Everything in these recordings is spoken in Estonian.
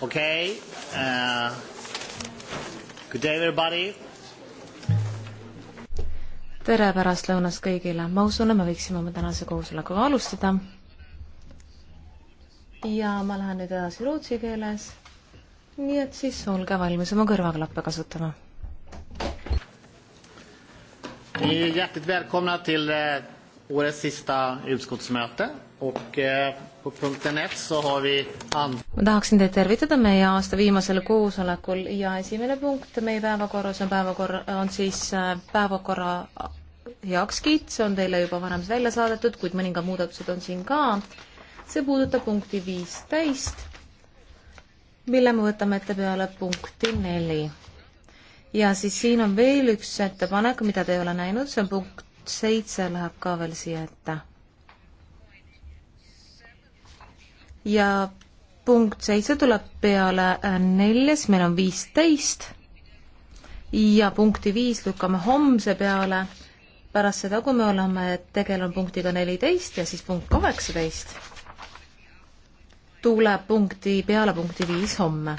Okay. Uh, good day everybody. tere pärastlõunast kõigile, ma usun, et me võiksime oma tänase koosolekuga alustada. ja ma lähen nüüd edasi rootsi keeles. nii et siis olge valmis oma kõrvaklappe kasutama. Hjärtligt välkomna till eh, årets sista utskottsmöte och eh, på punkten ett så har vi and- ma tahaksin teid tervitada meie aasta viimasel koosolekul ja esimene punkt meie päevakorras on päevakorra, on siis eh, päevakorra heakskiit, see on teile juba varem välja saadetud, kuid mõningad muudatused on siin ka. see puudutab punkti viisteist, mille me võtame ette peale punkti neli. ja siis siin on veel üks ettepanek, mida te ei ole näinud, see on punkt punkt seitse läheb ka veel siia ette. ja punkt seitse tuleb peale äh, neljas, meil on viisteist ja punkti viis lükkame homse peale pärast seda, kui me oleme tegelenud punktiga neliteist ja siis punkt kaheksateist tuleb punkti peale punkti viis homme.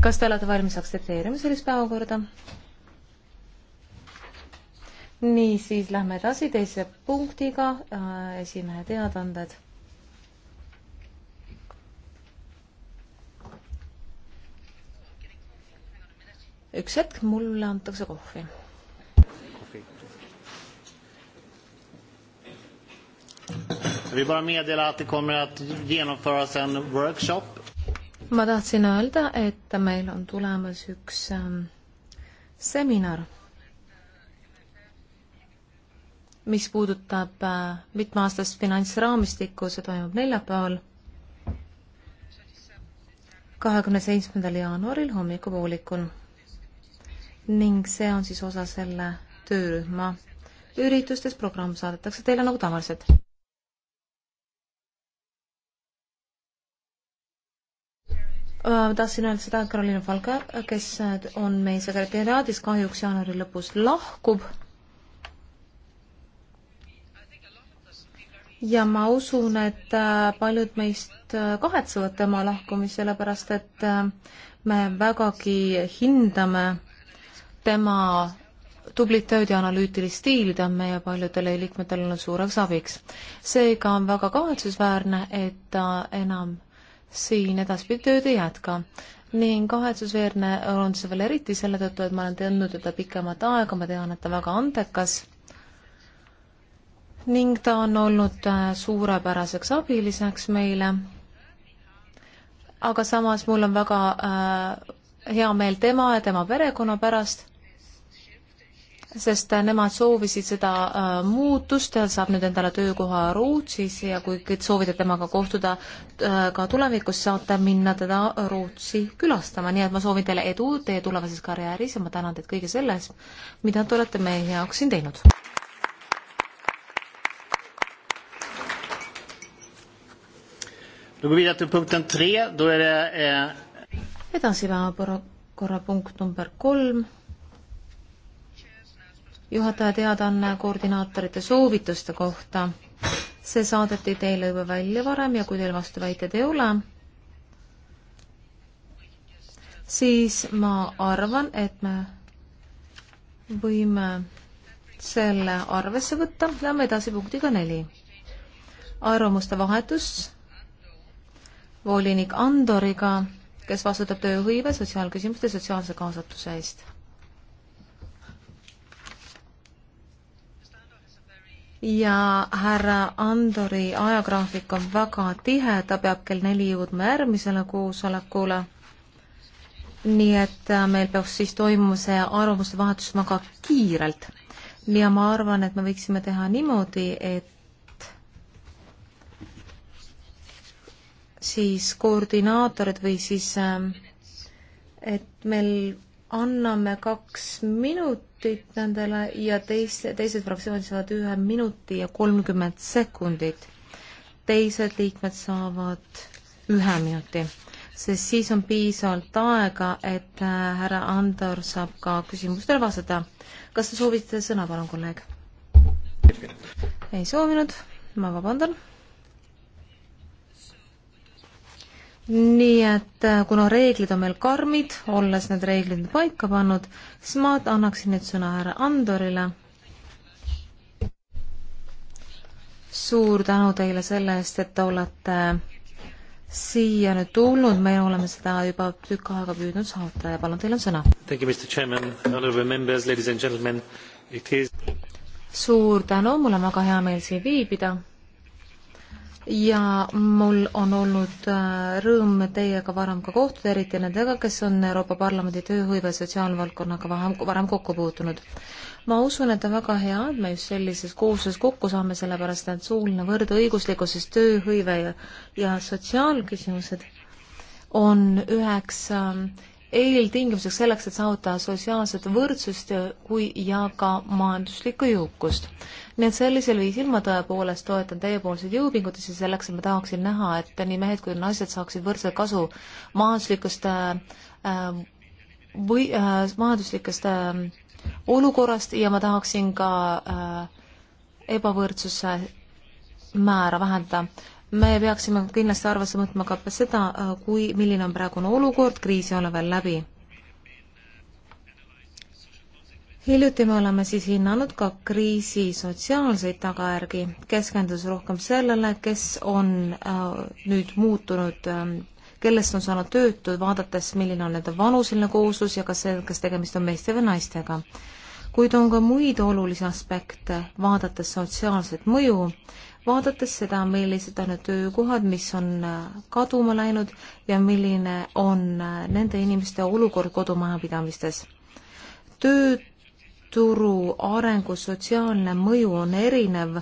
kas te olete valmis aktsepteerima sellist päevakorda? nii, siis lähme edasi teise punktiga, äh, esimehe teadaanded. üks hetk, mulle antakse kohvi Vi bara meddela att det kommer att genomföras en workshop. ma tahtsin öelda, et meil on tulemas üks ähm, seminar mis puudutab äh, mitmeaastast finantsraamistikku, see toimub neljapäeval, kahekümne seitsmendal jaanuaril hommikupoolikul. ning see on siis osa selle töörühma üritustes, programm saadetakse teile nagu tavaliselt. Äh, tahtsin öelda seda, et Karoliina Falka, kes on meie sekretäriaadis, kahjuks jaanuari lõpus lahkub ja ma usun, et äh, paljud meist äh, kahetsevad tema lahkumist, sellepärast et äh, me vägagi hindame tema tublit tööd ja analüütilist stiili, ta on meie paljudele liikmetele olnud suureks abiks. seega on väga kahetsusväärne, et ta enam siin edaspidi tööd ei jätka ning kahetsusväärne on see veel eriti selle tõttu, et ma olen tundnud teda pikemat aega, ma tean, et ta on väga andekas ning ta on olnud äh, suurepäraseks abiliseks meile. aga samas mul on väga äh, hea meel tema ja tema perekonna pärast, sest äh, nemad soovisid seda äh, muutust, ta saab nüüd endale töökoha Rootsis ja kui kõik soovite temaga kohtuda äh, ka tulevikus, saate minna teda Rootsi külastama, nii et ma soovin teile edu teie tulevases karjääris ja ma tänan teid kõige selles, mida te olete meie jaoks siin teinud. Då går vi vidare till punkten tre, då är det eh... edasi päevakorrapunkt number kolm. juhataja teadaanne koordinaatorite soovituste kohta. see saadeti teile juba välja varem ja kui teil vastuväiteid ei ole, siis ma arvan, et me võime selle arvesse võtta. Lähme edasi punktiga neli. arvamuste vahetus volinik Andoriga, kes vastutab tööhõive, sotsiaalküsimuste, sotsiaalse kaasatuse eest. ja härra Andori ajagraafik on väga tihe, ta peab kell neli jõudma järgmisele koosolekule. nii et meil peaks siis toimuma see arvamuste vahetus väga kiirelt ja ma arvan, et me võiksime teha niimoodi, et siis koordinaatorid või siis, ähm, et meil anname kaks minutit nendele ja teise, teised fraktsioonid saavad ühe minuti ja kolmkümmend sekundit. teised liikmed saavad ühe minuti, sest siis on piisavalt aega, et äh, härra Andor saab ka küsimustele vastata. kas te soovite sõna, palun, kolleeg? ei soovinud, ma vabandan nii et äh, kuna reeglid on meil karmid, olles need reeglid paika pannud, siis ma annaksin nüüd sõna härra Andorile. suur tänu teile selle eest, et te olete siia nüüd tulnud, me oleme seda juba tükk aega püüdnud saata ja palun, teil on sõna. suur tänu, mul on väga hea meel siin viibida ja mul on olnud äh, rõõm teiega varem ka kohtuda, eriti nendega, kes on Euroopa Parlamendi tööhõive sotsiaalvaldkonnaga varem, varem kokku puutunud. ma usun, et on väga hea, et me just sellises koosluses kokku saame, sellepärast et suuline võrdõiguslikkus, siis tööhõive ja, ja sotsiaalküsimused on üheks ähm, eeltingimuseks selleks, et saavutada sotsiaalset võrdsust kui ja ka majanduslikku jõukust. nii et sellisel viisil ma tõepoolest toetan teiepoolseid jõupingutusi selleks, et ma tahaksin näha, et nii mehed kui naised saaksid võrdse kasu majanduslikust äh, äh või äh, majanduslikust äh, olukorrast ja ma tahaksin ka äh, ebavõrdsuse määra vähendada me peaksime kindlasti arvesse võtma ka seda, äh, kui, milline on praegune olukord, kriis ei ole veel läbi. hiljuti me oleme siis hinnanud ka kriisi sotsiaalseid tagajärgi, keskendus rohkem sellele, kes on äh, nüüd muutunud äh, kellest on saanud töötud, vaadates, milline on nende vanuseline kooslus ja kas see, kas tegemist on meeste või naistega. kuid on ka muid olulisi aspekte, vaadates sotsiaalset mõju, vaadates seda, millised on need töökohad, mis on äh, kaduma läinud ja milline on äh, nende inimeste olukord kodumajapidamistes. tööd turu arengu sotsiaalne mõju on erinev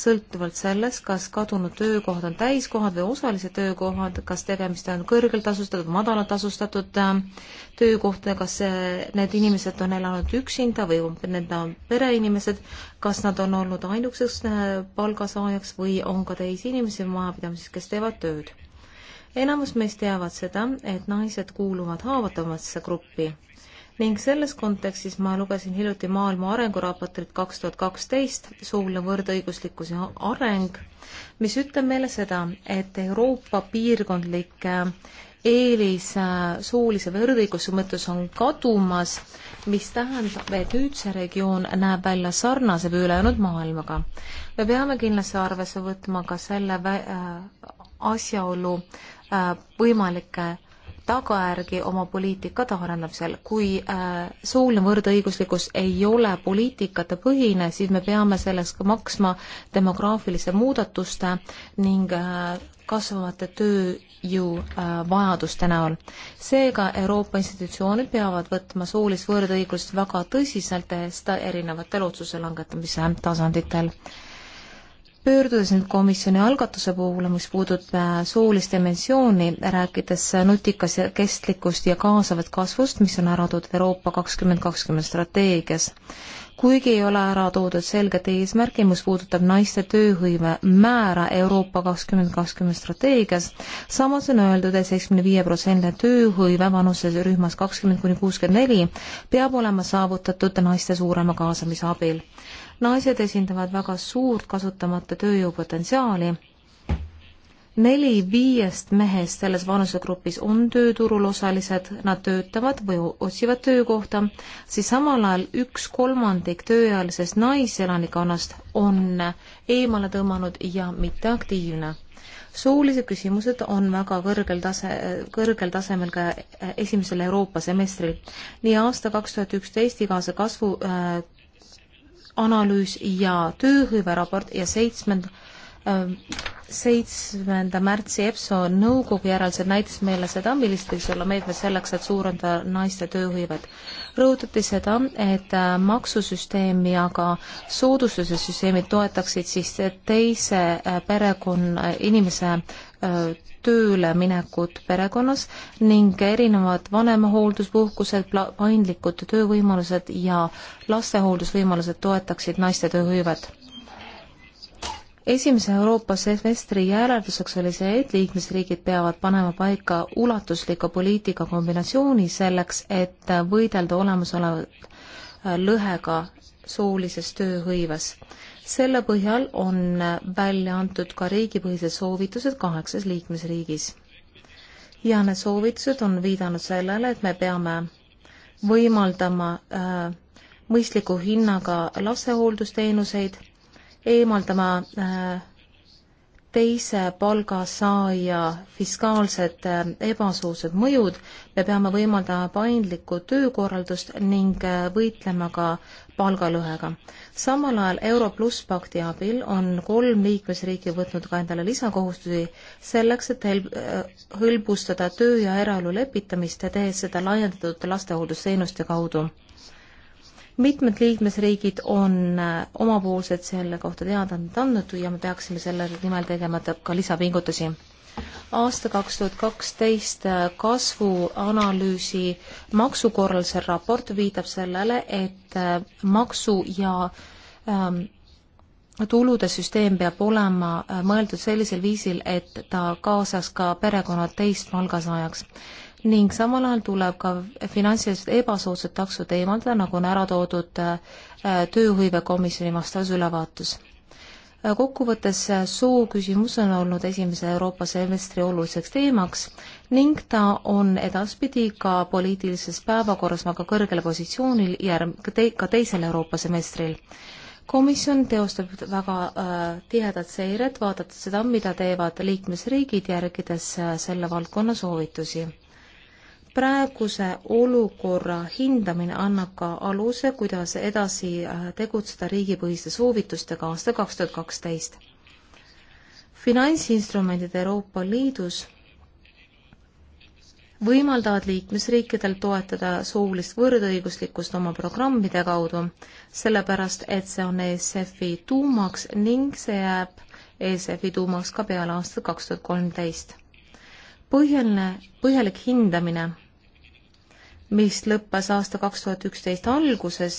sõltuvalt sellest, kas kadunud töökohad on täiskohad või osalised töökohad, kas tegemist on kõrgelt tasustatud või madalalt tasustatud äh, töökohtadega, kas äh, need inimesed on elanud üksinda või need on pereinimesed, kas nad on olnud ainukeseks äh, palgasaajaks või on ka teisi inimesi majapidamises, kes teevad tööd. enamus meist teavad seda, et naised kuuluvad haavatavamasse gruppi ning selles kontekstis ma lugesin hiljuti Maailma arenguraportit kaks tuhat kaksteist, suguline võrdõiguslikkus ja areng, mis ütleb meile seda, et Euroopa piirkondlike äh, eelis äh, soolise võrdõiguse mõttes on kadumas, mis tähendab, et nüüd see regioon näeb välja sarnase või ülejäänud maailmaga. me peame kindlasti arvesse võtma ka selle äh, asjaolu võimalikke tagajärgi oma poliitika taharannamisel. kui äh, sooline võrdõiguslikkus ei ole poliitikate põhine, siis me peame selleks ka maksma demograafiliste muudatuste ning äh, kasvavate tööjõuvajaduste äh, näol. seega Euroopa institutsioonid peavad võtma soolist võrdõigust väga tõsiselt, tehes ta erinevatel otsuse langetamise tasanditel äh, pöördudes nüüd komisjoni algatuse poole, mis puudutab äh, soolist dimensiooni, rääkides äh, nutikas ja kestlikust ja kaasavat kasvust, mis on ära toodud Euroopa kakskümmend kakskümmend strateegias. kuigi ei ole ära toodud selget eesmärki, mis puudutab naiste tööhõive määra Euroopa kakskümmend kakskümmend strateegias, samas on öeldud et, et seitsmekümne viie protsendine tööhõive vanuserühmas kakskümmend kuni kuuskümmend neli peab olema saavutatud naiste suurema kaasamise abil naised esindavad väga suurt kasutamata tööjõupotentsiaali. neli viiest mehest selles vanusegrupis on tööturul osalised, nad töötavad või otsivad töökohta, siis samal ajal üks kolmandik tööealisest naiselanikkonnast on eemale tõmmanud ja mitteaktiivne soolised küsimused on väga kõrgel tase, kõrgel tasemel ka esimesel Euroopa semestril. nii aasta kaks tuhat üksteist igase kasvu äh, analüüs ja tööhõiveraport ja seitsmenda ähm, seitsmenda märtsi EPSO nõukogu järeldused näitas meile seda, millised võiks olla meetmed selleks, et suurendada naiste tööhõivet. rõhutati seda, et äh, maksusüsteem ja ka soodustuse süsteemid toetaksid siis teise äh, perekonna inimese Äh, tööleminekut perekonnas ning erinevad vanemahoolduspuhkused, paindlikud töövõimalused ja lastehooldusvõimalused toetaksid naiste tööhõivet esimese Euroopa semestri järelduseks oli see, et liikmesriigid peavad panema paika ulatusliku poliitika kombinatsiooni selleks, et võidelda olemasoleva lõhega soolises tööhõives selle põhjal on välja antud ka riigipõhised soovitused kaheksas liikmesriigis. ja need soovitused on viidanud sellele, et me peame võimaldama äh, mõistliku hinnaga lapsehooldusteenuseid, eemaldama äh, teise palgasaaja fiskaalsed äh, ebasoodsad mõjud, me peame võimaldama paindlikku töökorraldust ning äh, võitlema ka palgalõhega samal ajal Euro pluss pakti abil on kolm liikmesriiki võtnud ka endale lisakohustusi selleks, et helb-, hõlbustada töö ja eraelu lepitamist ja tehes seda laiendatud lastehooldusteenuste kaudu. mitmed liikmesriigid on äh, omapoolsed selle kohta teada andnud ja me peaksime selle nimel tegema ka lisapingutusi aasta kaks tuhat kaksteist äh, kasvuanalüüsi maksukorralduse raport viitab sellele, et äh, maksu ja ähm, tulude süsteem peab olema äh, mõeldud sellisel viisil, et ta kaasas ka perekonnad teist palgasaajaks ning samal ajal tuleb ka finantsiliselt ebasoodsad taksod eemaldada, nagu on ära toodud tööhõivekomisjoni vastavas ülevaatus kokkuvõttes äh, sooküsimus on olnud esimese Euroopa semestri oluliseks teemaks ning ta on edaspidi ka poliitilises päevakorras väga kõrgel positsioonil järg-, ka teisel Euroopa semestril komisjon teostab väga äh, tihedat seiret, vaadates seda, mida teevad liikmesriigid, järgides äh, selle valdkonna soovitusi praeguse olukorra hindamine annab ka aluse, kuidas edasi äh, tegutseda riigipõhiste soovitustega aasta kaks tuhat kaksteist. finantsinstrumendid Euroopa Liidus võimaldavad liikmesriikidel toetada soolist võrdõiguslikkust oma programmide kaudu, sellepärast et see on ESF-i tuumaks ning see jääb ESF-i tuumaks ka peale aastat kaks tuhat kolmteist põhjaline, põhjalik hindamine, mis lõppes aasta kaks tuhat üksteist alguses,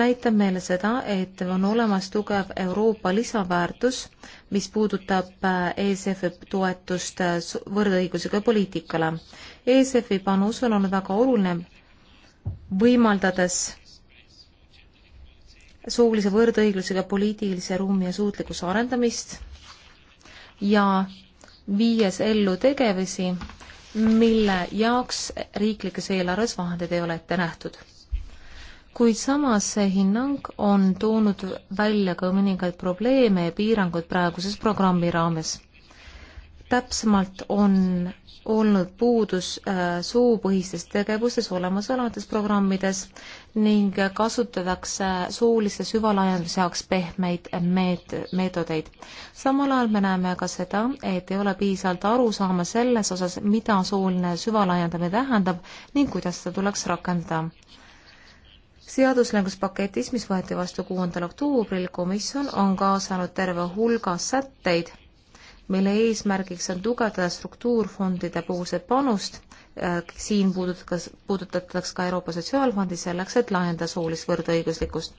näitab meile seda, et on olemas tugev Euroopa lisaväärtus, mis puudutab äh, ESF-i toetust äh, võrdõigusega poliitikale. ESF-i panus on olnud väga oluline, võimaldades soolise võrdõiglusega poliitilise ruumi ja suutlikkuse arendamist ja viies ellu tegevusi, mille jaoks riiklikes eelarves vahendeid ei ole ette nähtud. kuid samas see hinnang on toonud välja ka mõningaid probleeme ja piirangud praeguses programmi raames. täpsemalt on olnud puudus äh, soopõhistes tegevustes olemasolevates programmides ning kasutatakse soolise süvalaienduse jaoks pehmeid meet-, meetodeid. samal ajal me näeme ka seda, et ei ole piisavalt arusaama selles osas, mida sooline süvalaiendamine tähendab ning kuidas seda tuleks rakendada seaduslõnguspaketis, mis võeti vastu kuuendal oktoobril, komisjon on kaasanud terve hulga sätteid mille eesmärgiks on tugevdada struktuurfondide puhuset panust, äh, siin puudutas, puudutatakse ka Euroopa Sotsiaalfondi selleks, et lahendada soolist võrdõiguslikkust.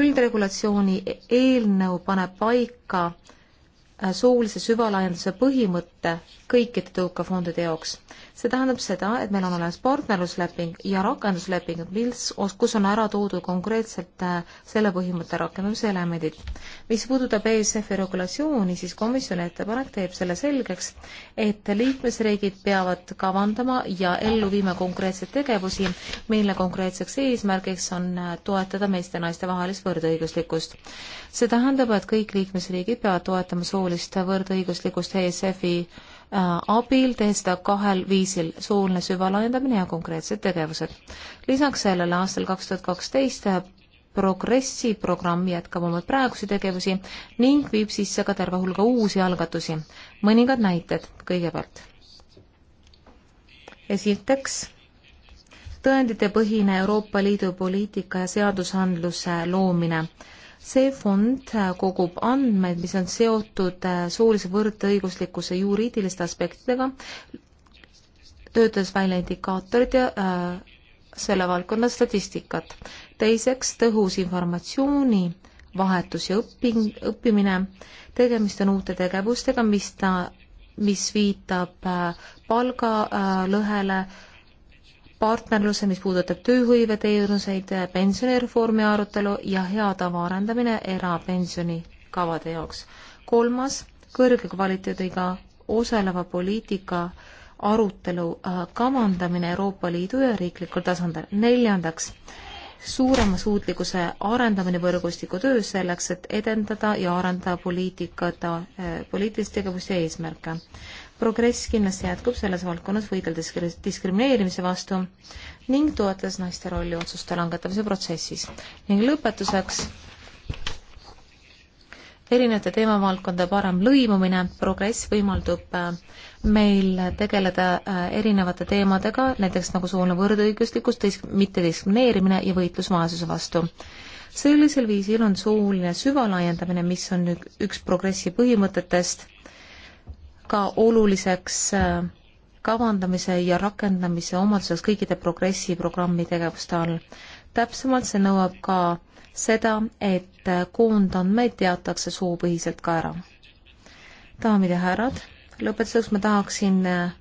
üldregulatsiooni e-, eelnõu paneb paika äh, soolise süvalaienduse põhimõtte, mitte kõikide tõukefondide jaoks. see tähendab seda, et meil on olemas partnerlusleping ja rakendusleping, mis, kus on ära toodud konkreetselt äh, selle põhimõtte rakendamise elemendid. mis puudutab ESF-i regulatsiooni, siis komisjoni ettepanek teeb selle selgeks, et liikmesriigid peavad kavandama ja ellu viima konkreetseid tegevusi, mille konkreetseks eesmärgiks on äh, toetada meeste ja naiste vahelist võrdõiguslikkust. see tähendab, et kõik liikmesriigid peavad toetama soolist võrdõiguslikkust ESF-i Äh, abil tehes seda kahel viisil, suuline süvalaiendamine ja konkreetsed tegevused. lisaks sellele aastal kaks tuhat kaksteist äh, progressi programm jätkab oma praegusi tegevusi ning viib sisse ka terve hulga uusi algatusi. mõningad näited kõigepealt. esiteks, tõenditepõhine Euroopa Liidu poliitika ja seadusandluse loomine see fond äh, kogub andmeid, mis on seotud äh, soolise võrdõiguslikkuse juriidiliste aspektidega, töötades välja indikaatorid ja äh, selle valdkonna statistikat. teiseks, tõhus informatsiooni vahetus ja õpping, õppimine, tegemist on uute tegevustega, mis ta, mis viitab äh, palgalõhele äh, partnerluse, mis puudutab tööhõiveteenuseid, pensionireformi arutelu ja hea tava arendamine erapensionikavade jaoks. kolmas, kõrge kvaliteediga osaleva poliitika arutelu äh, kavandamine Euroopa Liidu ja riiklikul tasandil. neljandaks, suurema suutlikkuse arendamine võrgustiku töös selleks, et edendada ja arendada poliitikat, äh, poliitilist tegevust ja eesmärke progress kindlasti jätkub selles valdkonnas võideldes diskrimineerimise vastu ning toetas naiste rolli otsuste langetamise protsessis. ning lõpetuseks erinevate teemavaldkondade parem lõimumine, progress võimaldab äh, meil tegeleda äh, erinevate teemadega, näiteks nagu sooline võrdõiguslikkus, mittediskrimineerimine ja võitlus vaesuse vastu. sellisel viisil on sooline süvalaiendamine, mis on üks progressi põhimõtetest, ka oluliseks äh, kavandamise ja rakendamise omaduses kõikide progressi programmi tegevuste all. täpsemalt see nõuab ka seda, et äh, koondandmeid jaotakse suupõhiselt ka ära. daamid ja härrad, lõpetuseks ma tahaksin äh,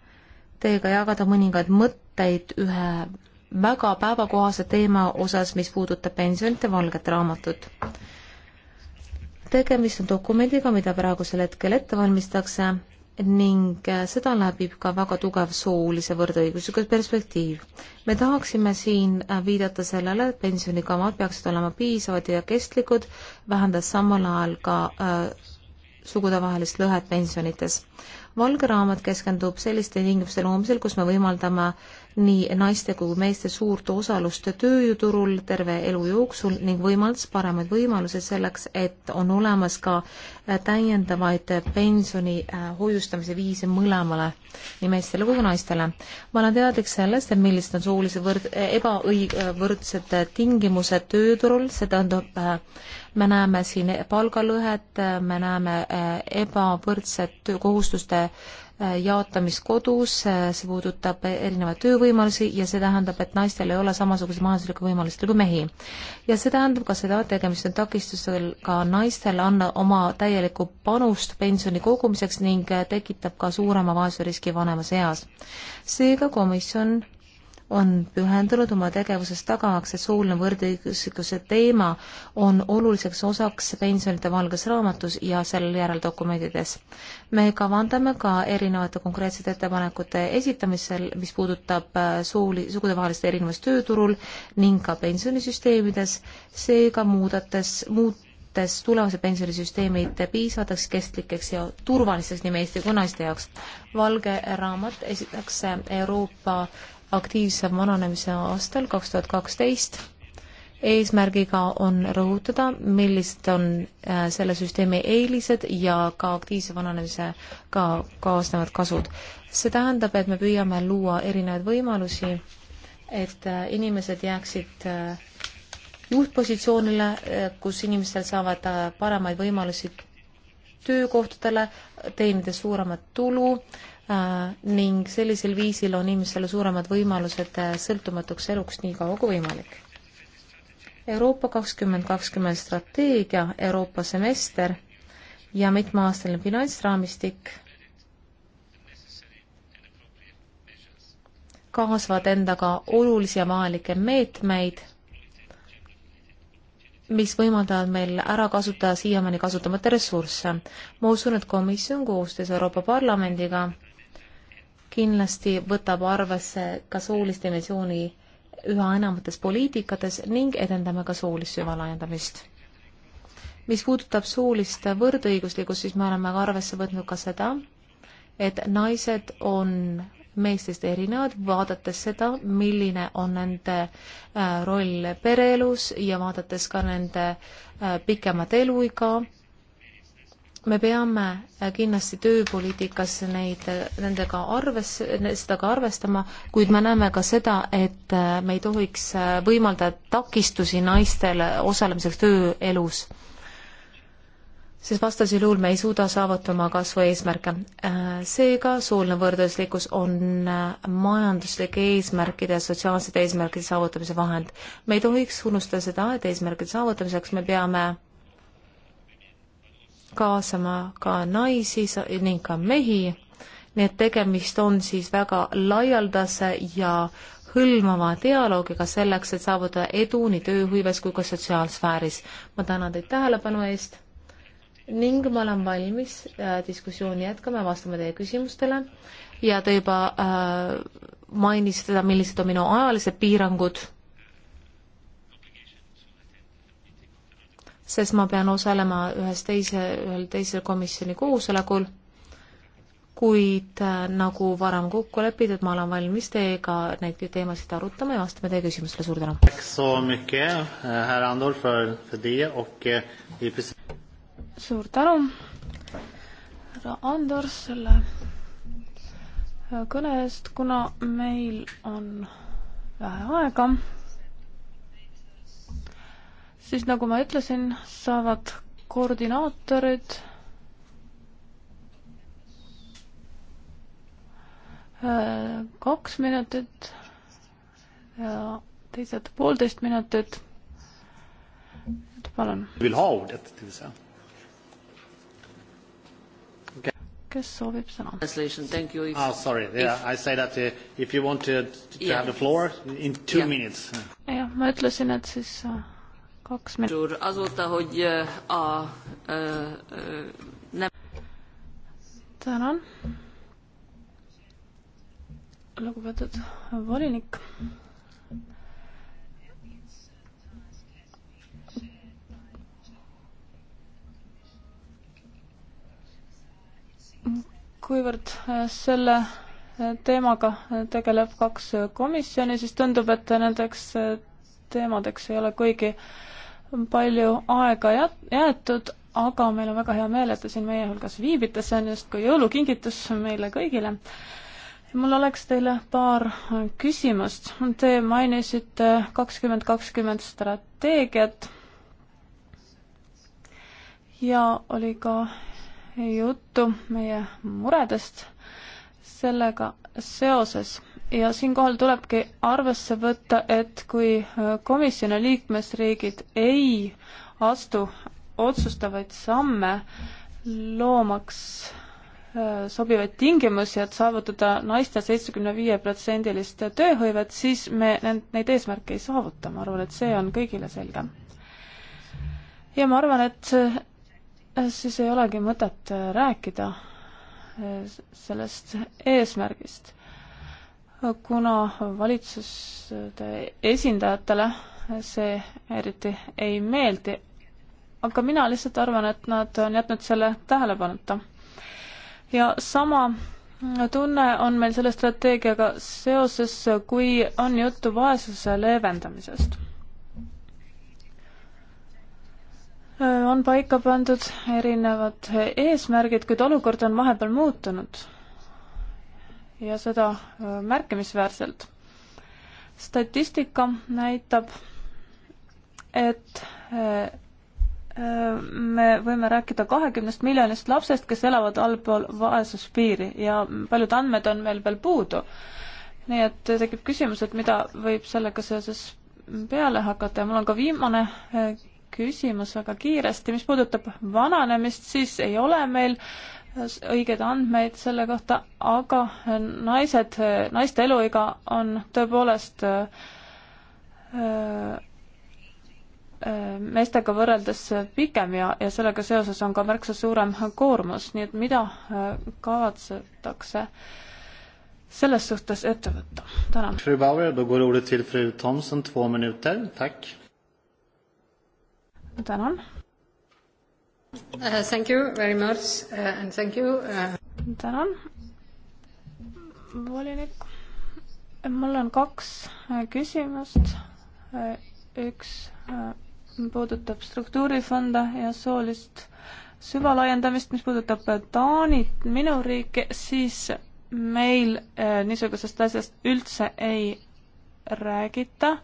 teiega jagada mõningaid mõtteid ühe väga päevakohase teema osas, mis puudutab pensionite valget raamatut. tegemist on dokumendiga, mida praegusel hetkel ette valmistatakse ning äh, seda läbib ka väga tugev soolise võrdõiguslikkuse perspektiiv. me tahaksime siin äh, viidata sellele, et pensionikavad peaksid olema piisavad ja kestlikud, vähendades samal ajal ka äh, sugudevahelist lõhet pensionites. valge raamat keskendub selliste tingimuste loomisel, kus me võimaldame nii naiste kui meeste suurt osalust tööjõuturul terve elu jooksul ning võimaldas paremaid võimalusi selleks, et on olemas ka äh, täiendavaid pensioni äh, hoiustamise viise mõlemale, nii meestele kui naistele. ma olen teadlik sellest, et millised on soolise võrd-, ebaõi-, võrdsed äh, tingimused tööturul, see tähendab äh, me näeme siin palgalõhet, me näeme äh, ebavõrdset kohustuste äh, jaotamist kodus, äh, see puudutab erinevaid töövõimalusi ja see tähendab, et naistel ei ole samasuguseid majanduslikke võimalusi kui mehi. ja see tähendab ka seda, et tegemist on takistusel ka naistel anda oma täielikku panust pensioni kogumiseks ning tekitab ka suurema vaesusriski vanemas eas. seega komisjon on pühendunud oma tegevuses tagamaks, et sooline võrdõiguslikkuse teema on oluliseks osaks pensionide valges raamatus ja sellel järel dokumentides. me kavandame ka erinevate konkreetsete ettepanekute esitamisel, mis puudutab äh, sooli, sugudevahelist erinevust tööturul ning ka pensionisüsteemides, seega muudates, muutes tulevase pensionisüsteemid piisavateks, kestlikeks ja turvalisteks nii meeste kui naiste jaoks. valge raamat esitatakse Euroopa aktiivse vananemise aastal kaks tuhat kaksteist. eesmärgiga on rõhutada, millised on äh, selle süsteemi eelised ja ka aktiivse vananemisega kaasnevad kasud. see tähendab, et me püüame luua erinevaid võimalusi, et äh, inimesed jääksid äh, juhtpositsioonile, kus inimestel saavad paremaid võimalusi töökohtadele, teenides suuremat tulu Äh, ning sellisel viisil on inimestele suuremad võimalused äh, sõltumatuks eluks nii kaua kui võimalik. Euroopa kakskümmend kakskümmend strateegia, Euroopa semester ja mitmeaastaline finantsraamistik kaasvad endaga olulisi ja vajalikke meetmeid, mis võimaldavad meil ära kasutada siiamaani kasutamata ressursse. ma usun, et komisjon koostöös Euroopa Parlamendiga kindlasti võtab arvesse ka soolist dimensiooni üha enamates poliitikates ning edendame ka soolist süvalaiendamist. mis puudutab soolist võrdõiguslikkust, siis me oleme ka arvesse võtnud ka seda, et naised on meestest erinevad, vaadates seda, milline on nende äh, roll pereelus ja vaadates ka nende äh, pikemat eluiga me peame äh, kindlasti tööpoliitikas neid, äh, nendega arves, seda ka arvestama, kuid me näeme ka seda, et äh, me ei tohiks võimaldada takistusi naistele osalemiseks tööelus. sest vastasel juhul me ei suuda saavutada oma kasvu eesmärke. seega sooline võrdõiguslikkus on majanduslike eesmärkide ja sotsiaalsete eesmärkide saavutamise vahend. me ei tohiks unustada seda, et eesmärkide saavutamiseks me peame kaasama ka naisi ning ka mehi, nii et tegemist on siis väga laialdase ja hõlmava dialoogiga selleks, et saavutada edu nii tööhõives kui ka sotsiaalsfääris. ma tänan teid tähelepanu eest ning ma olen valmis äh, diskussiooni jätkama ja vastama teie küsimustele ja te juba äh, mainisite seda, millised on minu ajalised piirangud sest ma pean osalema ühes teise, ühel teisel komisjoni koosolekul, kuid äh, nagu varem kokku lepitud, ma olen valmis teiega neid teemasid arutama ja vastama teie küsimustele, suur tänu! Eh, eh, suur tänu, härra Andor, selle eh, kõne eest, kuna meil on vähe aega, siis nagu ma ütlesin, saavad koordinaatorid äh, kaks minutit ja teised poolteist minutit. et palun. kes soovib sõna? Oh, sorry, yeah, I say that uh, if you want to, to yeah. have the floor in two yeah. minutes. jah, ma ütlesin, et siis uh, kaks minutit. tänan. lugupeetud volinik. kuivõrd äh, selle äh, teemaga äh, tegeleb kaks komisjoni, siis tundub, et nendeks teemadeks ei ole kuigi palju aega jäetud, aga meil on väga hea meel, et te siin meie hulgas viibite, see on justkui jõulukingitus meile kõigile. mul oleks teile paar küsimust. Te mainisite kakskümmend kakskümmend strateegiat ja oli ka juttu meie muredest sellega seoses ja siinkohal tulebki arvesse võtta, et kui äh, komisjoni liikmesriigid ei astu otsustavaid samme loomaks äh, sobivaid tingimusi, et saavutada naiste seitsmekümne viie protsendilist tööhõivet, siis me neid eesmärke ei saavuta, ma arvan, et see on kõigile selge. ja ma arvan, et äh, siis ei olegi mõtet rääkida sellest eesmärgist kuna valitsuste esindajatele see eriti ei meeldi, aga mina lihtsalt arvan, et nad on jätnud selle tähelepanuta. ja sama tunne on meil selle strateegiaga seoses, kui on juttu vaesuse leevendamisest. on paika pandud erinevad eesmärgid, kuid olukord on vahepeal muutunud ja seda äh, märkimisväärselt. statistika näitab, et äh, äh, me võime rääkida kahekümnest miljonist lapsest, kes elavad allpool vaesuspiiri ja paljud andmed on meil veel puudu. nii et tekib küsimus, et mida võib sellega seoses peale hakata ja mul on ka viimane küsimus väga kiiresti, mis puudutab vananemist, siis ei ole meil äh, Äh, õigeid andmeid selle kohta, aga äh, naised, äh, naiste eluiga on tõepoolest meestega võrreldes pikem ja, ja sellega seoses on ka märksa suurem koormus, nii et mida kavatsetakse selles suhtes ette võtta? tänan. tänan uh,. Thank you very much uh, and thank you uh.... tänan, volinik. mul on kaks äh, küsimust. Äh, üks äh, puudutab struktuurifonde ja soolist süvalaiendamist, mis puudutab Taanit, minu riiki, siis meil niisugusest asjast üldse ei räägita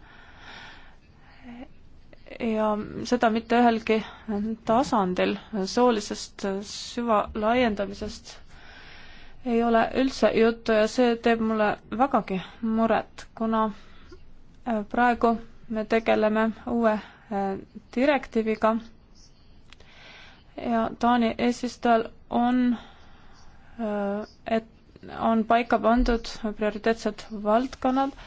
ja seda mitte ühelgi tasandil, soolisest süva laiendamisest ei ole üldse juttu ja see teeb mulle vägagi muret, kuna äh, praegu me tegeleme uue äh, direktiiviga ja Taani eesistujal on, äh, et on paika pandud prioriteetsed valdkonnad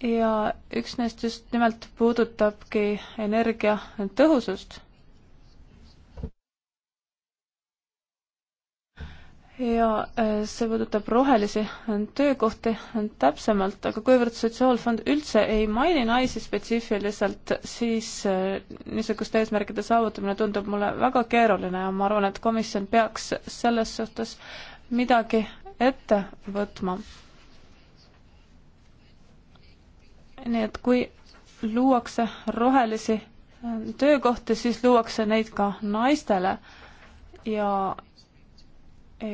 ja üks neist just nimelt puudutabki energiatõhusust. ja äh, see puudutab rohelisi töökohti täpsemalt, aga kuivõrd Sotsiaalfond üldse ei maini naisi spetsiifiliselt, siis äh, niisuguste eesmärkide saavutamine tundub mulle väga keeruline ja ma arvan, et komisjon peaks selles suhtes midagi ette võtma nii et kui luuakse rohelisi äh, töökohti, siis luuakse neid ka naistele ja,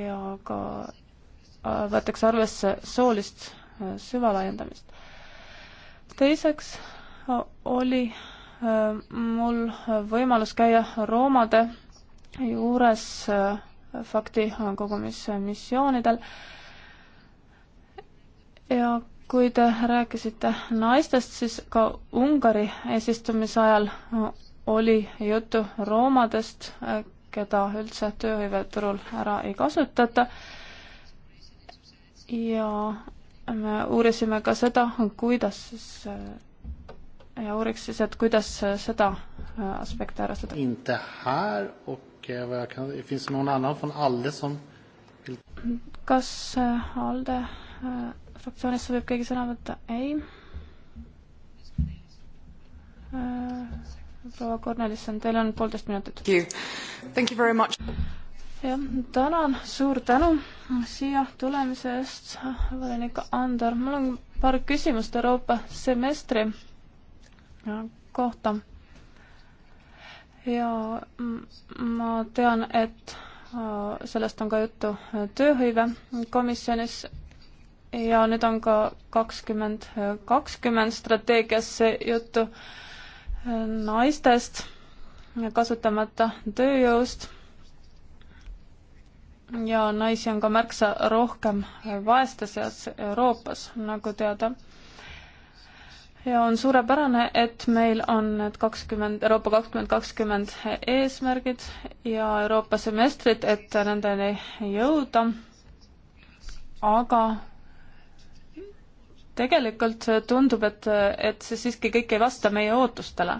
ja ka äh, võetakse arvesse soolist äh, süvalaiendamist. teiseks oli mul võimalus käia roomade juures fakti kogumismissioonidel ja kui te rääkisite naistest, siis ka Ungari eesistumise ajal oli juttu roomadest, keda üldse tööhõiveturul ära ei kasutata. ja me uurisime ka seda, kuidas siis ja uuriks siis, et kuidas seda aspekti arvestada. Inte här och eh, vad jag kan, finns någon annan från Alde som kas eh, Alde eh, fraktsioonist soovib keegi sõna võtta? ei. Äh, proua Kornelisson, teil on poolteist minutit. jah, tänan, suur tänu siia tulemise eest, volinik Andor. mul on paar küsimust Euroopa semestri kohta. ja ma tean, et äh, sellest on ka juttu äh, tööhõive komisjonis ja nüüd on ka kakskümmend kakskümmend strateegiasse juttu äh, naistest, kasutamata tööjõust ja naisi on ka märksa rohkem vaeste seas Euroopas, nagu teada. ja on suurepärane, et meil on need kakskümmend, Euroopa kakskümmend kakskümmend eesmärgid ja Euroopa semestrid, et nendeni jõuda, aga tegelikult tundub, et, et see siiski kõik ei vasta meie ootustele.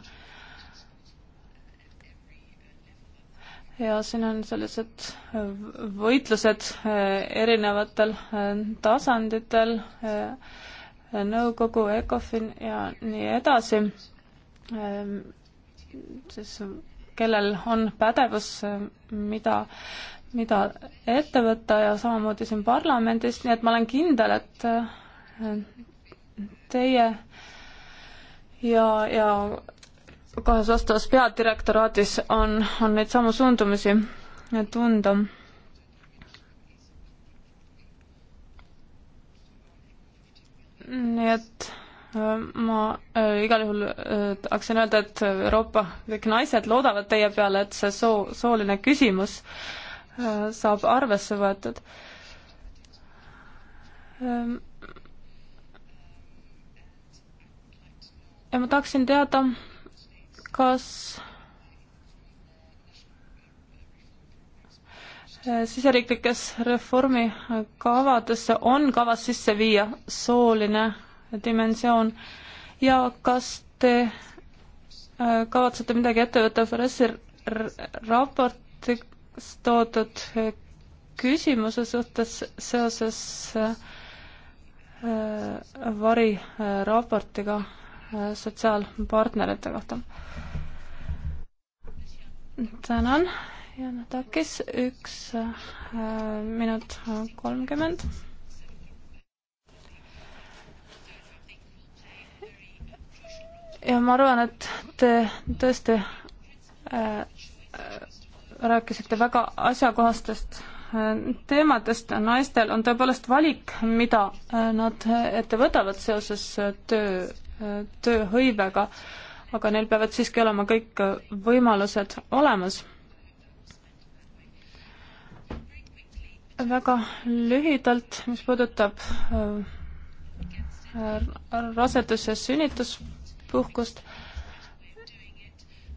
ja siin on sellised võitlused eh, erinevatel eh, tasanditel, eh, nõukogu, ECOFIN ja nii edasi, siis kellel on pädevus, mida mida ette võtta ja samamoodi siin parlamendis, nii et ma olen kindel, et teie ja, ja kahes vastavas peadirektoraadis on, on neid samu suundumusi tunda. nii et äh, ma äh, igal juhul äh, tahaksin öelda, et Euroopa kõik naised loodavad teie peale, et see soo, sooline küsimus äh, saab arvesse võetud ähm,. ja ma tahaksin teada, kas siseriiklikes reformikavadesse on kavas sisse viia sooline dimensioon ja kas te äh, kavatsete midagi ette võtta Faressi raportis toodud küsimuse suhtes seoses äh, äh, variraportiga äh, sotsiaalpartnerite kohta. tänan, Jana Takis, üks äh, minut kolmkümmend. ja ma arvan, et te tõesti äh, äh rääkisite väga asjakohastest äh, teemadest. naistel on tõepoolest valik, mida nad ette võtavad seoses töö tööhõivega, aga neil peavad siiski olema kõik võimalused olemas. väga lühidalt, mis puudutab äh, äh, rasedus- ja sünnituspuhkust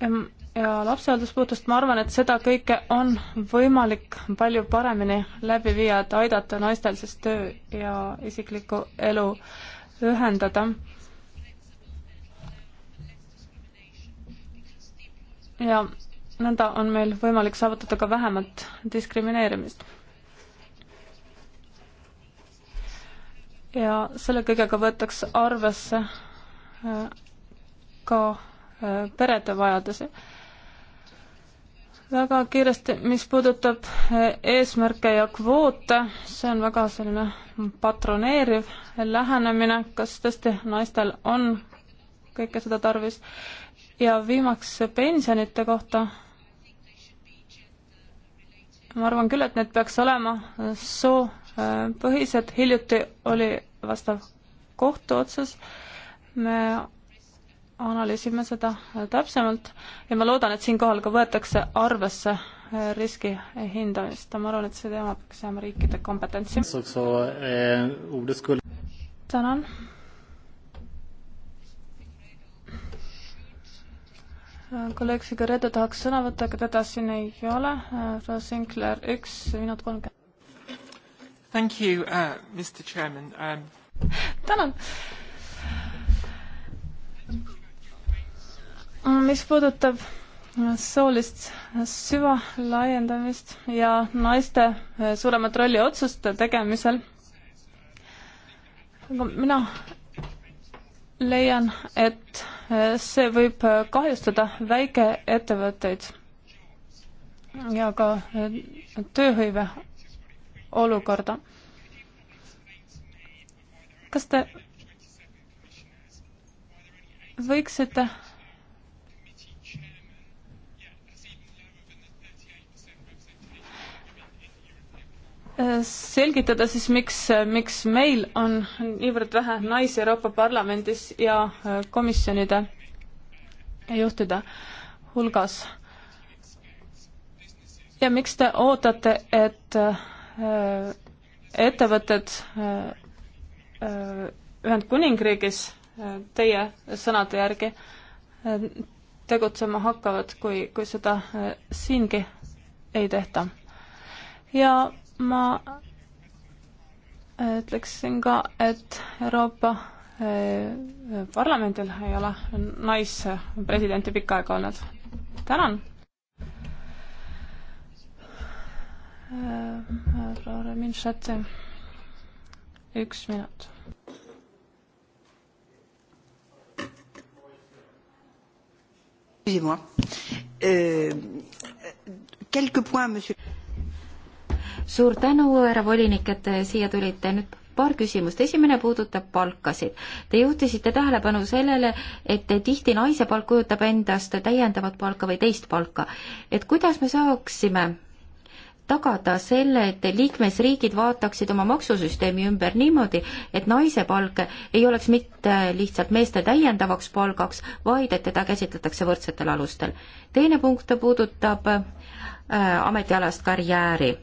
ja lapsehoolduspuhkust, ma arvan, et seda kõike on võimalik palju paremini läbi viia, et aidata naistel siis töö ja isiklikku elu ühendada ja nõnda on meil võimalik saavutada ka vähemat diskrimineerimist. ja selle kõigega võetakse arvesse äh, ka äh, perede vajadusi. väga kiiresti, mis puudutab äh, eesmärke ja kvoote, see on väga selline patroneeriv lähenemine, kas tõesti naistel on kõike seda tarvis ja viimaks pensionite kohta. ma arvan küll, et need peaks olema soopõhised, hiljuti oli vastav kohtuotsus, me analüüsime seda täpsemalt ja ma loodan, et siinkohal ka võetakse arvesse riski hindamist ja ma arvan, et see teema peaks jääma riikide kompetentsi. tänan kolleeg Figueredo tahaks sõna võtta, aga teda siin ei ole. proua Sinkler, üks minut kolmkümmend. Thank you uh,, Mr Chairman um.... tänan. mis puudutab soolist süvalaiendamist ja naiste suuremat rolli otsuste tegemisel. mina leian, et eh, see võib eh, kahjustada väikeettevõtteid ja ka eh, tööhõive olukorda. kas te võiksite selgitada siis, miks, miks meil on niivõrd vähe naisi Euroopa Parlamendis ja äh, komisjonide juhtide hulgas. ja miks te ootate, et äh, ettevõtted äh, Ühendkuningriigis teie sõnade järgi tegutsema hakkavad, kui, kui seda siingi ei tehta. ja ma äh, ütleksin ka, et Euroopa äh, Parlamendil ei ole naispresidenti pikka aega olnud. tänan! proua Remin Šatse, üks minut excusez moi euh, quelques points monsieur suur tänu, härra volinik, et te siia tulite, nüüd paar küsimust, esimene puudutab palkasid. Te juhtisite tähelepanu sellele, et tihti naise palk kujutab endast täiendavat palka või teist palka. et kuidas me saaksime tagada selle, et liikmesriigid vaataksid oma maksusüsteemi ümber niimoodi, et naise palk ei oleks mitte lihtsalt meeste täiendavaks palgaks, vaid et teda käsitletakse võrdsetel alustel. teine punkt puudutab äh, ametialast karjääri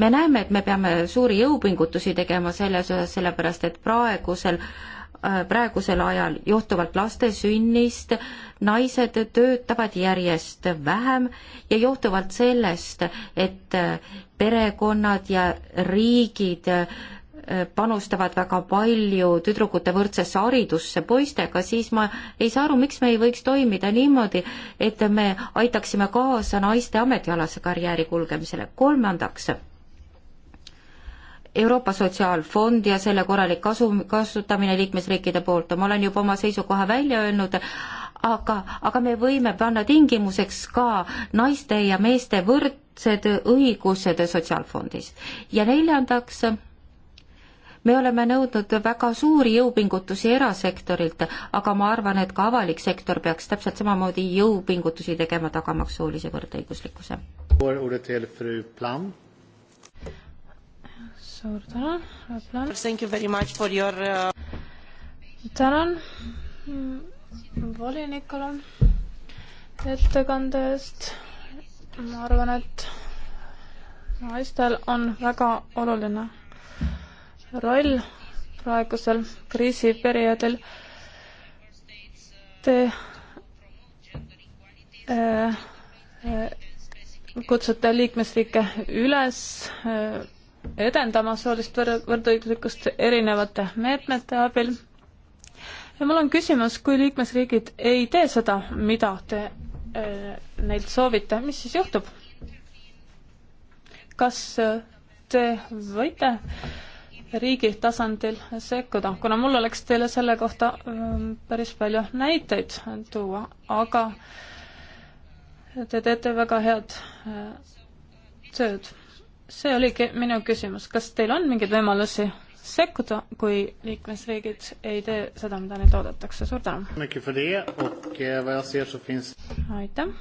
me näeme, et me peame suuri jõupingutusi tegema selles osas, sellepärast et praegusel äh, praegusel ajal johtuvalt laste sünnist naised töötavad järjest vähem ja johtuvalt sellest, et äh, perekonnad ja riigid äh, panustavad väga palju tüdrukute võrdsesse haridusse poistega, siis ma ei saa aru, miks me ei võiks toimida niimoodi, et me aitaksime kaasa naiste ametialase karjääri kulgemisele. kolmandaks Euroopa Sotsiaalfond ja selle korralik kasu, kasutamine liikmesriikide poolt, ma olen juba oma seisukoha välja öelnud, aga, aga me võime panna tingimuseks ka naiste ja meeste võrdsed õigused Sotsiaalfondis. ja neljandaks, me oleme nõudnud väga suuri jõupingutusi erasektorilt, aga ma arvan, et ka avalik sektor peaks täpselt samamoodi jõupingutusi tegema, tagamaks soolise võrdõiguslikkuse suur tänu, Raplan. Thank you very much for your uh.... tänan mm, volinikule ettekande eest. ma arvan, et naistel on väga oluline roll praegusel kriisiperioodil. Te äh, äh, kutsute liikmesriike üles äh, edendama soolist võr-, võrdõiguslikkust erinevate meetmete abil. ja mul on küsimus, kui liikmesriigid ei tee seda, mida te äh, neilt soovite, mis siis juhtub? kas äh, te võite riigi tasandil sekkuda, kuna mul oleks teile selle kohta ähm, päris palju näiteid tuua, aga te teete väga head äh, tööd see oligi minu küsimus, kas teil on mingeid võimalusi sekkuda, kui liikmesriigid ei tee seda, mida neilt oodatakse, suur tänu! Eh, aitäh!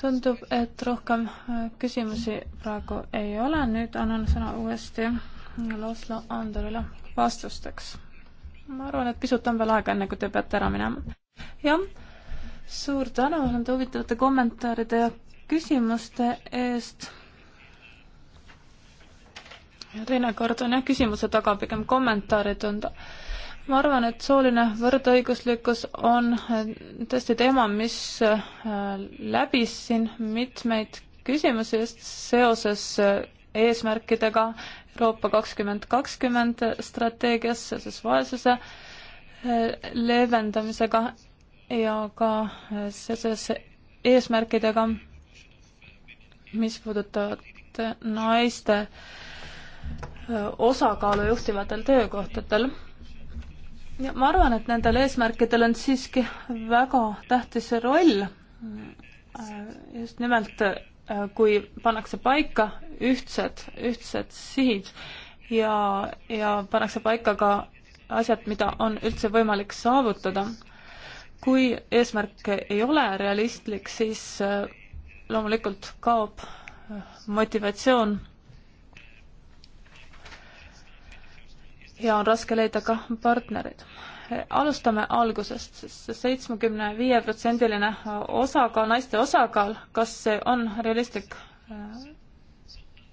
tundub, et rohkem eh, küsimusi praegu ei ole, nüüd annan sõna uuesti Laslo Andorile vastusteks. ma arvan, et pisut on veel aega, enne kui te peate ära minema. jah, suur tänu nende huvitavate kommentaaride ja küsimuste eest. teinekord on jah küsimused, aga pigem kommentaarid on ta ma arvan, et sooline võrdõiguslikkus on äh, tõesti teema, mis äh, läbis siin mitmeid küsimusi just seoses äh, eesmärkidega Euroopa kakskümmend kakskümmend strateegias, seoses vaesuse leevendamisega ja ka seoses eesmärkidega, mis puudutavad naiste osakaalu juhtivatel töökohtadel. ja ma arvan, et nendel eesmärkidel on siiski väga tähtis roll just nimelt, kui pannakse paika ühtsed, ühtsed sihid ja, ja pannakse paika ka asjad, mida on üldse võimalik saavutada. kui eesmärk ei ole realistlik, siis loomulikult kaob äh, motivatsioon ja on raske leida ka partnereid. alustame algusest, siis see seitsmekümne viie protsendiline osakaal, naiste osakaal, kas see on realistlik äh,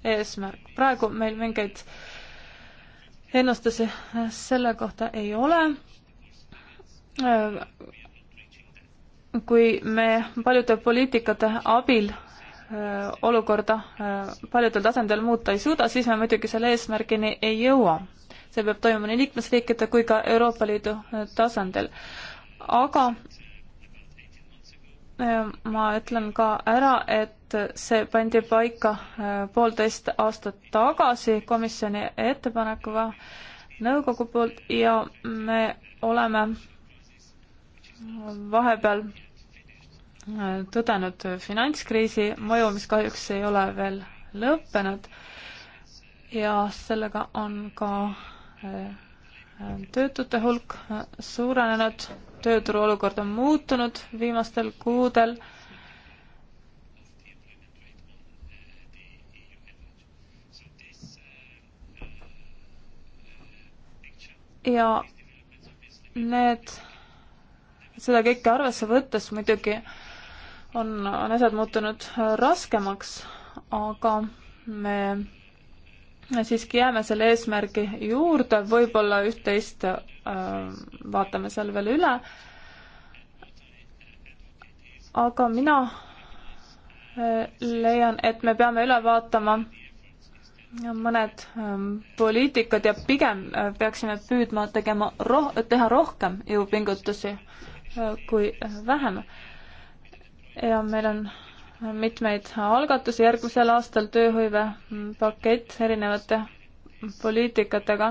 eesmärk? praegu meil mingeid ennustusi äh, selle kohta ei ole kui me paljude poliitikate abil olukorda paljudel tasandil muuta ei suuda, siis me muidugi selle eesmärgini ei jõua. see peab toimuma nii liikmesriikide kui ka Euroopa Liidu tasandil. aga ma ütlen ka ära, et see pandi paika poolteist aastat tagasi komisjoni ettepanekuga nõukogu poolt ja me oleme vahepeal tõdenud finantskriisi mõju, mis kahjuks ei ole veel lõppenud ja sellega on ka äh, töötute hulk äh, suurenenud, tööturu olukord on muutunud viimastel kuudel ja need, seda kõike arvesse võttes muidugi on, on asjad muutunud äh, raskemaks, aga me siiski jääme selle eesmärgi juurde, võib-olla üht-teist äh, vaatame seal veel üle. aga mina äh, leian, et me peame üle vaatama mõned ähm, poliitikad ja pigem äh, peaksime püüdma tegema roh-, teha rohkem jõupingutusi äh, kui äh, vähem äh, ja meil on mitmeid algatusi järgmisel aastal, tööhõivepakett erinevate poliitikatega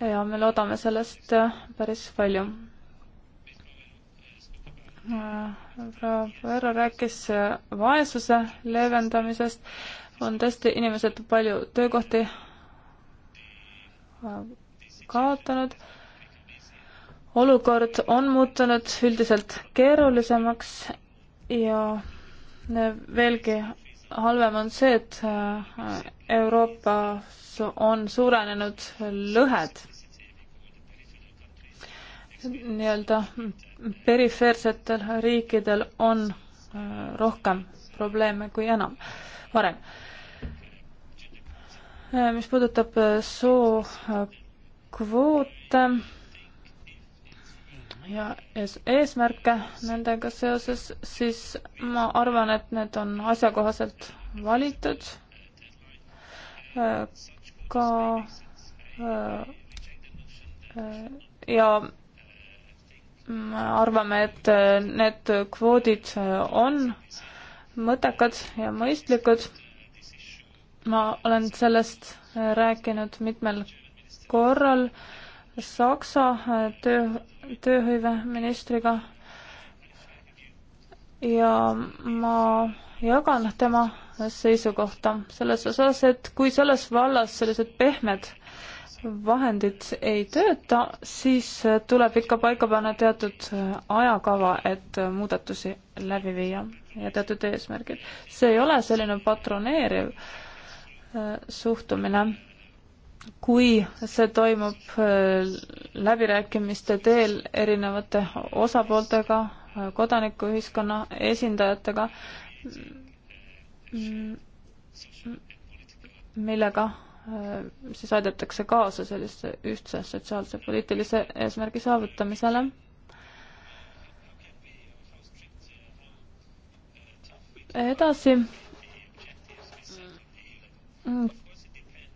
ja me loodame sellest päris palju. proua Põrro rääkis vaesuse leevendamisest, on tõesti inimesed palju töökohti kaotanud. olukord on muutunud üldiselt keerulisemaks ja veelgi halvem on see, et äh, Euroopas on suurenenud lõhed nii-öelda perifeersetel riikidel on äh, rohkem probleeme kui enam varem. Äh, mis puudutab sookvoote, ja ees, eesmärke nendega seoses, siis ma arvan, et need on asjakohaselt valitud. ka ja me arvame, et need kvoodid on mõttekad ja mõistlikud. ma olen sellest rääkinud mitmel korral Saksa töö tööhõiveministriga ja ma jagan tema seisukohta selles osas, et kui selles vallas sellised pehmed vahendid ei tööta, siis tuleb ikka paika panna teatud ajakava, et muudatusi läbi viia ja teatud eesmärgid. see ei ole selline patroneeriv äh, suhtumine kui see toimub äh, läbirääkimiste teel erinevate osapooltega, äh, kodanikuühiskonna esindajatega, mm, millega äh, siis aidatakse kaasa sellise ühtse sotsiaalse poliitilise eesmärgi saavutamisele. edasi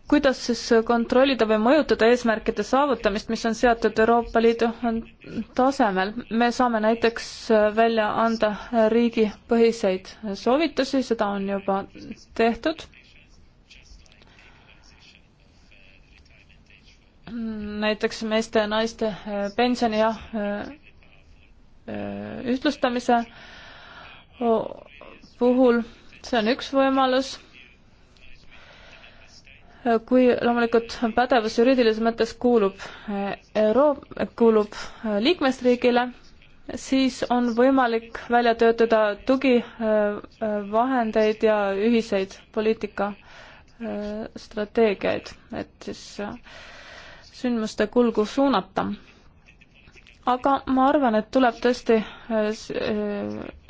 kuidas siis kontrollida või mõjutada eesmärkide saavutamist, mis on seatud Euroopa Liidu tasemel? me saame näiteks välja anda riigipõhiseid soovitusi, seda on juba tehtud. näiteks meeste ja naiste pensioni ja ühtlustamise puhul, see on üks võimalus kui loomulikult pädevus juriidilises mõttes kuulub eh, euro-, kuulub eh, liikmesriigile, siis on võimalik välja töötada tugivahendeid eh, ja ühiseid poliitika strateegiaid, et siis sündmuste kulgu suunata. aga ma arvan, et tuleb tõesti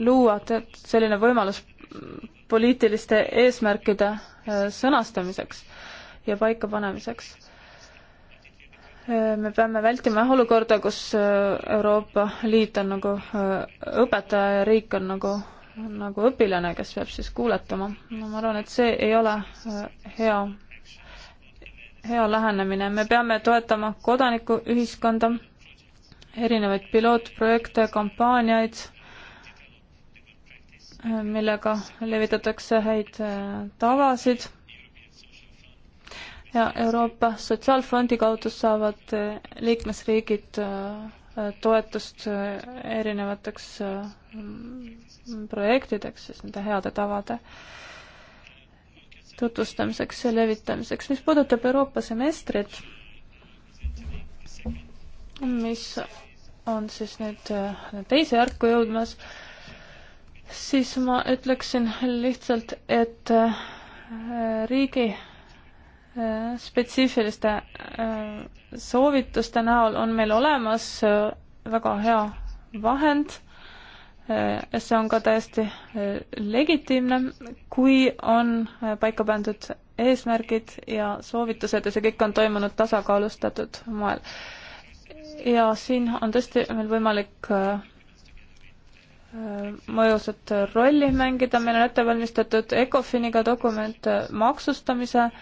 luua selline võimalus poliitiliste eesmärkide sõnastamiseks ja paikapanemiseks. me peame vältima jah olukorda, kus äh, Euroopa Liit on nagu äh, õpetaja ja riik on nagu, nagu õpilane, kes peab siis kuuletama. no ma arvan, et see ei ole äh, hea, hea lähenemine. me peame toetama kodanikuühiskonda, erinevaid pilootprojekte, kampaaniaid millega levitatakse häid tavasid ja Euroopa Sotsiaalfondi kaudu saavad äh, liikmesriigid äh, toetust äh, erinevateks projektideks, siis nende heade tavade tutvustamiseks ja levitamiseks. mis puudutab Euroopa semestrit, mis on siis nüüd teise järku jõudmas, siis ma ütleksin lihtsalt, et riigi spetsiifiliste äh, soovituste näol on meil olemas äh, väga hea vahend ja äh, see on ka täiesti legitiimne, kui on paika pandud eesmärgid ja soovitused ja see kõik on toimunud tasakaalustatud moel. ja siin on tõesti meil võimalik mõjusat rolli mängida, meil on ette valmistatud ECOFIN-iga dokument maksustamise äh,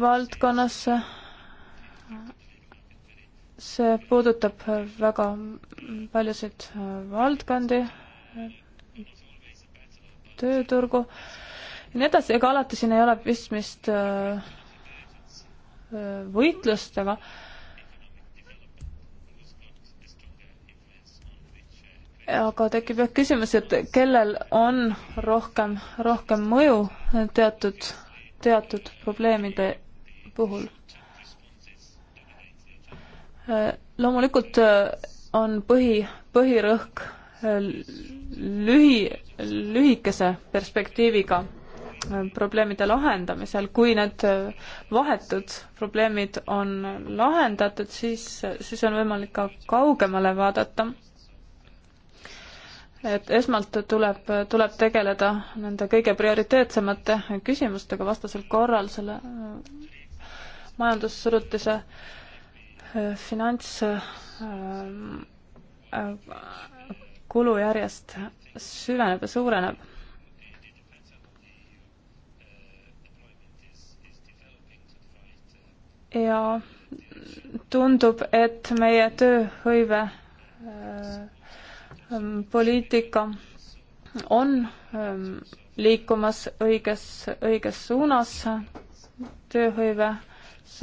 valdkonnas. see puudutab väga paljusid valdkondi, tööturgu ja nii edasi, ega alati siin ei ole pistmist äh, võitlustega aga tekib jah küsimus, et kellel on rohkem, rohkem mõju teatud teatud probleemide puhul. loomulikult äh, on põhi, põhirõhk äh, lühi, lühikese perspektiiviga äh, probleemide lahendamisel, kui need vahetud probleemid on lahendatud, siis, siis on võimalik ka kaugemale vaadata et esmalt tuleb, tuleb tegeleda nende kõige prioriteetsemate küsimustega, vastasel korral selle äh, majandussurutise äh, finants äh, kulu järjest süveneb ja suureneb. ja tundub, et meie tööhõive äh, poliitika on liikumas õiges, õiges suunas tööhõive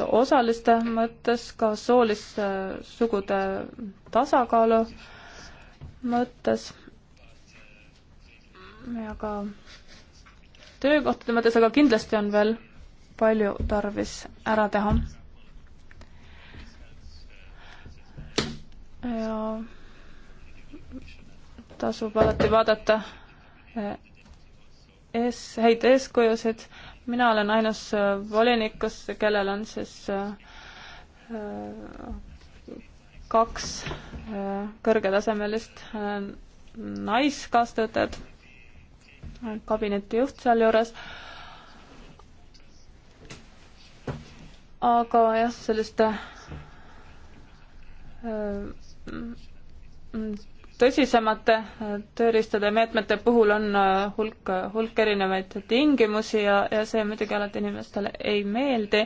osaliste mõttes, ka sooliste sugude tasakaalu mõttes ja ka töökohtade mõttes, aga kindlasti on veel palju tarvis ära teha. ja tasub alati vaadata ees, eh, häid eeskujusid. mina olen ainus eh, volinik, kes, kellel on siis eh, kaks kõrgetasemelist naiskaastöötajat, kabineti juht sealjuures. aga jah, selliste mm, tõsisemate tööriistade ja meetmete puhul on äh, hulk, hulk erinevaid tingimusi ja, ja see muidugi alati inimestele ei meeldi.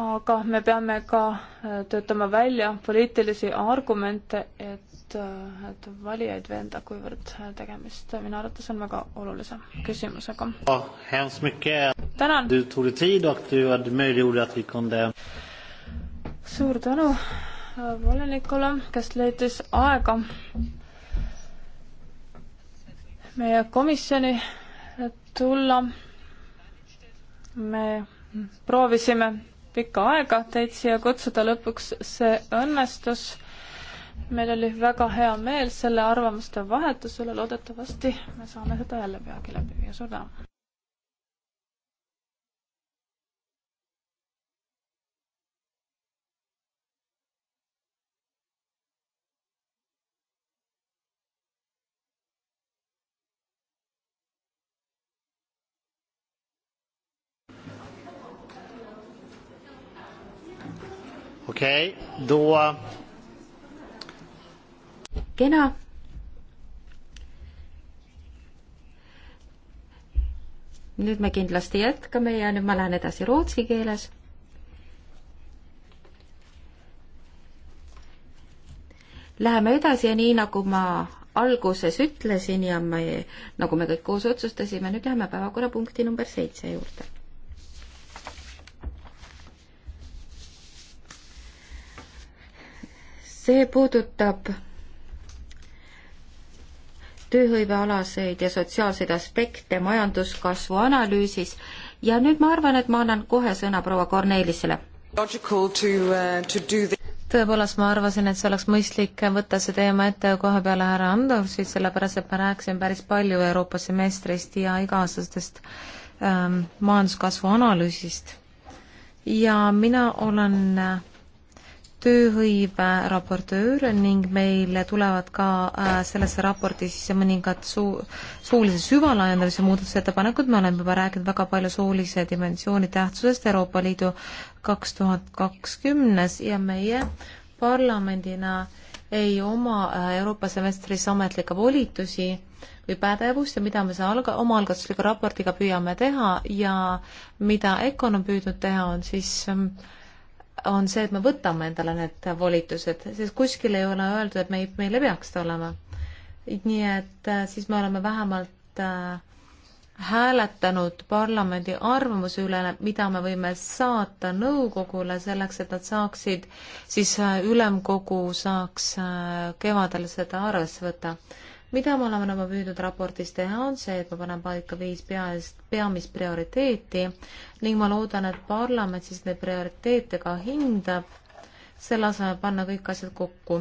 aga me peame ka äh, töötama välja poliitilisi argumente, et, äh, et valijaid veenda, kuivõrd tegemist minu arvates on väga olulise küsimusega. tänan! suur tänu! volinikule, kes leidis aega meie komisjoni tulla. me proovisime pikka aega teid siia kutsuda, lõpuks see õnnestus. meil oli väga hea meel selle arvamuste vahetusele, loodetavasti me saame seda jälle peagi läbi viia, suur tänu! Okej, okay, då... Kena. nüüd me kindlasti jätkame ja nüüd ma lähen edasi rootsi keeles. Läheme edasi ja nii, nagu ma alguses ütlesin ja me, nagu me kõik koos otsustasime, nüüd läheme päevakorrapunkti number seitse juurde see puudutab tööhõivealaseid ja sotsiaalseid aspekte majanduskasvu analüüsis ja nüüd ma arvan, et ma annan kohe sõna proua Kornelisele. Uh, tõepoolest, ma arvasin, et see oleks mõistlik võtta see teema ette kohe peale härra Andovsit, sellepärast et ma rääkisin päris palju Euroopa semestrist ja iga-aastastest ähm, majanduskasvu analüüsist. ja mina olen äh, tööhõive raportöör ning meile tulevad ka äh, sellesse raportisse mõningad suu-, suulise süvalaiendamise muudatusettepanekud, me oleme juba rääkinud väga palju suulise dimensiooni tähtsusest Euroopa Liidu kaks tuhat kakskümnes ja meie parlamendina ei oma äh, Euroopa semestris ametlikke volitusi või pädevust ja mida me selle alga-, omaalgatusliku raportiga püüame teha ja mida Econ on püüdnud teha, on siis äh, on see, et me võtame endale need volitused, sest kuskil ei ole öeldud, et me ei, meil ei peaks ta olema. nii et äh, siis me oleme vähemalt äh, hääletanud parlamendi arvamuse üle, mida me võime saata nõukogule selleks, et nad saaksid, siis äh, ülemkogu saaks kevadel seda arvesse võtta mida me oleme nagu püüdnud raportis teha, on see, et ma panen paika viis peaest, peamist prioriteeti ning ma loodan, et parlament siis neid prioriteete ka hindab, selle asemel panna kõik asjad kokku.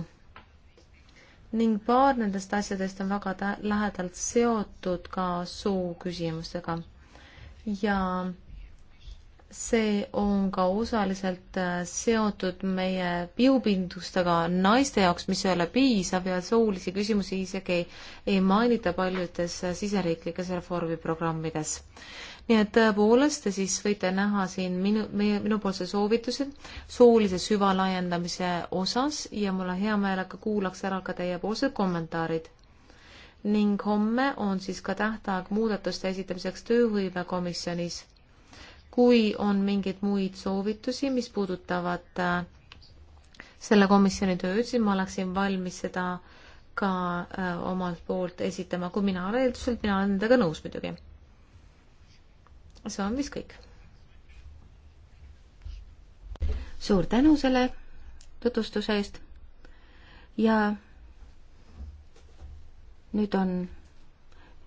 ning paar nendest asjadest on väga lähedalt seotud ka suu küsimustega ja see on ka osaliselt äh, seotud meie jõupindustega naiste jaoks, mis ei ole piisav ja soolisi küsimusi isegi ei, ei mainita paljudes äh, siseriiklikes reformiprogrammides. nii et tõepoolest te siis võite näha siin minu, meie, minupoolse soovituse soolise süvalaiendamise osas ja mul on hea meel, aga kuulaks ära ka teiepoolsed kommentaarid ning homme on siis ka tähtaeg muudatuste esitamiseks tööhõivekomisjonis kui on mingeid muid soovitusi, mis puudutavad äh, selle komisjoni tööd, siis ma oleksin valmis seda ka äh, omalt poolt esitama, kui mina olen eelduselt, mina olen nendega nõus muidugi. see on vist kõik. suur tänu selle tutvustuse eest ja nüüd on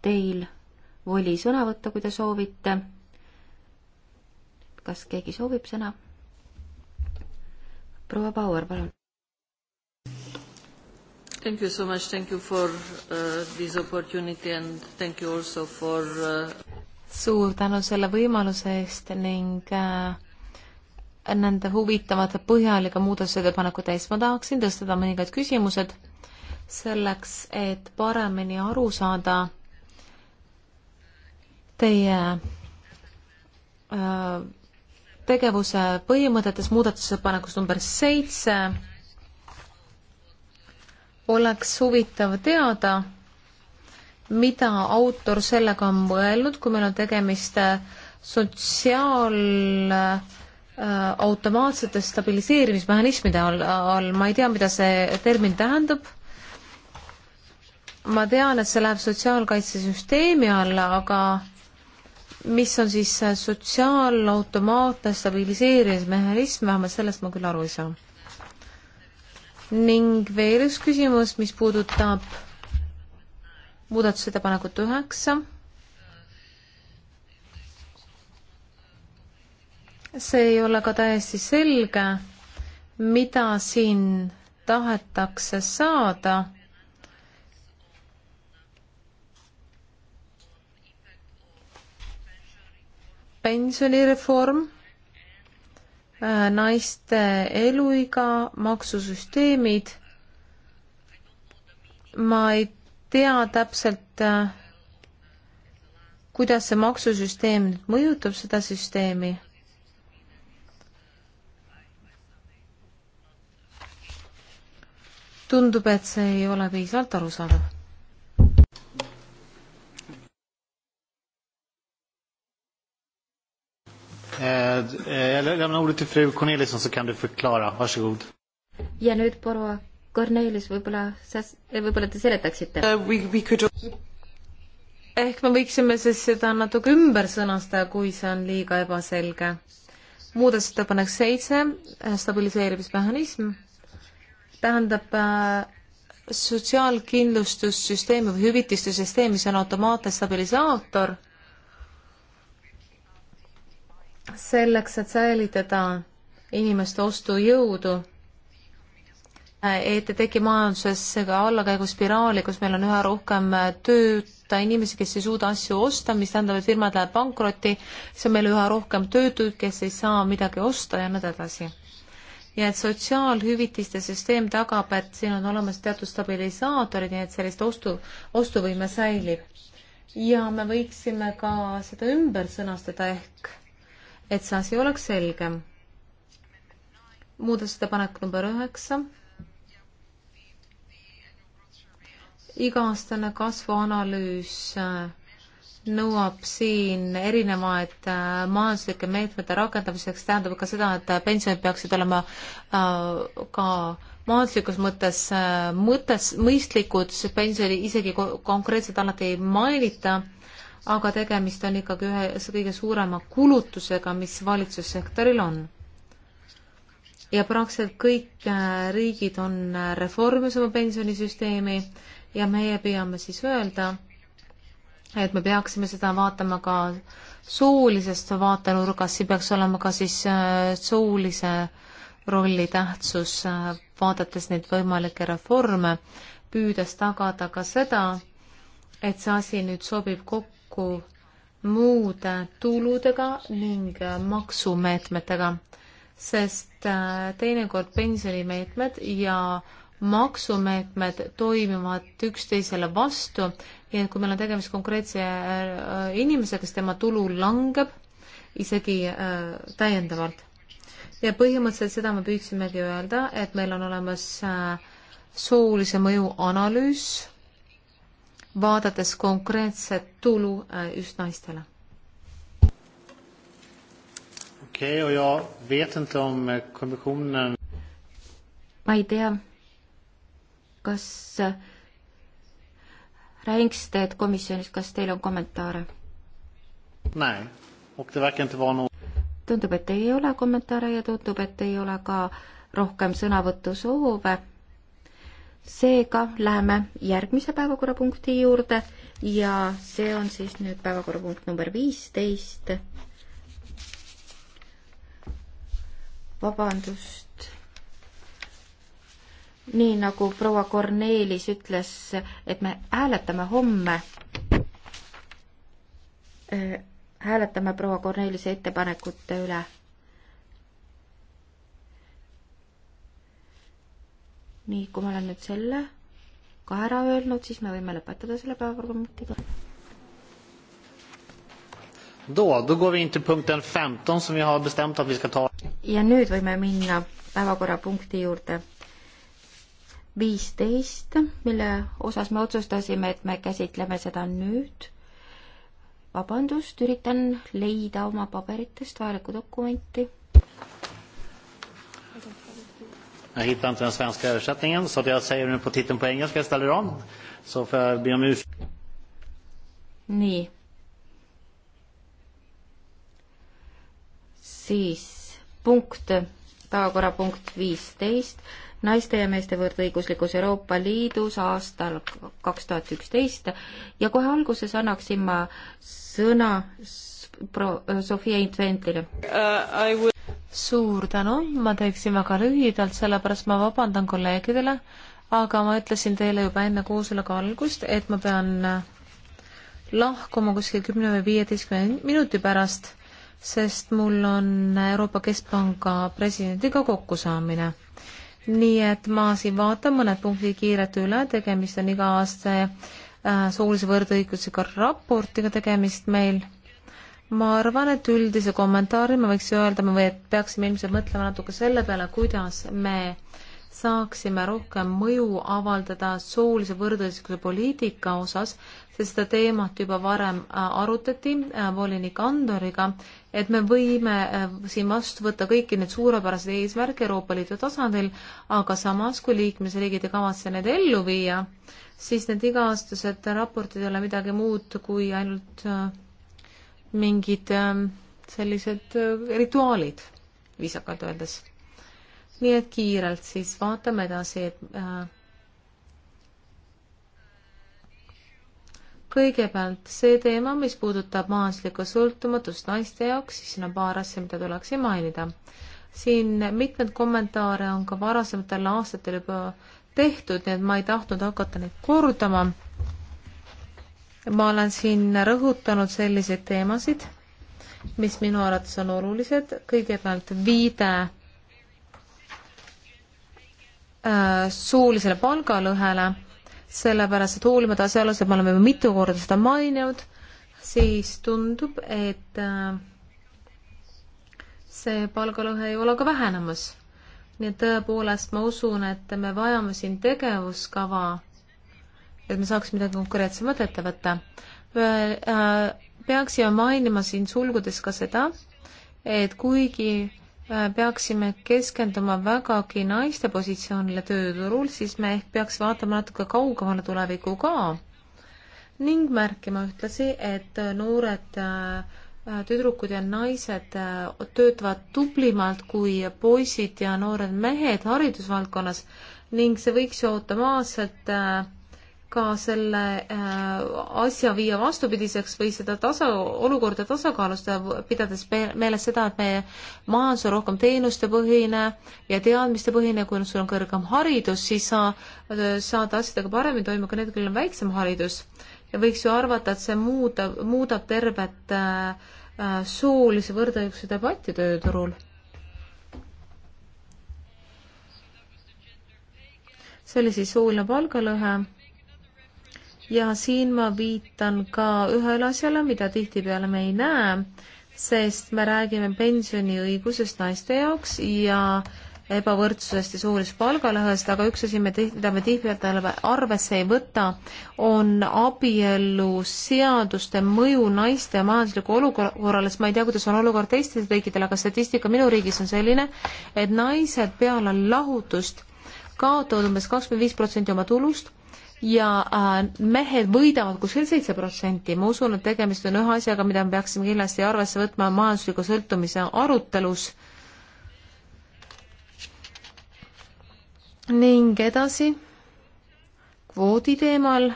teil voli sõna võtta, kui te soovite kas keegi soovib sõna? proua Bauer, palun. Thank you so much, thank you for uh, this opportunity and thank you also for uh... suur tänu selle võimaluse eest ning uh, nende huvitavate põhjalike muudatusettepanekute eest. ma tahaksin tõstada mõningad küsimused selleks, et paremini aru saada teie äh, tegevuse põhimõtetes muudatusepanekus number seitse oleks huvitav teada, mida autor sellega on mõelnud, kui meil on tegemist sotsiaalautomaatsete äh, äh stabiliseerimismehhanismide all, all, ma ei tea, mida see termin tähendab. ma tean, et see läheb sotsiaalkaitsesüsteemi alla, aga mis on siis sotsiaalautomaatne stabiliseerimismehhanism, vähemalt sellest ma küll aru ei saa. ning veel üks küsimus, mis puudutab muudatusettepanekut üheksa. see ei ole ka täiesti selge, mida siin tahetakse saada pensionireform, äh, naiste eluiga, maksusüsteemid. ma ei tea täpselt, äh, kuidas see maksusüsteem nüüd mõjutab seda süsteemi tundub, et see ei ole piisavalt arusaadav Eh, eh, jag lämnar ordet till fru Corneliusson så kan du förklara, varsågod. ja nüüd proua Cornelius, võib-olla sa, eh, võib-olla te seletaksite uh,? We, we could... ehk me võiksime siis seda natuke ümber sõnastada, kui see on liiga ebaselge. muudatusettepanek seitse, stabiliseerimismehhanism, tähendab äh, sotsiaalkindlustussüsteemi või hüvitiste süsteemi, see on automaatne stabilisaator selleks, et säilitada inimeste ostujõudu, et ei teki majanduses ka allakäiguspiraali, kus meil on üha rohkem tööta inimesi, kes ei suuda asju osta, mis tähendab, et firmad lähevad pankrotti, siis on meil üha rohkem töötuid, kes ei saa midagi osta ja nii edasi. ja et sotsiaalhüvitiste süsteem tagab, et siin on olemas teatud stabilisaatorid, nii et sellist ostu, ostuvõime säilib. ja me võiksime ka seda ümber sõnastada ehk et see asi oleks selgem. muudatusettepanek number üheksa. iga-aastane kasvuanalüüs äh, nõuab siin erinevaid äh, majanduslike meetmete rakendamiseks, tähendab ka seda, et äh, pensionid peaksid olema ka majanduslikus mõttes, mõttes mõistlikud, pensioni isegi konkreetselt alati ei mainita aga tegemist on ikkagi ühe kõige suurema kulutusega, mis valitsussektoril on. ja praktiliselt kõik äh, riigid on äh, reforminud oma pensionisüsteemi ja meie püüame siis öelda, et me peaksime seda vaatama ka soolisest vaatenurgast, siin peaks olema ka siis äh, soolise rolli tähtsus, vaadates neid võimalikke reforme, püüdes tagada ka seda, et see asi nüüd sobib kokku kokku muude tuludega ning maksumeetmetega, sest äh, teinekord pensionimeetmed ja maksumeetmed toimivad üksteisele vastu, nii et kui meil on tegemist konkreetse äh, inimesega, siis tema tulu langeb isegi äh, täiendavalt. ja põhimõtteliselt seda me püüdsimegi öelda, et meil on olemas soolise mõju analüüs vaadates konkreetset tulu äh, just naistele. okei okay,, ja vet inte om eh, kommissionen ma ei tea, kas äh, räägiks te, et komisjonis, kas teil on kommentaare? näe, tundub, et ei ole kommentaare ja tundub, et ei ole ka rohkem sõnavõtusoove seega läheme järgmise päevakorrapunkti juurde ja see on siis nüüd päevakorrapunkt number viisteist. vabandust. nii nagu proua Kornelis ütles, et me hääletame homme äh, hääletame proua Kornelise ettepanekute üle nii, kui ma olen nüüd selle ka ära öelnud, siis me võime lõpetada selle päevakorrapunktiga. Då, då går vi in till punkten 15 som vi har bestämt att vi ska ta. Ja nüüd võime minna päevakorrapunkti juurde viisteist, mille osas me otsustasime, et me käsitleme seda nüüd. vabandust, üritan leida oma paberitest vajalikku dokumenti. Jag hittar inte den svenska översättningen, så jag säger nu på titeln på engelska jag ställer om. Så får jag be om ursäkt. nii. siis punkt, päevakorrapunkt viisteist, naiste ja meeste võrdõiguslikkus Euroopa Liidus aastal kaks tuhat üksteist ja kohe alguses annaksin ma sõna pro-, Sofia Intventile uh, suur tänu, ma teeksin väga lühidalt, sellepärast ma vabandan kolleegidele, aga ma ütlesin teile juba enne koosoleku algust, et ma pean lahkuma kuskil kümne või viieteistkümne minuti pärast, sest mul on Euroopa Keskpanga presidendiga kokkusaamine. nii et ma siin vaatan mõned punktid kiirelt üle, tegemist on iga aasta äh, soolise võrdõigusega raportiga tegemist meil ma arvan, et üldise kommentaari me võiks öelda, me peaksime ilmselt mõtlema natuke selle peale, kuidas me saaksime rohkem mõju avaldada soolise võrdõiguslikkuse poliitika osas, sest seda teemat juba varem äh, arutati äh, volinik Andoriga, et me võime äh, siin vastu võtta kõiki need suurepärased eesmärke Euroopa Liidu tasandil, aga samas, kui liikmesriigid ei kavatse need ellu viia, siis need iga-aastased raportid ei ole midagi muud kui ainult mingid ähm, sellised äh, rituaalid, viisakalt öeldes. nii et kiirelt siis vaatame edasi, et äh, kõigepealt see teema, mis puudutab majanduslikku sõltumatust naiste jaoks, siis siin on paar asja, mida tuleks mainida. siin mitmed kommentaare on ka varasematel aastatel juba tehtud, nii et ma ei tahtnud hakata neid kordama ma olen siin rõhutanud selliseid teemasid, mis minu arvates on olulised, kõigepealt viide äh, soolisele palgalõhele, sellepärast et hoolimata asjaolust, et me oleme juba mitu korda seda maininud, siis tundub, et äh, see palgalõhe ei ole ka vähenemas. nii et tõepoolest ma usun, et me vajame siin tegevuskava et me saaks midagi konkreetsemat ette võtta. Äh, äh, peaksime mainima siin sulgudes ka seda, et kuigi äh, peaksime keskenduma vägagi naiste positsioonile tööturul, siis me ehk peaks vaatama natuke kaugemale tulevikku ka ning märkima ühtlasi, et noored tüdrukud ja naised töötavad tublimalt kui poisid ja noored mehed haridusvaldkonnas ning see võiks ju automaatselt äh, ka selle äh, asja viia vastupidiseks või seda tasa, olukorda tasakaalustada, pidades meeles seda, et meie majandus on rohkem teenustepõhine ja teadmistepõhine, kui sul on kõrgem haridus, siis sa äh, saad asjadega paremini toime kui need, kellel on väiksem haridus. ja võiks ju arvata, et see muudab, muudab tervet äh, äh, soolise võrdõiguse debatti tööturul. see oli siis sooline palgalõhe ja siin ma viitan ka ühele asjale, mida tihtipeale me ei näe, sest me räägime pensioniõigusest naiste jaoks ja ebavõrdsusest ja suurist palgalõhest, aga üks asi, mida me tihtipeale arvesse ei võta, on abieluseaduste mõju naiste majanduslikule olukorrale, sest ma ei tea, kuidas on olukord teistes riikidel, aga statistika minu riigis on selline, et naised peale lahutust kaotavad umbes kakskümmend viis protsenti oma tulust ja äh, mehed võidavad kuskil seitse protsenti. ma usun, et tegemist on ühe asjaga, mida me peaksime kindlasti arvesse võtma majandusliku sõltumise arutelus. ning edasi kvoodi teemal.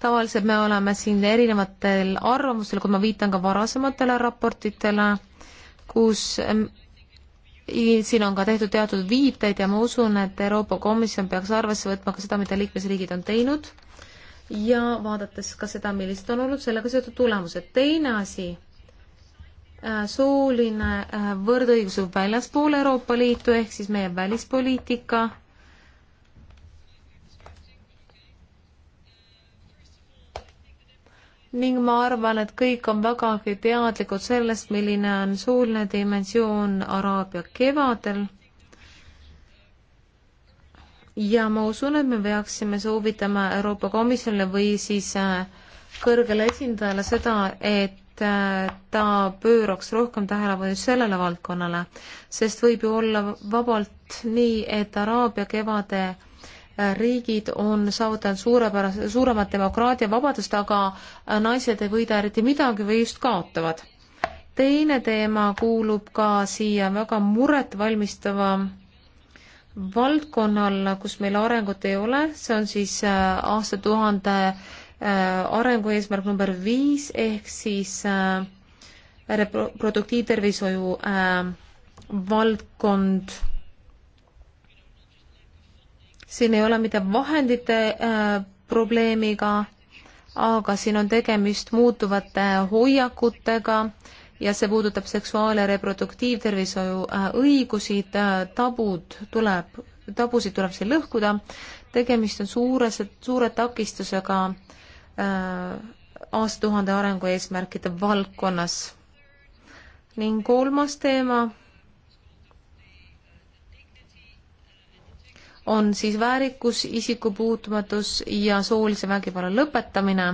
tavaliselt me oleme siin erinevatel arvamustel, kui ma viitan ka varasematele raportitele, kus siin on ka tehtud teatud viiteid ja ma usun, et Euroopa Komisjon peaks arvesse võtma ka seda, mida liikmesriigid on teinud ja vaadates ka seda, millised on olnud sellega seotud tulemused. teine asi, äh, sooline äh, võrdõigus väljaspool Euroopa Liitu ehk siis meie välispoliitika ning ma arvan, et kõik on vägagi teadlikud sellest, milline on suuline dimensioon Araabia kevadel. ja ma usun, et me peaksime soovitama Euroopa Komisjonile või siis äh, kõrgele esindajale seda, et äh, ta pööraks rohkem tähelepanu just sellele valdkonnale, sest võib ju olla vabalt nii, et Araabia kevade riigid on saavutanud suurepärase, suuremat demokraatia vabadust, aga naised ei võida eriti midagi või just kaotavad. teine teema kuulub ka siia väga muretvalmistava valdkonna alla, kus meil arengut ei ole, see on siis äh, aastatuhande äh, arengueesmärk number viis ehk siis äh, reproduktiivtervishoiu valdkond siin ei ole mitte vahendite äh, probleemiga, aga siin on tegemist muutuvate hoiakutega ja see puudutab seksuaal- ja reproduktiivtervishoiu äh, õigusi äh,, tabud tuleb, tabusid tuleb siin lõhkuda, tegemist on suures, suure takistusega äh, aastatuhande arengu eesmärkide valdkonnas. ning kolmas teema on siis väärikus, isikupuutumatus ja soolise vägivalla lõpetamine.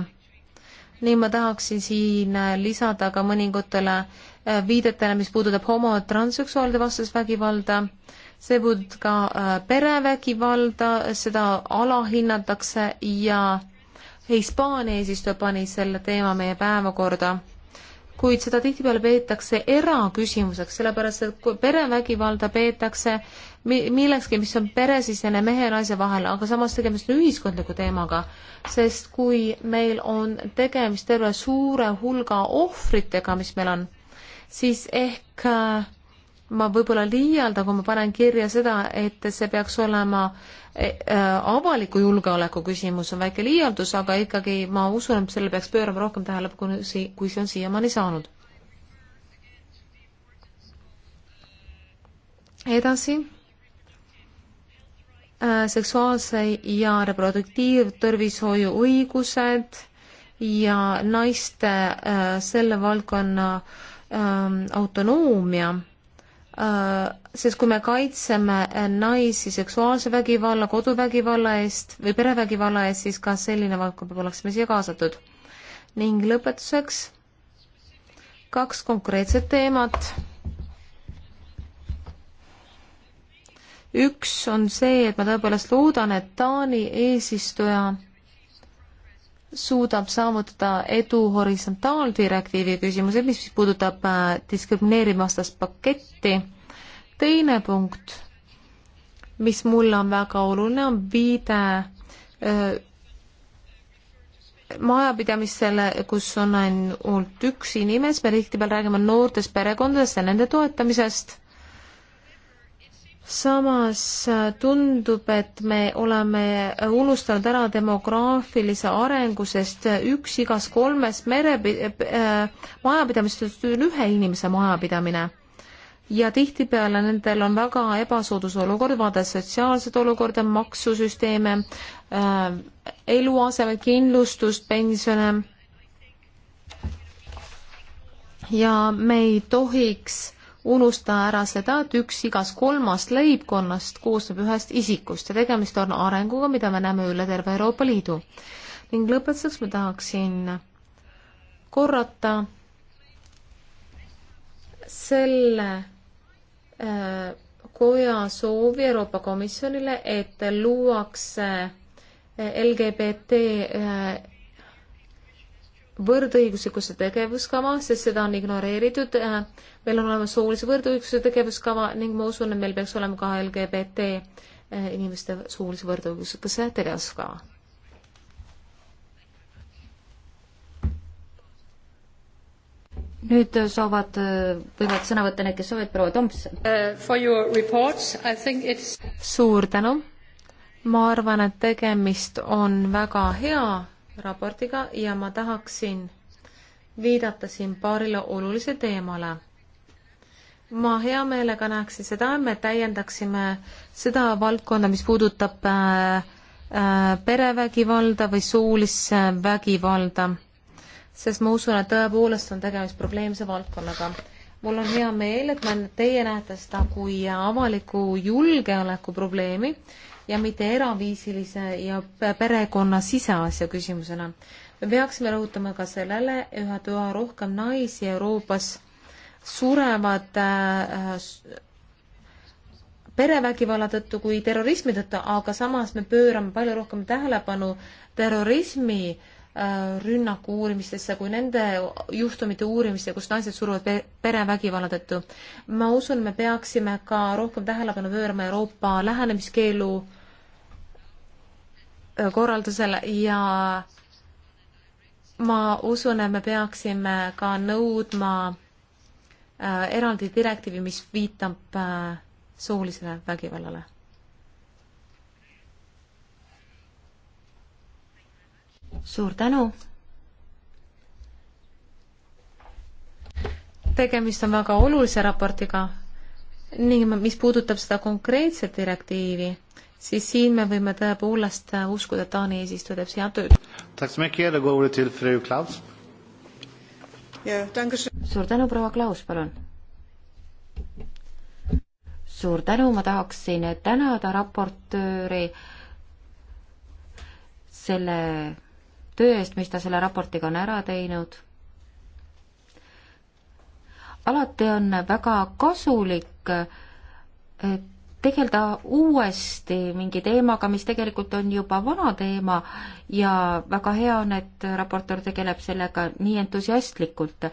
nii ma tahaksin siin lisada ka mõningatele äh, viidetele, mis puudutab homo- ja transseksuaalide vastast vägivalda, see puudutab ka äh, perevägivalda, seda alahinnatakse ja Hispaania eesistuja pani selle teema meie päevakorda kuid seda tihtipeale peetakse eraküsimuseks, sellepärast et kui perevägivalda peetakse millekski, mis on peresisene mehe ja naise vahel, aga samas tegemist on ühiskondliku teemaga, sest kui meil on tegemist terve suure hulga ohvritega, mis meil on, siis ehk äh, ma võib-olla liialdan, kui ma panen kirja seda, et see peaks olema e, äh, avaliku julgeoleku küsimus, on väike liialdus, aga ikkagi ma usun, et sellele peaks pöörama rohkem tähelepanu, kui see on siiamaani saanud. edasi Äh, seksuaalse ja reproduktiivtervishoiu õigused ja naiste äh, selle valdkonna ähm, autonoomia, äh, sest kui me kaitseme naisi seksuaalse vägivalla, koduvägivalla eest või perevägivalla eest, siis ka selline valdkond peab olema siia kaasatud. ning lõpetuseks kaks konkreetset teemat üks on see, et ma tõepoolest loodan, et Taani eesistuja suudab saavutada edu horisontaaldirektiivi küsimusel, mis puudutab äh, diskrimineerimastast paketti. teine punkt, mis mulle on väga oluline, on viide öö, äh, majapidamistele, kus on ainult üks inimes, me tihtipeale räägime noortest perekondadest ja nende toetamisest samas äh, tundub, et me oleme äh, unustanud ära demograafilise arengu, sest äh, üks igas kolmest mere äh, majapidamistest on ühe inimese majapidamine. ja tihtipeale nendel on väga ebasoodus olukord, vaadates sotsiaalset olukorda, maksusüsteeme äh,, eluasemeid, kindlustust, pensione. ja me ei tohiks unusta ära seda, et üks igas kolmast leibkonnast koosneb ühest isikust ja tegemist on arenguga, mida me näeme üle terve Euroopa Liidu. ning lõpetuseks ma tahaksin korrata selle äh, koja soovi Euroopa Komisjonile, et luuakse äh, LGBT äh, võrdõiguslikkuse tegevuskava, sest seda on ignoreeritud. meil on olemas soolise võrdõiguslikkuse tegevuskava ning ma usun, et meil peaks olema ka LGBT eh, inimeste soolise võrdõiguslikkuse tegevuskava. nüüd eh, soovad, eh, võivad sõna võtta need, kes soovivad, proua Tomson uh,. suur tänu. ma arvan, et tegemist on väga hea raportiga ja ma tahaksin viidata siin paarile olulise teemale. ma hea meelega näeksin seda, me täiendaksime seda valdkonda, mis puudutab äh, äh, perevägivalda või suulist vägivalda, sest ma usun, et tõepoolest on tegemist probleemse valdkonnaga mul on hea meel, et ma, teie näete seda kui avaliku julgeoleku probleemi ja mitte eraviisilise ja perekonna siseasja küsimusena. me peaksime rõhutama ka sellele, et üha rohkem naisi Euroopas surevad äh, perevägivalla tõttu kui terrorismi tõttu, aga samas me pöörame palju rohkem tähelepanu terrorismi äh, rünnaku uurimistesse kui nende juhtumite uurimisse, kus naised suruvad perevägivalla tõttu. ma usun, me peaksime ka rohkem tähelepanu pöörama Euroopa lähenemiskeelu korraldusele ja ma usun, et me peaksime ka nõudma äh, eraldi direktiivi, mis viitab äh, soolisele vägivallale. suur tänu. tegemist on väga olulise raportiga ning mis puudutab seda konkreetset direktiivi, siis siin me võime tõepoolest uskuda, et Taani eesistuja teeb head tööd. suur tänu, proua Klaus, palun. suur tänu, ma tahaksin tänada raportööri selle töö eest, mis ta selle raportiga on ära teinud. alati on väga kasulik, et tegeleda uuesti mingi teemaga, mis tegelikult on juba vana teema ja väga hea on, et raportöör tegeleb sellega nii entusiastlikult.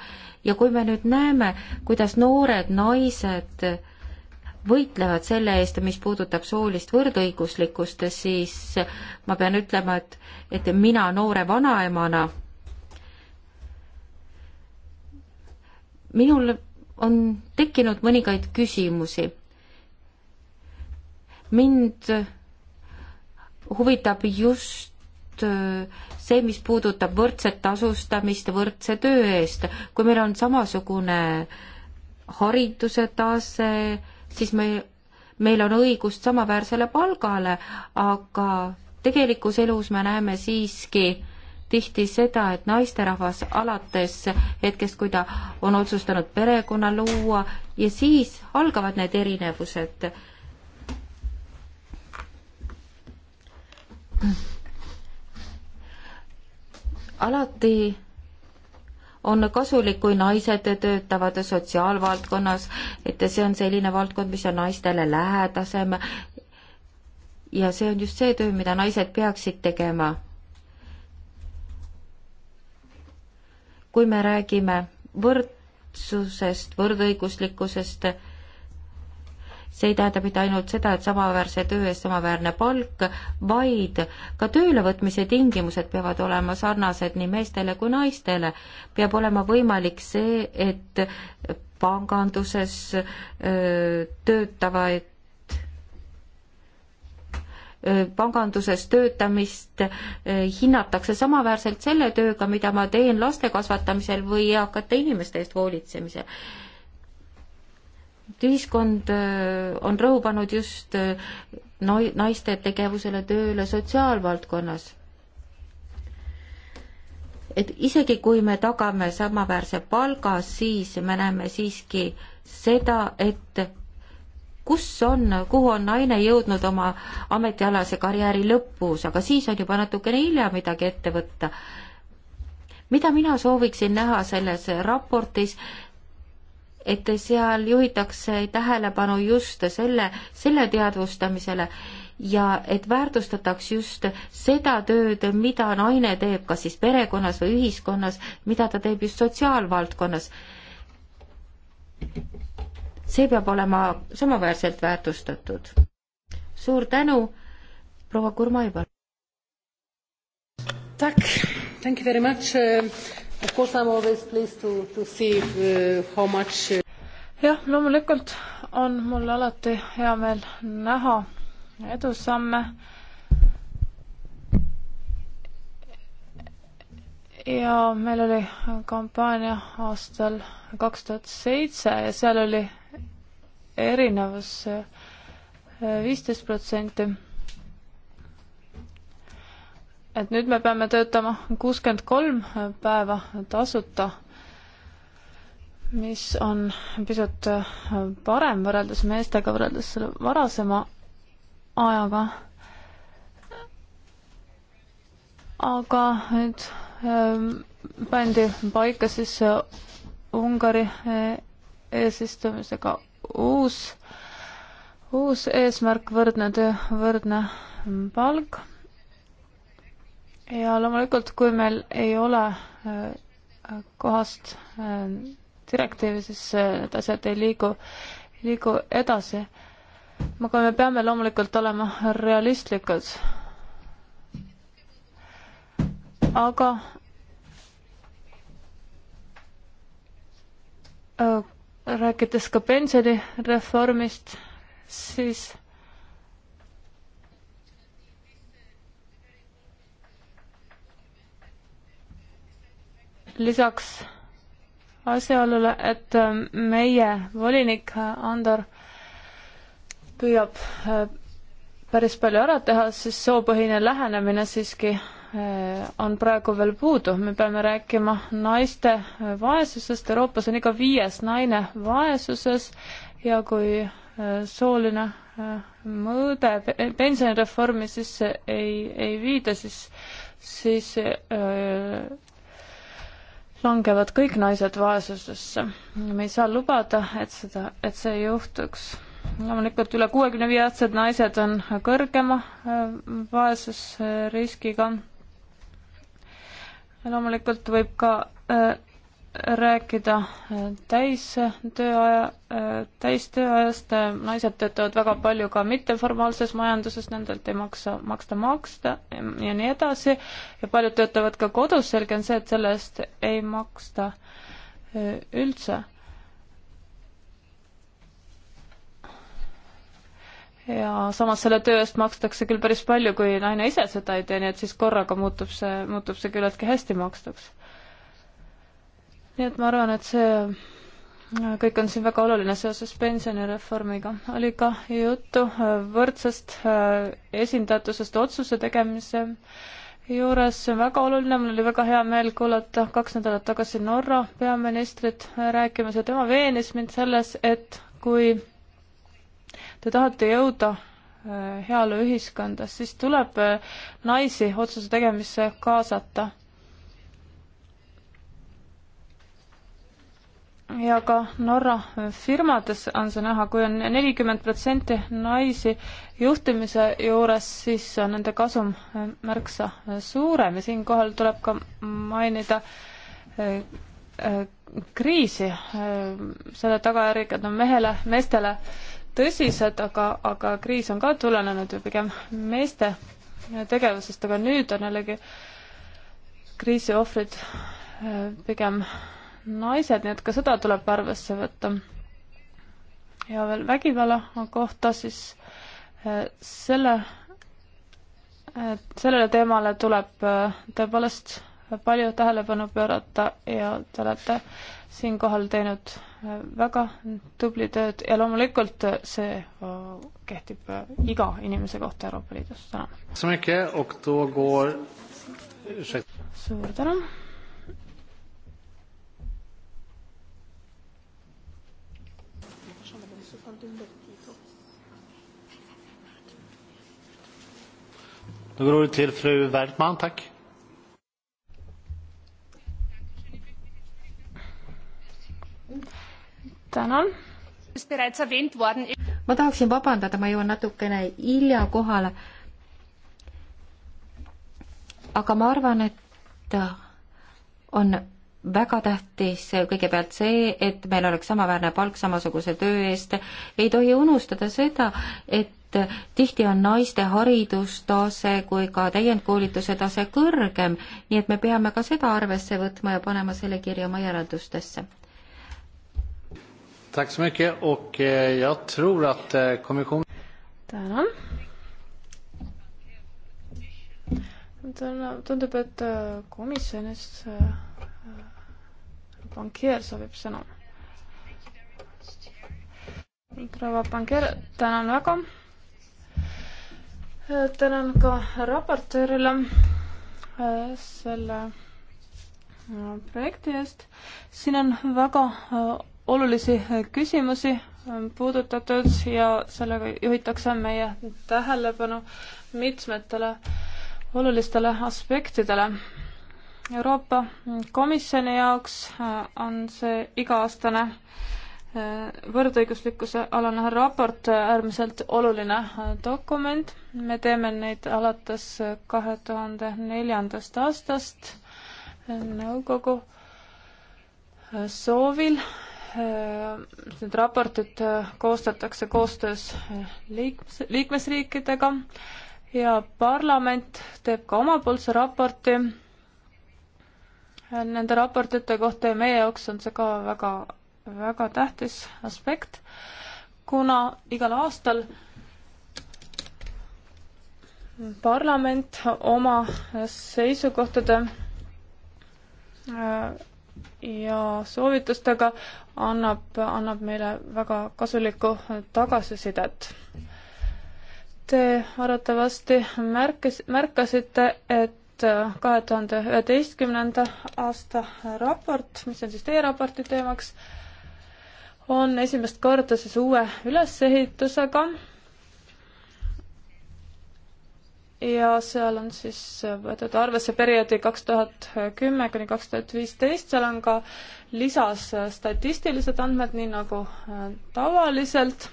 ja kui me nüüd näeme, kuidas noored naised võitlevad selle eest, mis puudutab soolist võrdõiguslikkust, siis ma pean ütlema, et, et mina noore vanaemana, minul on tekkinud mõningaid küsimusi mind huvitab just äh, see, mis puudutab võrdset tasustamist võrdse töö eest. kui meil on samasugune hariduse tase, siis me, meil on õigust samaväärsele palgale, aga tegelikus elus me näeme siiski tihti seda, et naisterahvas alates hetkest, kui ta on otsustanud perekonna luua ja siis algavad need erinevused alati on kasulik, kui naised töötavad sotsiaalvaldkonnas, et see on selline valdkond, mis on naistele lähedasem. ja see on just see töö, mida naised peaksid tegema. kui me räägime võrdsusest, võrdõiguslikkusest, see ei tähenda mitte ainult seda, et samaväärse töö eest samaväärne palk, vaid ka töölevõtmise tingimused peavad olema sarnased nii meestele kui naistele. peab olema võimalik see, et panganduses öö, töötavaid panganduses töötamist hinnatakse samaväärselt selle tööga, mida ma teen laste kasvatamisel või eakate inimeste eest hoolitsemisel et ühiskond äh, on rõhu pannud just äh, naiste tegevusele, tööle sotsiaalvaldkonnas. et isegi, kui me tagame samaväärse palga, siis me näeme siiski seda, et kus on, kuhu on naine jõudnud oma ametialase karjääri lõpus, aga siis on juba natukene hilja midagi ette võtta. mida mina sooviksin näha selles raportis, et seal juhitakse tähelepanu just selle, selle teadvustamisele ja et väärtustataks just seda tööd, mida naine teeb, kas siis perekonnas või ühiskonnas, mida ta teeb just sotsiaalvaldkonnas. see peab olema samaväärselt väärtustatud. suur tänu, proua Kurmaival. Tak, thank you very much uh Of course I am always pleased to, to see if, uh, how much uh... jah, loomulikult on mul alati hea meel näha edusamme. ja meil oli kampaania aastal kaks tuhat seitse ja seal oli erinevus äh, viisteist protsenti et nüüd me peame töötama kuuskümmend kolm päeva tasuta, mis on pisut parem võrreldes meestega, võrreldes selle varasema ajaga. aga nüüd ähm, pandi paika siis Ungari eesistumisega uus, uus eesmärk, võrdne töö, võrdne palk ja loomulikult, kui meil ei ole äh, kohast äh, direktiivi, siis äh, need asjad ei liigu, liigu edasi. aga me peame loomulikult olema realistlikud. aga rääkides ka pensionireformist, siis lisaks asjaolule, et ähm, meie volinik Andor püüab äh, päris palju ära teha, siis soopõhine lähenemine siiski äh, on praegu veel puudu, me peame rääkima naiste äh, vaesusest, Euroopas on iga viies naine vaesuses ja kui sooline mõõde pensionireformi sisse ei, ei viida, siis, siis langevad kõik naised vaesusesse. me ei saa lubada, et seda, et see juhtuks. loomulikult üle kuuekümne viie aastased naised on kõrgema äh, vaesusriskiga. loomulikult võib ka äh, rääkida äh, täistööaja, äh, täistööajast, äh, naised töötavad väga palju ka mitteformaalses majanduses, nendelt ei maksa, maksta maksta ja nii edasi, ja paljud töötavad ka kodus, selge on see, et selle eest ei maksta üldse. ja samas selle töö eest makstakse küll päris palju, kui naine ise seda ei tee, nii et siis korraga muutub see, muutub see küllaltki hästi makstuks nii et ma arvan, et see äh, kõik on siin väga oluline seoses pensionireformiga. oli ka juttu äh, võrdsest äh, esindatusest otsuse tegemise juures, see on väga oluline, mul oli väga hea meel kuulata kaks nädalat tagasi Norra peaministrit rääkimas ja tema veenis mind selles, et kui te tahate jõuda heaoluühiskonda, siis tuleb naisi otsuse tegemisse kaasata ja ka Norra firmades on see näha, kui on nelikümmend protsenti naisi juhtimise juures, siis on nende kasum äh, märksa äh, suurem ja siinkohal tuleb ka mainida äh, kriisi, selle tagajärjed on mehele, meestele tõsised, aga, aga kriis on ka tulenenud ju pigem meeste tegevusest, aga nüüd on jällegi kriisiohvrid pigem naised, nii et ka seda tuleb arvesse võtta. ja veel vägivalla kohta siis eh, selle, eh, sellele teemale tuleb eh, tõepoolest palju tähelepanu pöörata ja te olete siinkohal teinud väga tubli tööd ja loomulikult see kehtib iga inimese kohta Euroopa Liidus. tänan. suur tänu. Då går ordet till fru Wertman, tack. tänan. ma tahaksin vabandada, ma jõuan natukene hilja kohale. aga ma arvan, et on väga tähtis kõigepealt see, et meil oleks samaväärne palk samasuguse töö eest. ei tohi unustada seda, et et tihti on naiste haridustase kui ka täiendkoolituse tase kõrgem, nii et me peame ka seda arvesse võtma ja panema selle kirja oma järeldustesse. Eh, eh, tänan. tundub, et eh, komisjonis bankier soovib sõna proua Panger, tänan väga tänan ka raportöörile äh, selle äh, projekti eest. siin on väga äh, olulisi küsimusi puudutatud ja sellega juhitakse meie tähelepanu mitmetele olulistele aspektidele. Euroopa Komisjoni jaoks on see iga-aastane äh, võrdõiguslikkuse alane raport, äärmiselt oluline dokument. me teeme neid alates kahe tuhande neljandast aastast nõukogu soovil. Need raportid koostatakse koostöös liikmes, liikmesriikidega ja parlament teeb ka omapoolse raporti. Nende raportite kohta ja meie jaoks on see ka väga väga tähtis aspekt, kuna igal aastal parlament oma seisukohtade äh, ja soovitustega annab, annab meile väga kasulikku tagasisidet. Te arvatavasti märkis, märkasite, et äh, kahe tuhande üheteistkümnenda aasta raport, mis on siis teie raporti teemaks, on esimest korda siis uue ülesehitusega. ja seal on siis võetud arvesse perioodi kaks tuhat kümme kuni kaks tuhat viisteist, seal on ka lisas statistilised andmed, nii nagu äh, tavaliselt.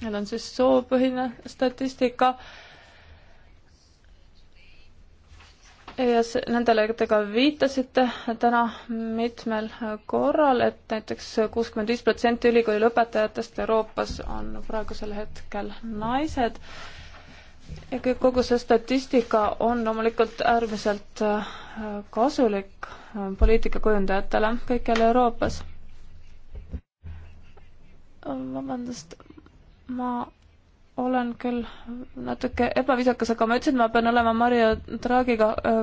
Need on siis soopõhine statistika ja nendele te ka viitasite täna mitmel korral, et näiteks kuuskümmend viis protsenti ülikooli lõpetajatest Euroopas on praegusel hetkel naised. ja kogu see statistika on loomulikult äärmiselt äh, kasulik äh, poliitikakujundajatele kõikjal Euroopas. vabandust, ma olen küll natuke ebaviisakas, aga ma ütlesin, et ma pean olema Mario Draagiga äh,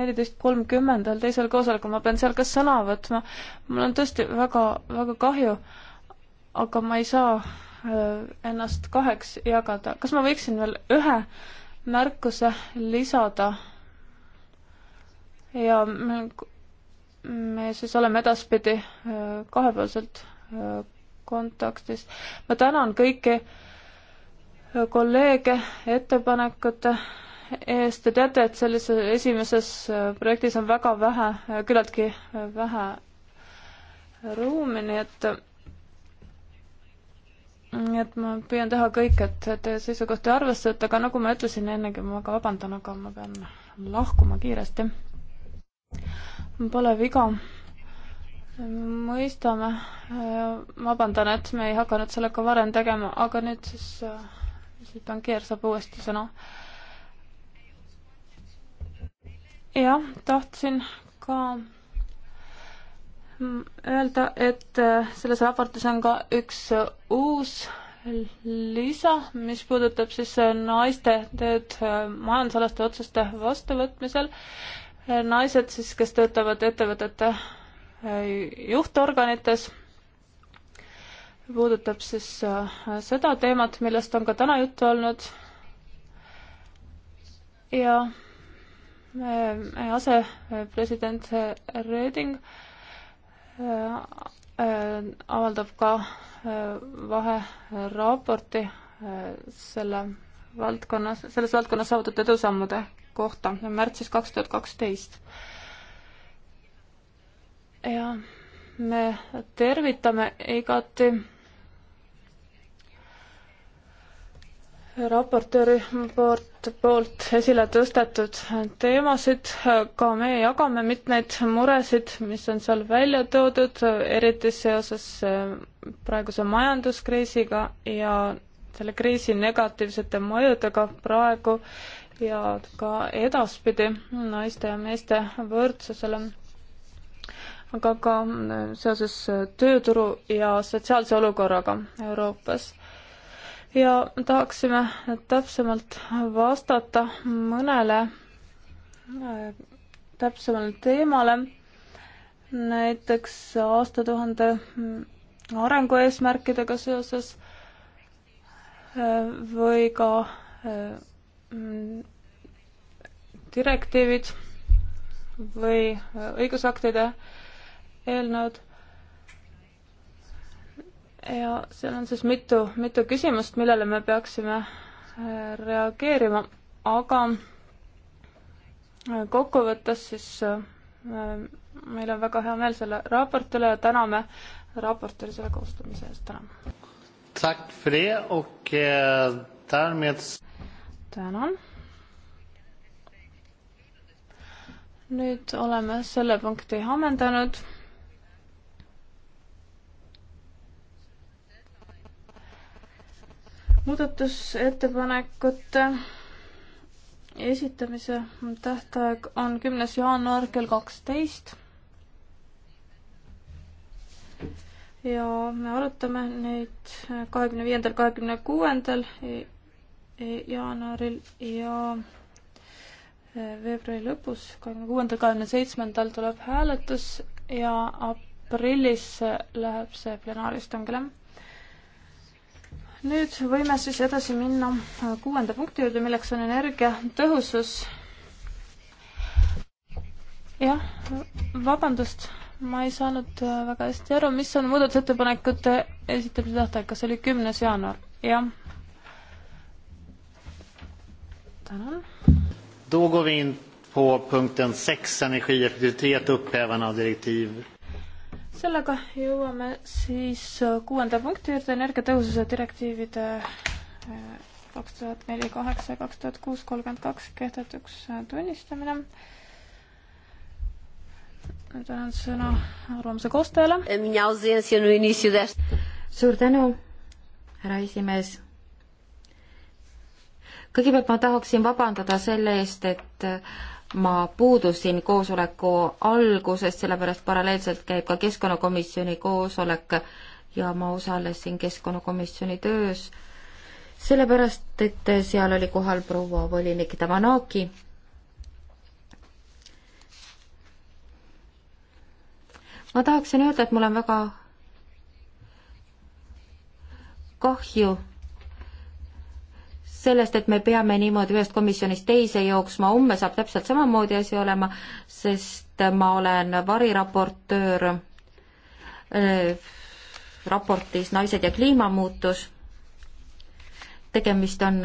neliteist kolmkümmendal teisel koosolekul, ma pean seal ka sõna võtma. mul on tõesti väga, väga kahju, aga ma ei saa äh, ennast kaheks jagada. kas ma võiksin veel ühe märkuse lisada? ja me, me siis oleme edaspidi äh, kahepoolselt kontaktis. ma tänan kõiki äh, kolleege ettepanekute eest. Te teate, et sellises esimeses äh, projektis on väga vähe, äh, küllaltki äh, vähe ruumi, nii et nii et ma püüan teha kõik, et teie seisukohti arvestada, aga nagu ma ütlesin ennegi, ma väga vabandan, aga ma pean lahkuma kiiresti. Pole viga. mõistame. vabandan, et me ei hakanud sellega varem tegema, aga nüüd siis Tangier saab uuesti sõna. jah, tahtsin ka öelda, et äh, selles raportis on ka üks äh, uus lisa, mis puudutab siis äh, naiste tööd majandusalaste otsuste vastuvõtmisel. naised siis, kes töötavad ettevõtete juhtorganites puudutab siis äh, seda teemat, millest on ka täna juttu olnud. ja äh, äh, asepresident Reding avaldab ka vaheraporti selle valdkonnas, selles valdkonnas saavutatud edusammude kohta märtsis kaks tuhat kaksteist. ja me tervitame igati raportööri poolt, poolt esile tõstetud teemasid, ka meie jagame mitmeid muresid, mis on seal välja toodud, eriti seoses äh, praeguse majanduskriisiga ja selle kriisi negatiivsete mõjudega praegu ja ka edaspidi naiste ja meeste võrdsusele aga ka äh, seoses äh, tööturu ja sotsiaalse olukorraga Euroopas ja tahaksime täpsemalt vastata mõnele äh, täpsemale teemale, näiteks aastatuhande arengueesmärkidega seoses äh, või ka äh, direktiivid või õigusaktide eelnõud ja seal on siis mitu, mitu küsimust, millele me peaksime äh, reageerima, aga äh, kokkuvõttes siis äh, meil on väga hea meel selle raporti üle ja täname raportööri selle koostamise eest, täname. Eh, tänan. nüüd oleme selle punkti ammendanud muudatusettepanekute esitamise tähtaeg on kümnes jaanuar kell kaksteist. ja me arutame neid kahekümne viiendal, kahekümne kuuendal jaanuaril ja veebruari lõpus, kahekümne kuuendal, kahekümne seitsmendal tuleb hääletus ja aprillis läheb see plenaaristungile nüüd võime siis edasi minna äh, kuuenda punkti juurde, milleks on energiatõhusus. jah, vabandust, ma ei saanud äh, väga hästi aru, mis on muudatusettepanekute esitamise tähtaeg, kas oli kümnes jaanuar? jah. tänan. Då går vi in på punkten sex, energieffektivitet, upphävande av direktiv sellega jõuame siis äh, kuuenda punkti juurde, energiatõhususe direktiivide äh, kaks tuhat neli, kaheksa ja kaks tuhat kuus kolmkümmend kaks kehtetuks äh, tunnistamine. nüüd annan sõna arvamuse koostajale. suur tänu, härra esimees. kõigepealt ma tahaksin vabandada selle eest, et ma puudusin koosoleku algusest, sellepärast paralleelselt käib ka keskkonnakomisjoni koosolek ja ma osalesin keskkonnakomisjoni töös, sellepärast et seal oli kohal proua volinik Davanaki. ma tahaksin öelda, et mul on väga kahju sellest, et me peame niimoodi ühest komisjonist teise jooksma, homme saab täpselt samamoodi asi olema, sest ma olen variraportöör äh, raportis Naised ja kliimamuutus. tegemist on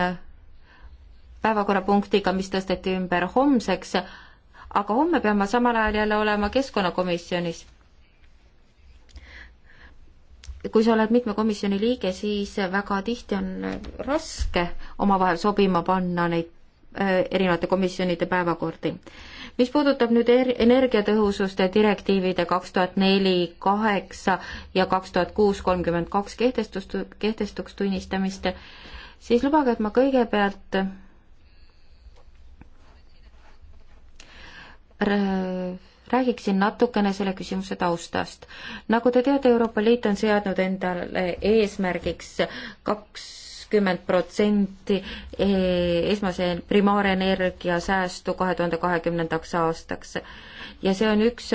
päevakorrapunktiga, mis tõsteti ümber homseks, aga homme pean ma samal ajal jälle olema keskkonnakomisjonis kui sa oled mitme komisjoni liige, siis väga tihti on raske omavahel sobima panna neid äh, erinevate komisjonide päevakordi. mis puudutab nüüd er-, energiatõhususte direktiivide kaks tuhat neli, kaheksa ja kaks tuhat kuus kolmkümmend kaks kehtestust, kehtestuks tunnistamist, siis lubage, et ma kõigepealt re-, räägiksin natukene selle küsimuse taustast. nagu te teate, Euroopa Liit on seadnud endale eesmärgiks kakskümmend protsenti e-, esmase primaarenergia säästu kahe tuhande kahekümnendaks aastaks ja see on üks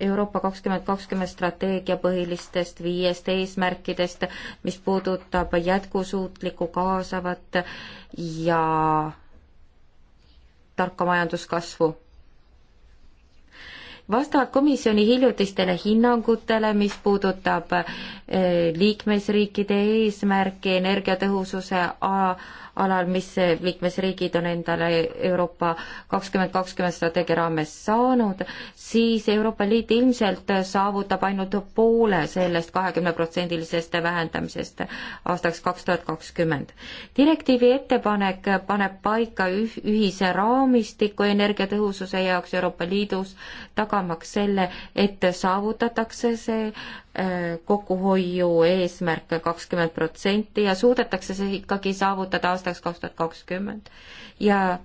Euroopa kakskümmend kakskümmend strateegia põhilistest viiest eesmärkidest, mis puudutab jätkusuutlikku, kaasavat ja tarka majanduskasvu vastavalt komisjoni hiljutistele hinnangutele, mis puudutab eh, liikmesriikide eesmärki energiatõhususe alal, mis liikmesriigid on endale Euroopa kakskümmend kakskümmend strateegia raames saanud, siis Euroopa Liit ilmselt saavutab ainult poole sellest kahekümneprotsendilisest vähendamisest aastaks kaks tuhat kakskümmend. direktiivi ettepanek paneb paika üh-, ühise raamistiku energiatõhususe jaoks Euroopa Liidus, tagamaks selle, et saavutatakse see kokkuhoiu eesmärk kakskümmend protsenti ja suudetakse see ikkagi saavutada aastaks kaks tuhat kakskümmend ja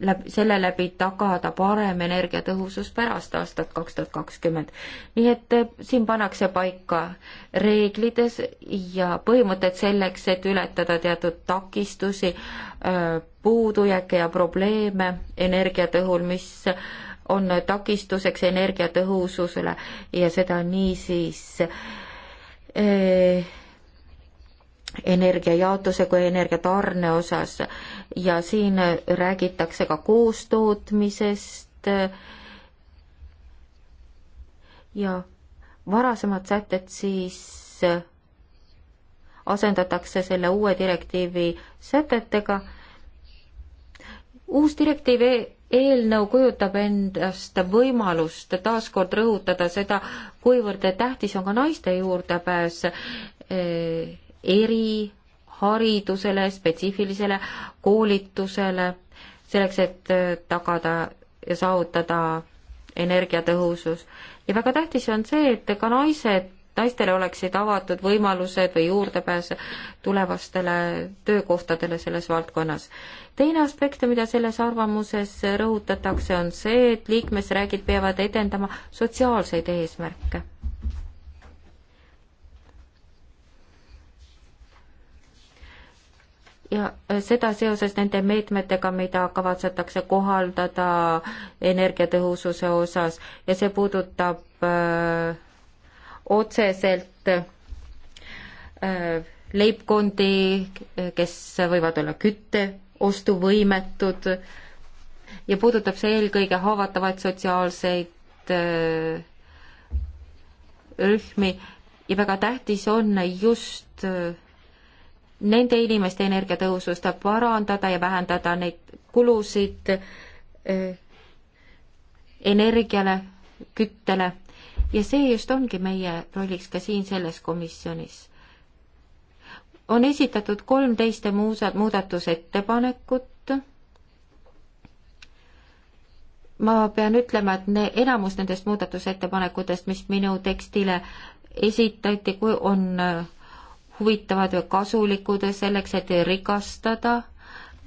läbi, selle läbi tagada parem energiatõhusus pärast aastat kaks tuhat kakskümmend. nii et äh, siin pannakse paika reeglid ja põhimõtted selleks, et ületada teatud takistusi, äh, puudujääke ja probleeme energia tõhul, mis on takistuseks energiatõhususele ja seda niisiis eh, energiajaotuse kui energiatarne osas ja siin räägitakse ka koostootmisest ja varasemad sätted siis asendatakse selle uue direktiivi sätetega. uus direktiiv eelnõu kujutab endast võimalust taaskord rõhutada seda, kuivõrd tähtis on ka naiste juurdepääs eh, eriharidusele, spetsiifilisele koolitusele, selleks et eh, tagada ja saavutada energiatõhusus. ja väga tähtis on see, et ka naised naistele oleksid avatud võimalused või juurdepääs tulevastele töökohtadele selles valdkonnas. teine aspekt, mida selles arvamuses rõhutatakse, on see, et liikmesriigid peavad edendama sotsiaalseid eesmärke ja seda seoses nende meetmetega, mida kavatsetakse kohaldada energiatõhususe osas ja see puudutab äh, otseselt äh, leibkondi, kes võivad olla kütteostuvõimetud ja puudutab see eelkõige haavatavaid sotsiaalseid äh, rühmi ja väga tähtis on just äh, nende inimeste energiatõhusust parandada ja vähendada neid kulusid energiale, küttele ja see just ongi meie rolliks ka siin selles komisjonis. on esitatud kolmteist muusad muudatusettepanekut, ma pean ütlema, et ne-, enamus nendest muudatusettepanekutest, mis minu tekstile esitati, kui on äh, huvitavad või kasulikud selleks, et rikastada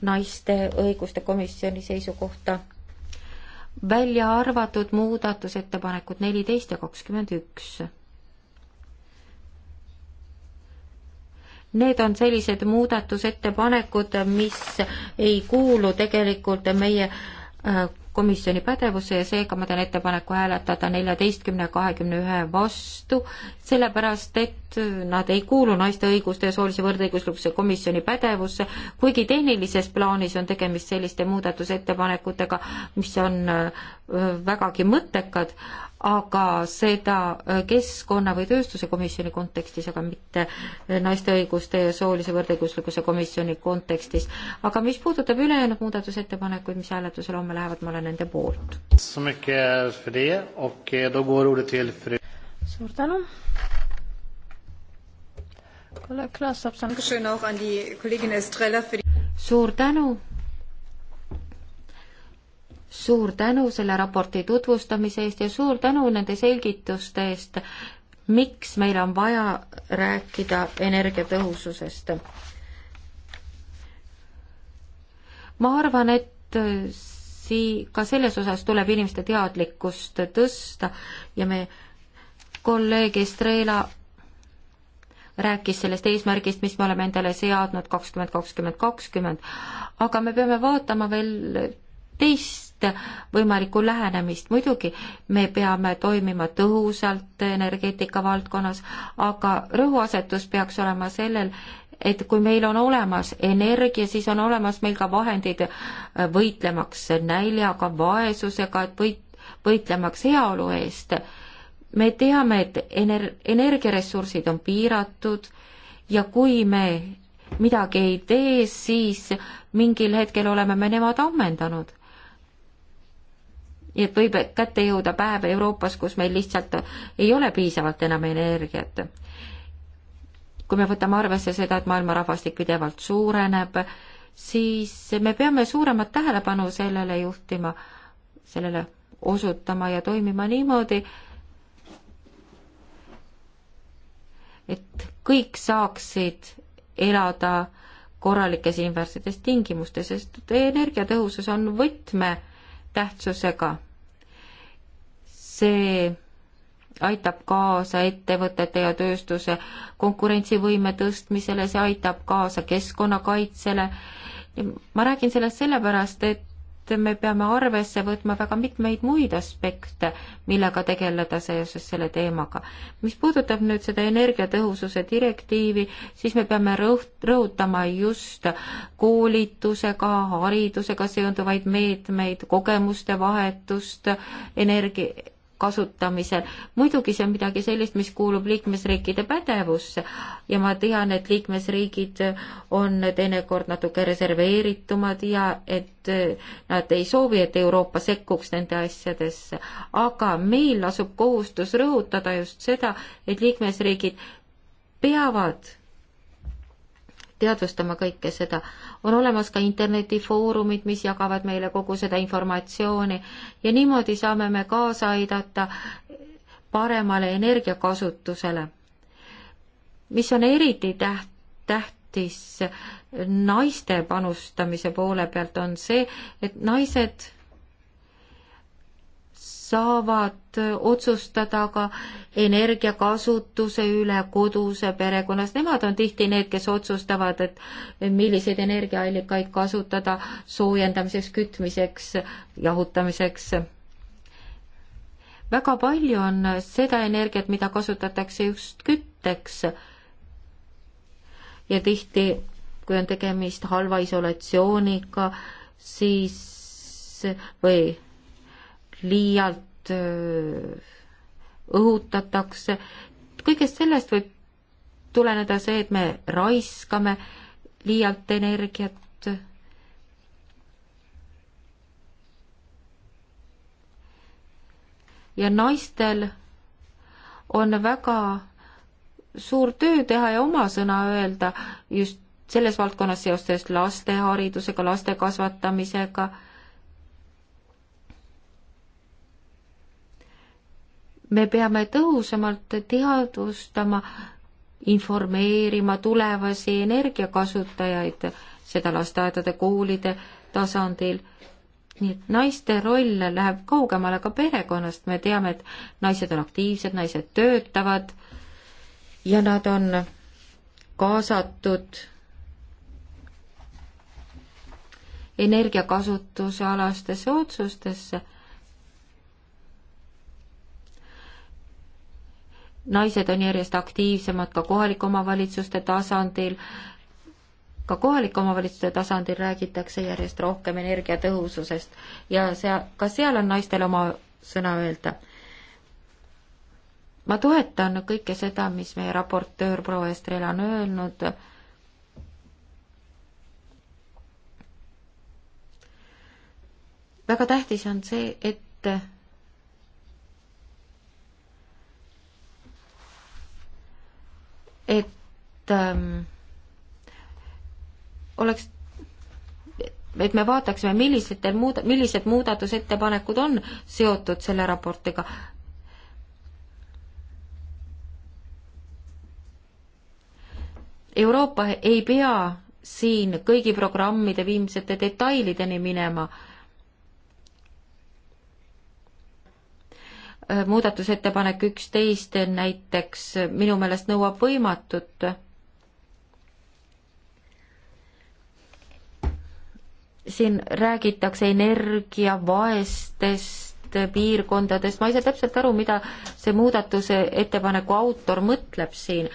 naiste õiguste komisjoni seisukohta välja arvatud muudatusettepanekud neliteist ja kakskümmend üks. Need on sellised muudatusettepanekud, mis ei kuulu tegelikult meie äh, komisjoni pädevusse ja seega ma teen ettepaneku hääletada neljateistkümne kahekümne ühe vastu, sellepärast et nad ei kuulu naiste õiguste ja soolise võrdõiguslikkuse komisjoni pädevusse, kuigi tehnilises plaanis on tegemist selliste muudatusettepanekutega, mis on äh, vägagi mõttekad aga seda äh, keskkonna või tööstuse komisjoni kontekstis, aga mitte äh, naiste õiguste ja soolise võrdõiguslikkuse komisjoni kontekstis. aga mis puudutab ülejäänud muudatusettepanekuid, mis hääletusele homme lähevad, ma olen nende poolt. Eh, suur tänu. kolleeg Klaas saab sõna. suur tänu suur tänu selle raporti tutvustamise eest ja suur tänu nende selgituste eest, miks meil on vaja rääkida energiatõhususest. ma arvan, et sii-, ka selles osas tuleb inimeste teadlikkust tõsta ja me kolleeg Estrela rääkis sellest eesmärgist, mis me oleme endale seadnud kakskümmend, kakskümmend, kakskümmend, aga me peame vaatama veel teist ühist võimalikku lähenemist. muidugi me peame toimima tõhusalt energeetika valdkonnas, aga rõhuasetus peaks olema sellel, et kui meil on olemas energia, siis on olemas meil ka vahendid võitlemaks näljaga, vaesusega, et võit, võitlemaks heaolu eest. me teame, et ener-, energiaressursid on piiratud ja kui me midagi ei tee, siis mingil hetkel oleme me nemad ammendanud nii et võib kätte jõuda päev Euroopas, kus meil lihtsalt ei ole piisavalt enam energiat. kui me võtame arvesse seda, et maailma rahvastik pidevalt suureneb, siis me peame suuremat tähelepanu sellele juhtima, sellele osutama ja toimima niimoodi, et kõik saaksid elada korralikes inverssides tingimustes, sest energiatõhusus on võtmetähtsusega see aitab kaasa ettevõtete ja tööstuse konkurentsivõime tõstmisele, see aitab kaasa keskkonnakaitsele. ma räägin sellest sellepärast, et me peame arvesse võtma väga mitmeid muid aspekte, millega tegeleda seoses selle teemaga. mis puudutab nüüd seda energiatõhususe direktiivi, siis me peame rõht-, rõhutama just koolitusega, haridusega seonduvaid meetmeid, kogemuste vahetust, energi-, kasutamisel. muidugi see on midagi sellist, mis kuulub liikmesriikide pädevusse ja ma tean, et liikmesriigid on teinekord natuke reserveeritumad ja et nad ei soovi, et Euroopa sekkuks nende asjadesse. aga meil lasub kohustus rõhutada just seda, et liikmesriigid peavad teadvustama kõike seda. on olemas ka internetifoorumid, mis jagavad meile kogu seda informatsiooni ja niimoodi saame me kaasa aidata paremale energiakasutusele, mis on eriti täht-, tähtis naiste panustamise poole pealt, on see, et naised saavad otsustada ka energiakasutuse üle kodus ja perekonnas, nemad on tihti need, kes otsustavad, et milliseid energiaallikaid kasutada soojendamiseks, kütmiseks, jahutamiseks. väga palju on seda energiat, mida kasutatakse just kütteks ja tihti, kui on tegemist halva isolatsiooniga, siis või liialt õhutatakse. kõigest sellest võib tuleneda see, et me raiskame liialt energiat. ja naistel on väga suur töö teha ja oma sõna öelda just selles valdkonnas seoses laste haridusega, laste kasvatamisega me peame tõhusamalt teadvustama, informeerima tulevasi energiakasutajaid, seda lasteaedade, koolide tasandil. nii et naiste roll läheb kaugemale ka perekonnast, me teame, et naised on aktiivsed, naised töötavad ja nad on kaasatud energiakasutuse alastesse otsustesse naised on järjest aktiivsemad ka kohalike omavalitsuste tasandil, ka kohalike omavalitsuste tasandil räägitakse järjest rohkem energiatõhususest ja sea-, ka seal on naistel oma sõna öelda. ma toetan kõike seda, mis meie raportöör proua Estrela on öelnud, väga tähtis on see, et et ähm, oleks, et me vaataksime, millisetel muud-, millised muudatusettepanekud on seotud selle raportiga. Euroopa ei pea siin kõigi programmide viimsete detailideni minema äh, Äh, muudatusettepanek üksteist näiteks äh, minu meelest nõuab võimatut. siin räägitakse energiavaestest äh, piirkondadest, ma ei saa täpselt aru, mida see muudatuse ettepaneku autor mõtleb siin.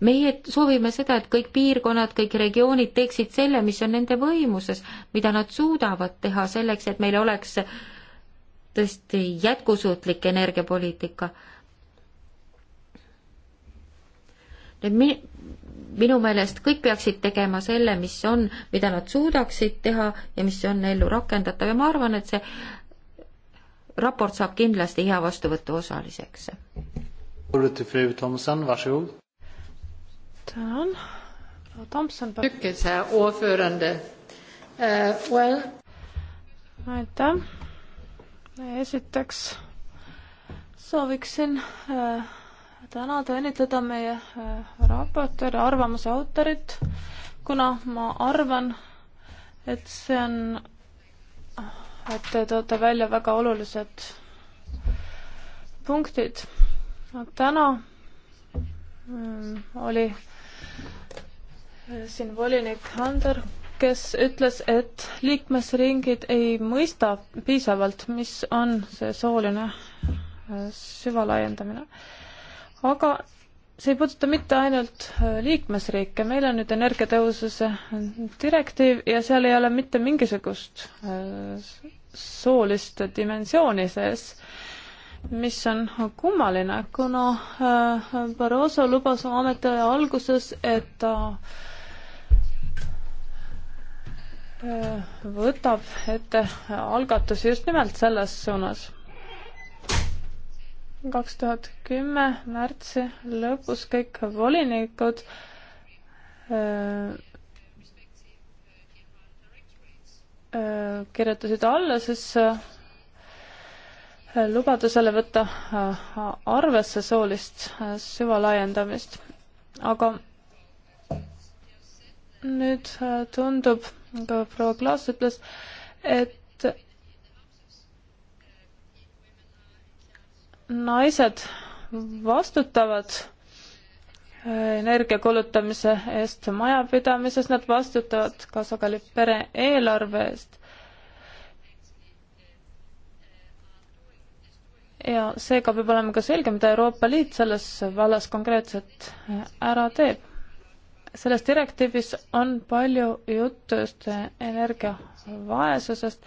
meie soovime seda, et kõik piirkonnad, kõik regioonid teeksid selle, mis on nende võimuses, mida nad suudavad teha selleks, et meil oleks äh, tõesti jätkusuutlik energiapoliitika. nüüd mi-, minu meelest kõik peaksid tegema selle, mis on, mida nad suudaksid teha ja mis on ellu rakendatav ja ma arvan, et see raport saab kindlasti hea vastuvõtu osaliseks. tänan. Tomson. Äh, aitäh esiteks sooviksin äh, tänada, õnnitleda meie äh, raportööri, arvamuse autorit, kuna ma arvan, et see on, et te toote välja väga olulised punktid. täna mm, oli äh, siin volinik Ander kes ütles, et liikmesringid ei mõista piisavalt, mis on see sooline äh, süvalaiendamine. aga see ei puuduta mitte ainult äh, liikmesriike, meil on nüüd energiatõhususe direktiiv ja seal ei ole mitte mingisugust äh, soolist dimensiooni sees, mis on kummaline, kuna Barroso lubas oma ametiaja alguses, et ta äh, võtab ette algatusi just nimelt selles suunas. kaks tuhat kümme märtsi lõpus kõik volinikud öö, äh, öö, äh, kirjutasid alla siis öö, äh, lubadusele võtta arvesse soolist süvalaiendamist, aga nüüd tundub, ka proua Klaas ütles, et naised vastutavad äh, energia kulutamise eest majapidamises, nad vastutavad ka sageli pere eelarve eest. ja seega peab olema ka selge, mida Euroopa Liit selles vallas konkreetselt äh, ära teeb selles direktiivis on palju juttu just energiavaesusest,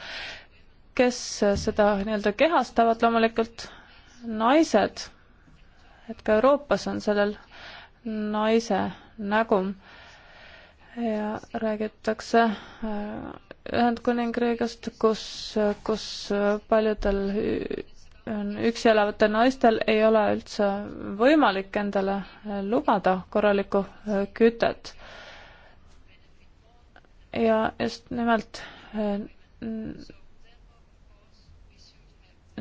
kes seda nii-öelda kehastavad, loomulikult naised, et ka Euroopas on sellel naise nägu ja räägitakse äh, Ühendkuningriigist, kus, kus paljudel üksi elavatel naistel ei ole üldse võimalik endale lubada korralikku äh, kütet. ja just nimelt äh,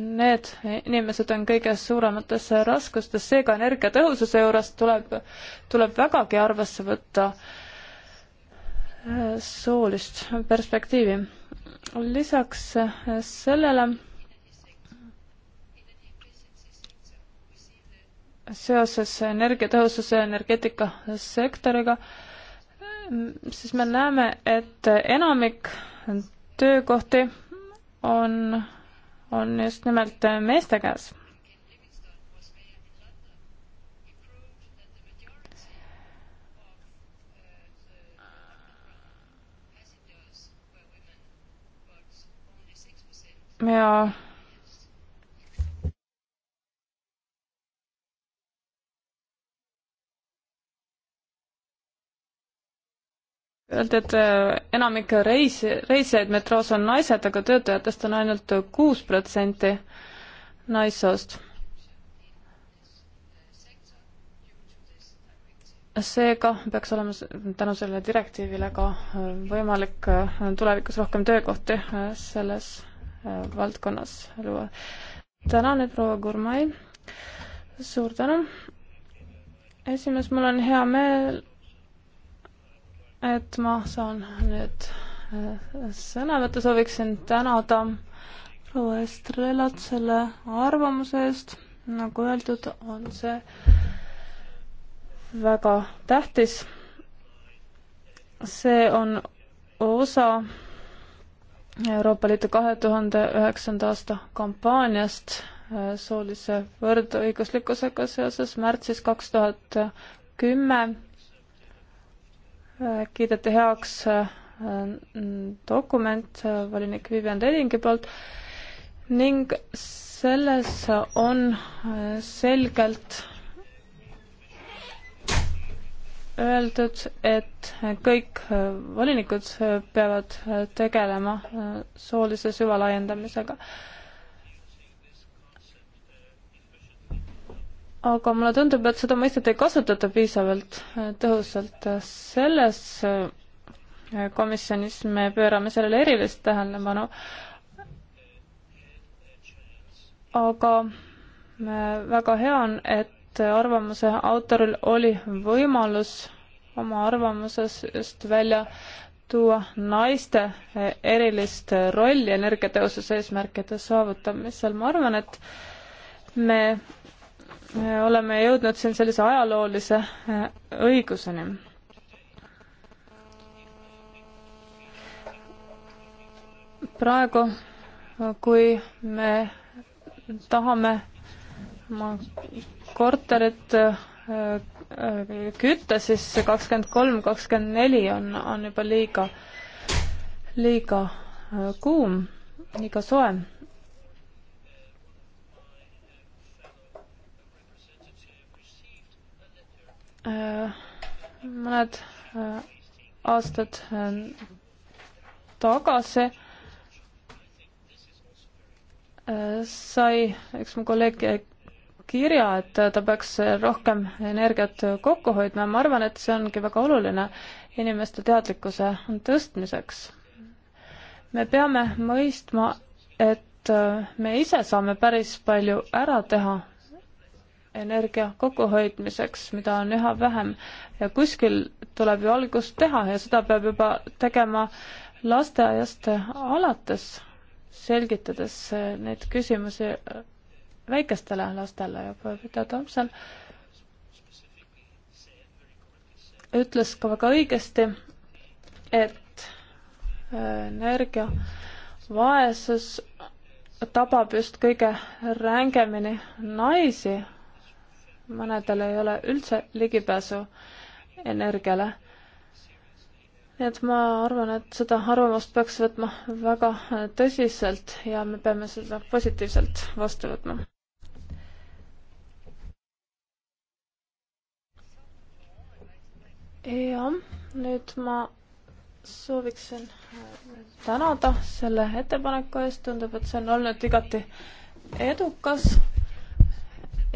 need inimesed on kõige suuremates raskustes, seega energiatõhususe juures tuleb, tuleb vägagi arvesse võtta äh, soolist perspektiivi. lisaks sellele seoses energiatõhususe energeetikasektoriga, siis me näeme, et enamik töökohti on, on just nimelt meeste käes ja Öeldi, et äh, enamik reis, reisijaid metroos on naised, aga töötajatest on ainult kuus protsenti naissoost. seega peaks olema tänu sellele direktiivile ka äh, võimalik äh, tulevikus rohkem töökohti selles valdkonnas luua. tänan nüüd proua Gurmai. suur tänu. esimees, mul on hea meel et ma saan nüüd äh, sõna võtta, sooviksin tänada proua Estrelat selle arvamuse eest, nagu öeldud, on see väga tähtis. see on osa Euroopa Liidu kahe tuhande üheksanda aasta kampaaniast äh, soolise võrdõiguslikkusega seoses märtsis kaks tuhat kümme kiideti heaks äh, dokument äh, volinik Vivian Redingi poolt ning selles on äh, selgelt öeldud, et kõik volinikud peavad tegelema soolise süvalaiendamisega aga mulle tundub, et seda mõistet ei kasutata piisavalt äh, tõhusalt. selles äh, komisjonis me pöörame sellele erilist tähelepanu no.. aga äh, väga hea on, et arvamuse autoril oli võimalus oma arvamuses just välja tuua naiste erilist rolli energiatõhususe eesmärkide saavutamisel. ma arvan, et me oleme jõudnud siin sellise ajaloolise äh, õiguseni. praegu, kui me tahame oma korterit äh, äh, kütta, siis kakskümmend kolm, kakskümmend neli on, on juba liiga, liiga kuum, liiga soe Äh, mõned äh, aastad äh, tagasi sai üks mu kolleeg kirja, et ta peaks rohkem energiat kokku hoidma ja ma arvan, et see ongi väga oluline inimeste teadlikkuse tõstmiseks. me peame mõistma, et me ise saame päris palju ära teha energia kokkuhoidmiseks, mida on üha vähem. ja kuskil tuleb ju algust teha ja seda peab juba tegema lasteaiast alates, selgitades neid küsimusi väikestele lastele ja Peter Tomson ütles ka väga õigesti, et energia vaesus tabab just kõige rängemini naisi mõnedel ei ole üldse ligipääsu energiale. nii et ma arvan, et seda arvamust peaks võtma väga tõsiselt ja me peame seda positiivselt vastu võtma. jah, nüüd ma sooviksin tänada selle ettepaneku eest, tundub, et see on olnud igati edukas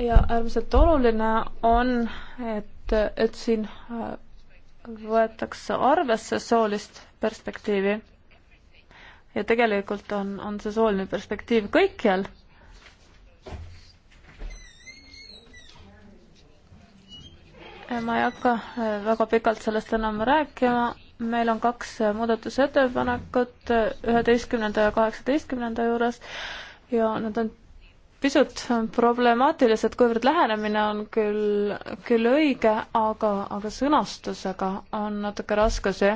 ja äärmiselt oluline on, et, et siin äh, võetakse arvesse soolist perspektiivi. ja tegelikult on, on see sooline perspektiiv kõikjal. ma ei hakka äh, väga pikalt sellest enam rääkima, meil on kaks äh, muudatusettepanekut üheteistkümnenda ja kaheksateistkümnenda juures ja nad on pisut problemaatilised, kuivõrd lähenemine on küll, küll õige, aga, aga sõnastusega on natuke raskusi.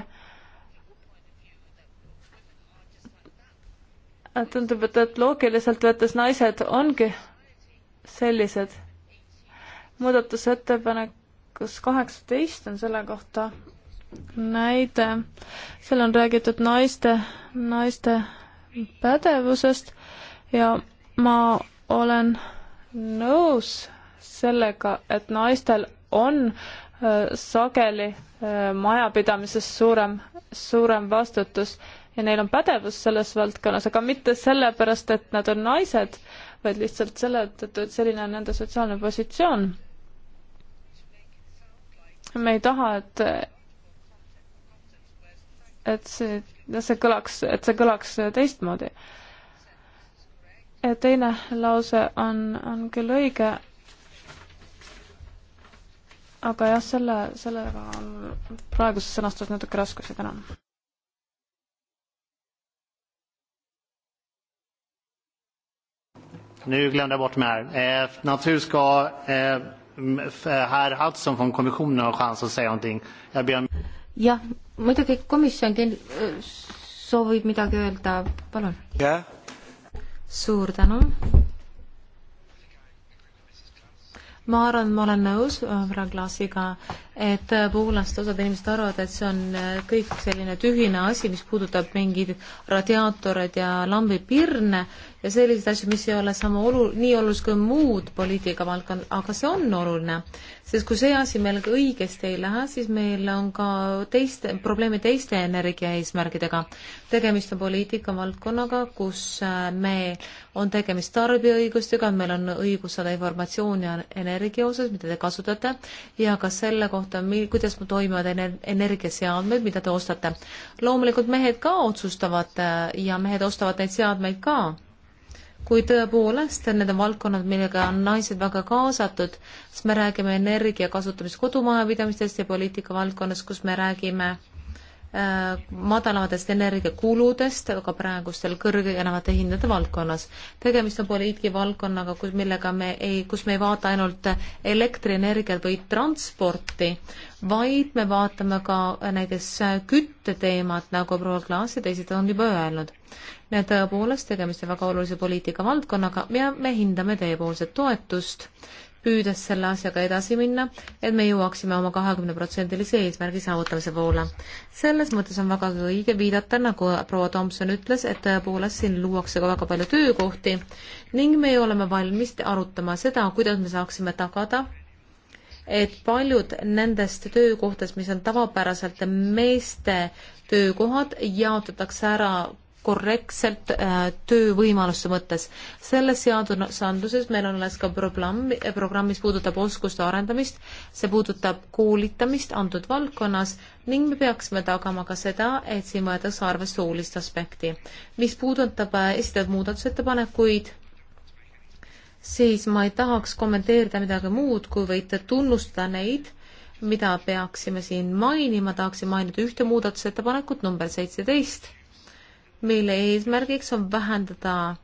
tundub, et, et loogiliselt võttes naised ongi sellised. muudatusettepanekus kaheksateist on selle kohta näide, seal on räägitud naiste, naiste pädevusest ja ma olen nõus sellega, et naistel on äh, sageli äh, majapidamises suurem, suurem vastutus ja neil on pädevus selles valdkonnas, aga mitte sellepärast, et nad on naised, vaid lihtsalt selle tõttu, et selline on nende sotsiaalne positsioon. me ei taha, et, et see, see kõlaks, et see kõlaks teistmoodi teine lause on, on küll õige, aga jah, selle, sellega on praeguses sõnastuses natuke raskusi täna. Nu glömde jag bort mig här. Eh, natur ska eh, eh, herr Hudson från kommissionen ha chans att säga någonting. Jag ber om... jah, muidugi komisjon soovib midagi öelda, palun. jah yeah suur tänu. ma arvan, ma olen nõus äh, Ragglasiga, et tõepoolest osad inimesed arvavad, et see on äh, kõik selline tühine asi, mis puudutab mingeid radiaatoreid ja lambipirne ja selliseid asju, mis ei ole sama olu-, nii olulised kui muud poliitikavaldkond, aga see on oluline. sest kui see asi meil õigesti ei lähe, siis meil on ka teiste, probleeme teiste energiaeesmärgidega. tegemist on poliitikavaldkonnaga, kus äh, me, on tegemist tarbijaõigustega, meil on õigus saada informatsiooni energia osas, mida te kasutate, ja ka selle kohta, kohta, kuidas toimivad energiaseadmed, mida te ostate. loomulikult mehed ka otsustavad äh, ja mehed ostavad neid seadmeid ka. kui tõepoolest need on valdkonnad, millega on naised väga kaasatud, siis me räägime energia kasutamist kodumajapidamistest ja poliitika valdkonnas, kus me räägime Äh, madalamatest energiakuludest ka praegustel kõrgenevate hindade valdkonnas. tegemist on poliitki valdkonnaga, kus, millega me ei, kus me ei vaata ainult elektrienergiat või transporti, vaid me vaatame ka näiteks kütteteemat, nagu proua Klaas ja teised on juba öelnud. nii et tõepoolest, tegemist on väga olulise poliitika valdkonnaga ja me hindame teiepoolset toetust püüdes selle asjaga edasi minna, et me jõuaksime oma kahekümneprotsendilise eesmärgi saavutamise poole. selles mõttes on väga õige viidata, nagu proua Tomson ütles, et tõepoolest siin luuakse ka väga palju töökohti ning me oleme valmis arutama seda, kuidas me saaksime tagada, et paljud nendest töökohtadest, mis on tavapäraselt meeste töökohad, jaotatakse ära korrektselt äh, töövõimaluste mõttes. selles seadusandluses meil on alles ka programm, äh, programm, mis puudutab oskuste arendamist, see puudutab koolitamist antud valdkonnas ning me peaksime tagama ka seda, et siin võetakse arvesse soolist aspekti. mis puudutab äh, esitatud muudatusettepanekuid, siis ma ei tahaks kommenteerida midagi muud, kui võite tunnustada neid mida peaksime siin mainima, tahaksin mainida ühte muudatusettepanekut, number seitseteist mille eesmärgiks on vähendada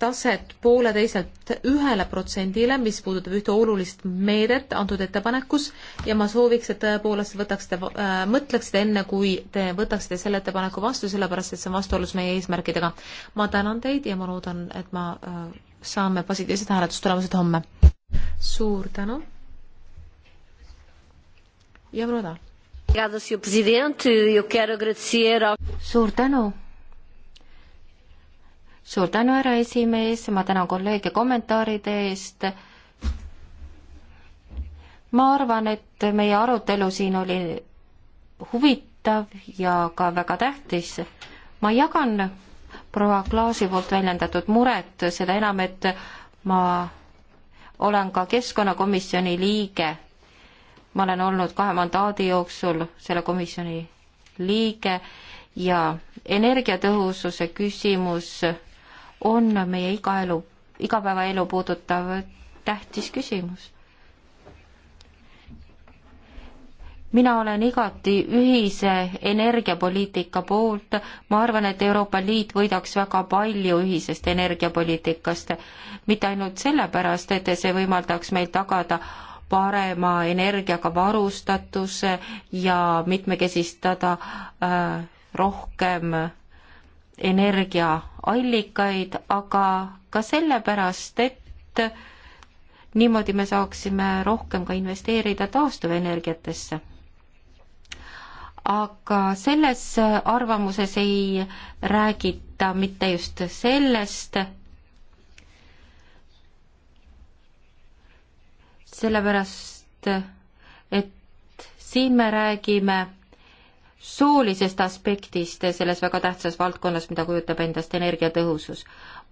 taset pooleteiselt ühele protsendile, mis puudutab ühte olulist meedet antud ettepanekus ja ma sooviks, et tõepoolest võtaksite äh,, mõtleksite enne, kui te võtaksite selle ettepaneku vastu, sellepärast et see on vastuolus meie eesmärkidega. ma tänan teid ja ma loodan, et ma äh, saame positiivsed hääletustulemused homme. suur tänu ja ma loodan suur tänu. suur tänu, härra esimees, ma tänan kolleege kommentaaride eest. ma arvan, et meie arutelu siin oli huvitav ja ka väga tähtis. ma jagan proua Klaasi poolt väljendatud muret, seda enam, et ma olen ka keskkonnakomisjoni liige ma olen olnud kahe mandaadi jooksul selle komisjoni liige ja energiatõhususe küsimus on meie igaelu, igapäevaelu puudutav tähtis küsimus. mina olen igati ühise energiapoliitika poolt, ma arvan, et Euroopa Liit võidaks väga palju ühisest energiapoliitikast, mitte ainult sellepärast, et see võimaldaks meil tagada parema energiaga varustatuse ja mitmekesistada äh, rohkem energiaallikaid, aga ka sellepärast, et niimoodi me saaksime rohkem ka investeerida taastuvenergiatesse. aga selles arvamuses ei räägita mitte just sellest, sellepärast et siin me räägime soolisest aspektist selles väga tähtsas valdkonnas, mida kujutab endast energiatõhusus.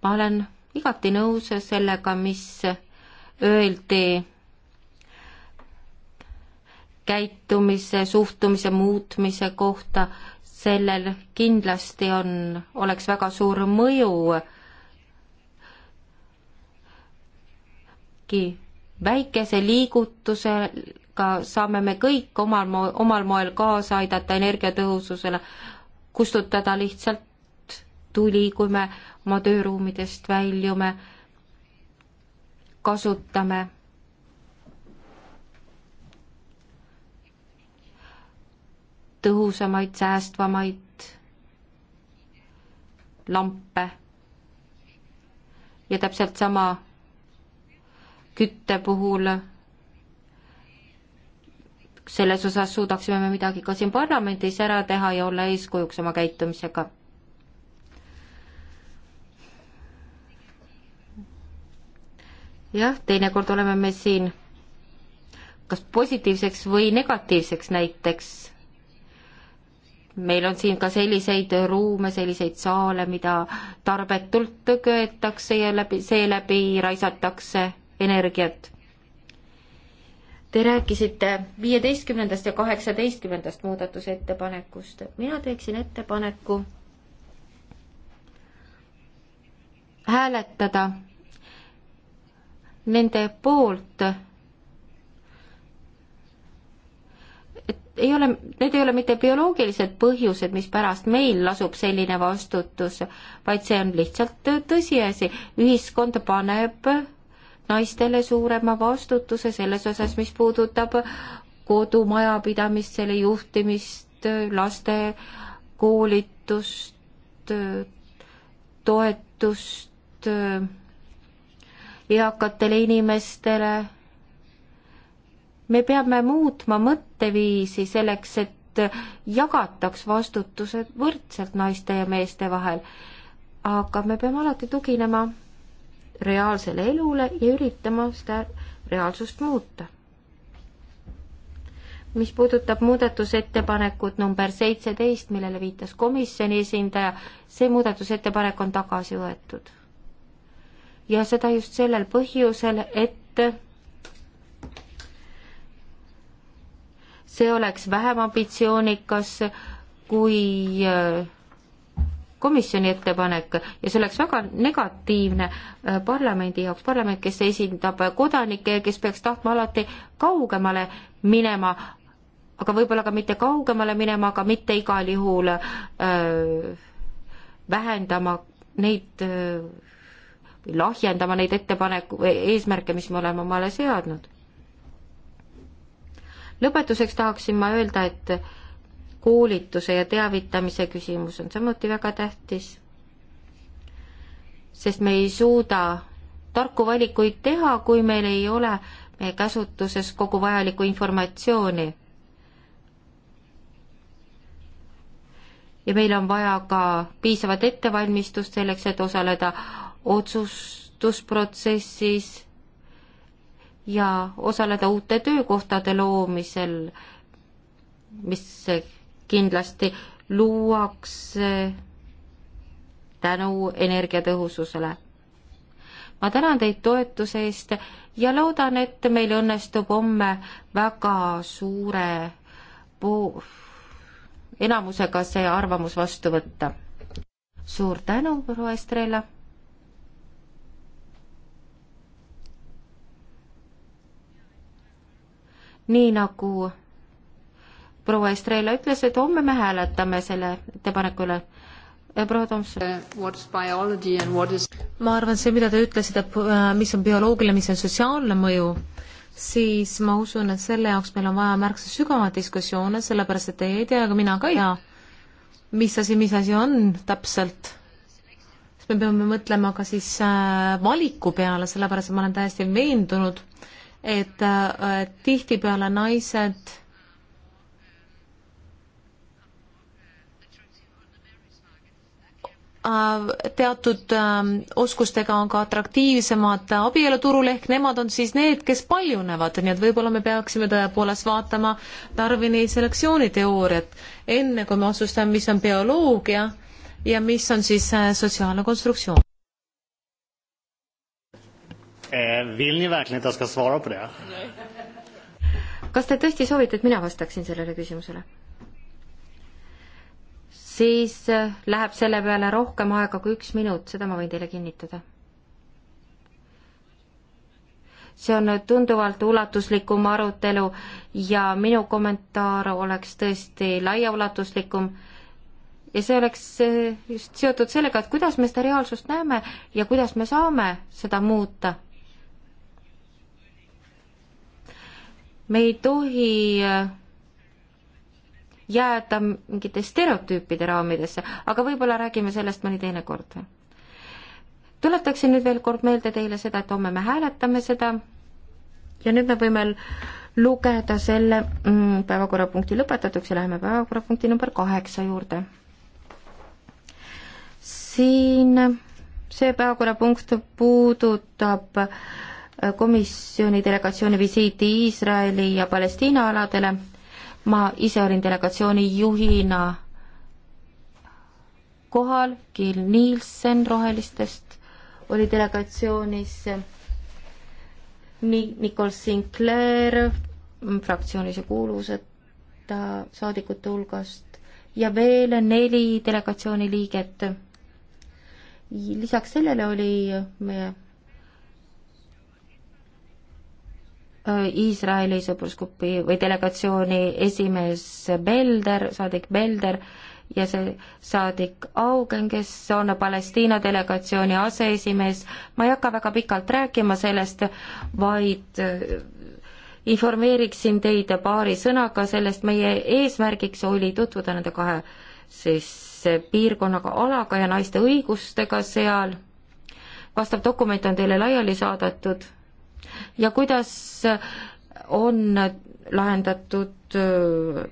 ma olen igati nõus sellega, mis öeldi käitumise, suhtumise muutmise kohta, sellel kindlasti on, oleks väga suur mõju väikese liigutusega saame me kõik omal mo-, omal moel kaasa aidata energiatõhususele, kustutada lihtsalt tuli, kui me oma tööruumidest väljume, kasutame tõhusamaid, säästvamaid lampe ja täpselt sama kütte puhul selles osas suudaksime me midagi ka siin parlamendis ära teha ja olla eeskujuks oma käitumisega. jah, teinekord oleme me siin kas positiivseks või negatiivseks näiteks. meil on siin ka selliseid ruume, selliseid saale, mida tarbetult köetakse ja läbi, seeläbi raisatakse energiat. Te rääkisite viieteistkümnendast ja kaheksateistkümnendast muudatusettepanekust. mina teeksin ettepaneku hääletada nende poolt, et ei ole, need ei ole mitte bioloogilised põhjused, mispärast meil lasub selline vastutus, vaid see on lihtsalt tõsiasi, ühiskond paneb naistele suurema vastutuse selles osas, mis puudutab kodumajapidamist, selle juhtimist, laste koolitust, toetust eakatele inimestele. me peame muutma mõtteviisi selleks, et jagataks vastutused võrdselt naiste ja meeste vahel. aga me peame alati tuginema reaalsele elule ja üritama seda reaalsust muuta. mis puudutab muudatusettepanekut number seitseteist, millele viitas komisjoni esindaja, see muudatusettepanek on tagasi võetud. ja seda just sellel põhjusel, et see oleks vähem ambitsioonikas kui äh, komisjoni ettepanek ja see oleks väga negatiivne äh, parlamendi jaoks, parlament, kes esindab kodanikke ja kes peaks tahtma alati kaugemale minema, aga võib-olla ka mitte kaugemale minema, aga mitte igal juhul öö, äh, vähendama neid öö, äh, või lahjendama neid ettepaneku, eesmärke, mis me oleme omale seadnud. lõpetuseks tahaksin ma öelda, et koolituse ja teavitamise küsimus on samuti väga tähtis, sest me ei suuda tarku valikuid teha, kui meil ei ole meie käsutuses kogu vajalikku informatsiooni. ja meil on vaja ka piisavat ettevalmistust selleks, et osaleda otsustusprotsessis ja osaleda uute töökohtade loomisel, mis kindlasti luuakse tänu energiatõhususele. ma tänan teid toetuse eest ja loodan, et meil õnnestub homme väga suure po-, enamusega see arvamus vastu võtta. suur tänu, proua Estrela! nii nagu proua Estrela ütles, et homme me hääletame selle ettepaneku üle. proua Tomson. Uh, ma arvan, see, mida te ütlesite, äh, mis on bioloogiline, mis on sotsiaalne mõju, siis ma usun, et selle jaoks meil on vaja märksa sügavamat diskussioone, sellepärast et teie ei tea, aga mina ka ei tea, mis asi, mis asi on täpselt me peame mõtlema ka siis äh, valiku peale, sellepärast et ma olen täiesti veendunud, et äh, tihtipeale naised Äh, teatud ähm, oskustega on ka atraktiivsemad abieluturul, ehk nemad on siis need, kes paljunevad, nii et võib-olla me peaksime tõepoolest vaatama Darwini selektsiooniteooriat, enne kui me otsustame, mis on bioloogia ja mis on siis äh, sotsiaalne konstruktsioon. Eh, kas te tõesti soovite, et mina vastaksin sellele küsimusele? siis äh, läheb selle peale rohkem aega kui üks minut, seda ma võin teile kinnitada. see on tunduvalt ulatuslikum arutelu ja minu kommentaar oleks tõesti laiaulatuslikum ja see oleks äh, just seotud sellega, et kuidas me seda reaalsust näeme ja kuidas me saame seda muuta me ei tohi äh, jääda mingite stereotüüpide raamidesse, aga võib-olla räägime sellest mõni teine kord. tuletaksin nüüd veel kord meelde teile seda, et homme me hääletame seda ja nüüd me võime lugeda selle mm, päevakorrapunkti lõpetatuks ja läheme päevakorrapunkti number kaheksa juurde. siin see päevakorrapunkt puudutab äh, komisjoni delegatsiooni visiiti Iisraeli ja Palestiina aladele ma ise olin delegatsiooni juhina kohal, Gil Nielsen Rohelistest oli delegatsioonis, Nicole Sinclair fraktsioonis ja kuulusate saadikute hulgast ja veel neli delegatsiooni liiget. lisaks sellele oli meie Iisraeli sõprusgrupi või delegatsiooni esimees Belder, saadik Belder ja see saadik Augen, kes on Palestiina delegatsiooni aseesimees. ma ei hakka väga pikalt rääkima sellest, vaid äh, informeeriksin teid paari sõnaga sellest, meie eesmärgiks oli tutvuda nende kahe siis äh, piirkonnaga, alaga ja naiste õigustega seal. vastav dokument on teile laiali saadetud ja kuidas on lahendatud äh,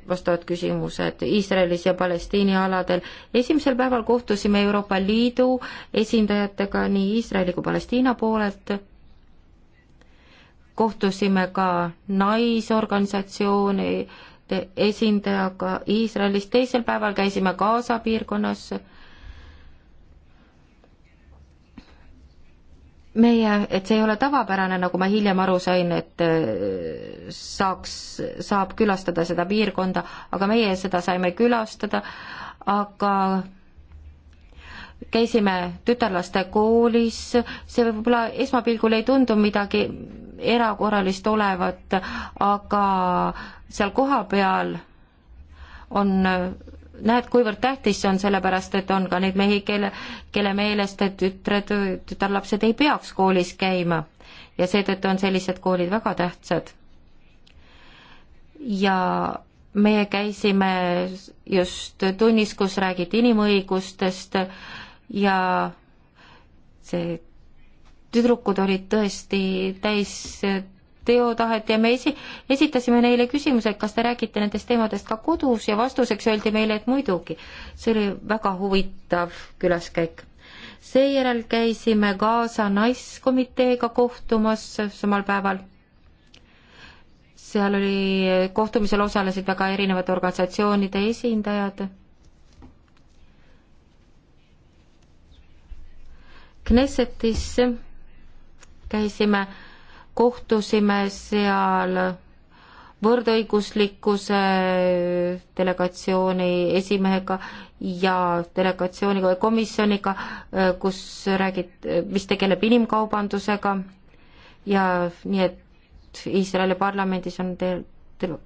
vastavad küsimused Iisraelis ja Palestiini aladel. esimesel päeval kohtusime Euroopa Liidu esindajatega nii Iisraeli kui Palestiina poolelt, kohtusime ka naisorganisatsiooni esindajaga Iisraelis, teisel päeval käisime Gaza piirkonnas meie, et see ei ole tavapärane, nagu ma hiljem aru sain, et äh, saaks, saab külastada seda piirkonda, aga meie seda saime külastada, aga käisime tütarlaste koolis, see võib-olla esmapilgul ei tundu midagi erakorralist olevat, aga seal kohapeal on äh, näed, kuivõrd tähtis see on, sellepärast et on ka neid mehi, kelle, kelle meelest tütred, tütarlapsed ei peaks koolis käima ja seetõttu on sellised koolid väga tähtsad. ja meie käisime just tunnis, kus räägiti inimõigustest ja see tüdrukud olid tõesti täis teotahet ja me esi-, esitasime neile küsimuse, et kas te räägite nendest teemadest ka kodus ja vastuseks öeldi meile, et muidugi. see oli väga huvitav külaskäik. seejärel käisime Gaza naiskomiteega kohtumas samal päeval. seal oli, kohtumisel osalesid väga erinevate organisatsioonide esindajad Knessetisse, käisime kohtusime seal võrdõiguslikkuse delegatsiooni esimehega ja delegatsiooniga või komisjoniga, äh, kus räägid, mis tegeleb inimkaubandusega ja nii et Iisraeli parlamendis on teil, teil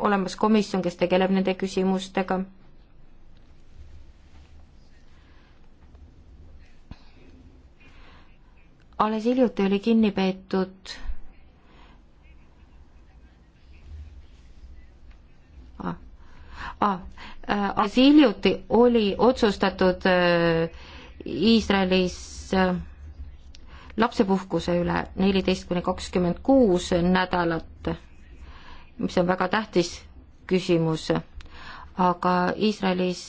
olemas komisjon, kes tegeleb nende küsimustega alles hiljuti oli kinni peetud ah,. Äh, alles hiljuti oli otsustatud äh, Iisraelis äh, äh, lapsepuhkuse üle neliteist kuni kakskümmend kuus nädalat, mis on väga tähtis küsimus, aga Iisraelis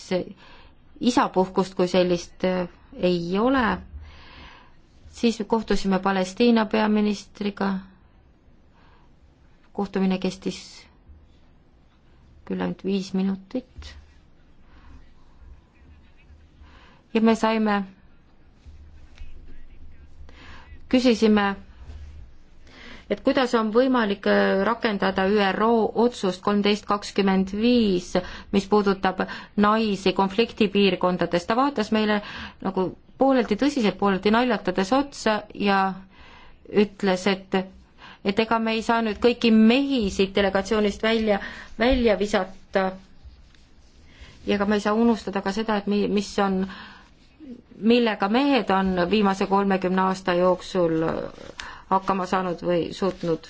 isapuhkust kui sellist äh, ei ole, siis kohtusime Palestiina peaministriga, kohtumine kestis küll ainult viis minutit. ja me saime, küsisime, et kuidas on võimalik äh, rakendada ÜRO otsust kolmteist kakskümmend viis, mis puudutab naisi konfliktipiirkondades. ta vaatas meile nagu pooleldi tõsiselt, pooleldi naljatades otsa ja ütles, et et ega me ei saa nüüd kõiki mehi siit delegatsioonist välja, välja visata. ja ega me ei saa unustada ka seda, et mi-, mis on, millega mehed on viimase kolmekümne aasta jooksul äh, hakkama saanud või suutnud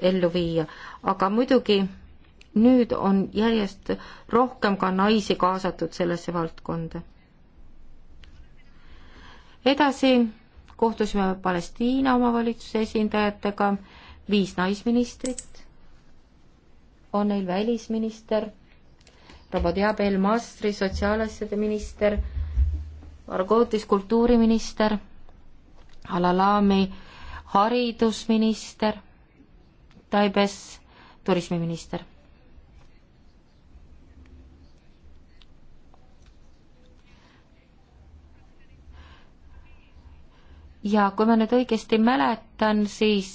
ellu viia, aga muidugi nüüd on järjest rohkem ka naisi kaasatud sellesse valdkonda. edasi kohtusime Palestiina omavalitsuse esindajatega viis naisministrit, on neil välisminister, Robodia Belmastri sotsiaalasjade minister, Argotis kultuuriminister, Alalami haridusminister, Taibes turismiminister. ja kui ma nüüd õigesti mäletan, siis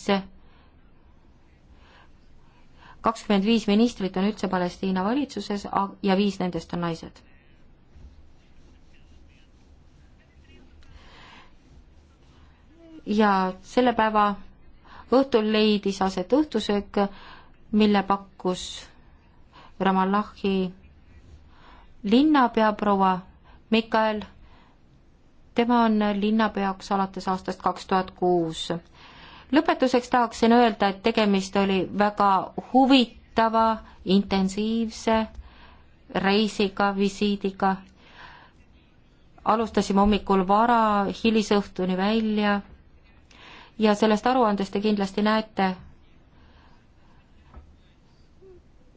kakskümmend viis ministrit on üldse Palestiina valitsuses ja viis nendest on naised. ja selle päeva õhtul leidis aset õhtusöök, mille pakkus Ramallahi linnapea proua Mikael, tema on linnapeaks alates aastast kaks tuhat kuus lõpetuseks tahaksin öelda, et tegemist oli väga huvitava, intensiivse reisiga, visiidiga. alustasime hommikul vara, hilisõhtuni välja ja sellest aruandest te kindlasti näete,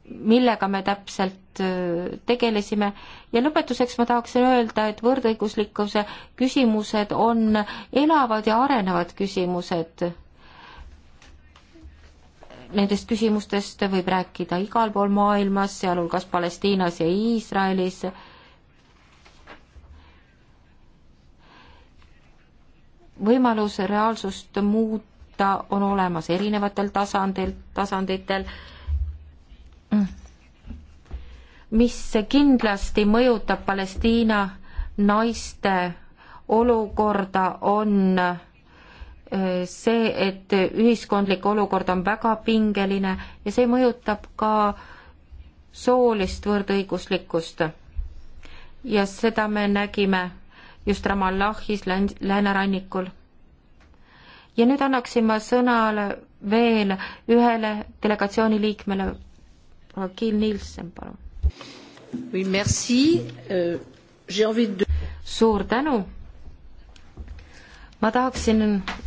millega me täpselt äh, tegelesime ja lõpetuseks ma tahaksin öelda, et võrdõiguslikkuse küsimused on elavad ja arenevad küsimused nendest küsimustest võib rääkida igal pool maailmas, sealhulgas Palestiinas ja Iisraelis. võimalus reaalsust muuta on olemas erinevatel tasandil, tasanditel, mis kindlasti mõjutab Palestiina naiste olukorda, on äh, see, et ühiskondlik olukord on väga pingeline ja see mõjutab ka soolist võrdõiguslikkust. ja seda me nägime just Ramallahis län-, läänerannikul. ja nüüd annaksin ma sõnale veel ühele delegatsiooni liikmele, Kiil Nielsen, palun. Euh, suur tänu ma tahaksin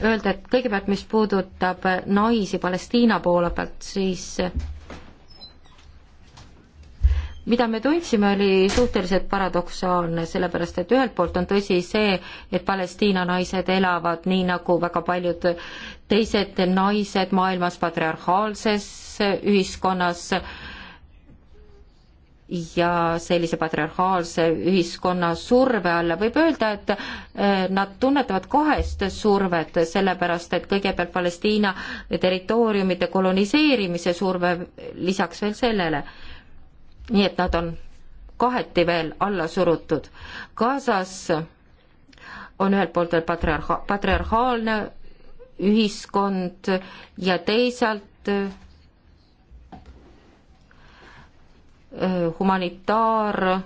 öelda, et kõigepealt, mis puudutab naisi Palestiina poole pealt, siis mida me tundsime, oli suhteliselt paradoksaalne, sellepärast et ühelt poolt on tõsi see, et Palestiina naised elavad nii, nagu väga paljud teised naised maailmas patriarhaalses ühiskonnas äh, ja sellise patriarhaalse ühiskonna surve alla, võib öelda, et eh, nad tunnetavad kahest survet, sellepärast et kõigepealt Palestiina territooriumide koloniseerimise surve lisaks veel sellele. nii et nad on kaheti veel alla surutud. Gazas on ühelt poolt veel patriarha-, patriarhaalne ühiskond ja teisalt eh, humanitaar,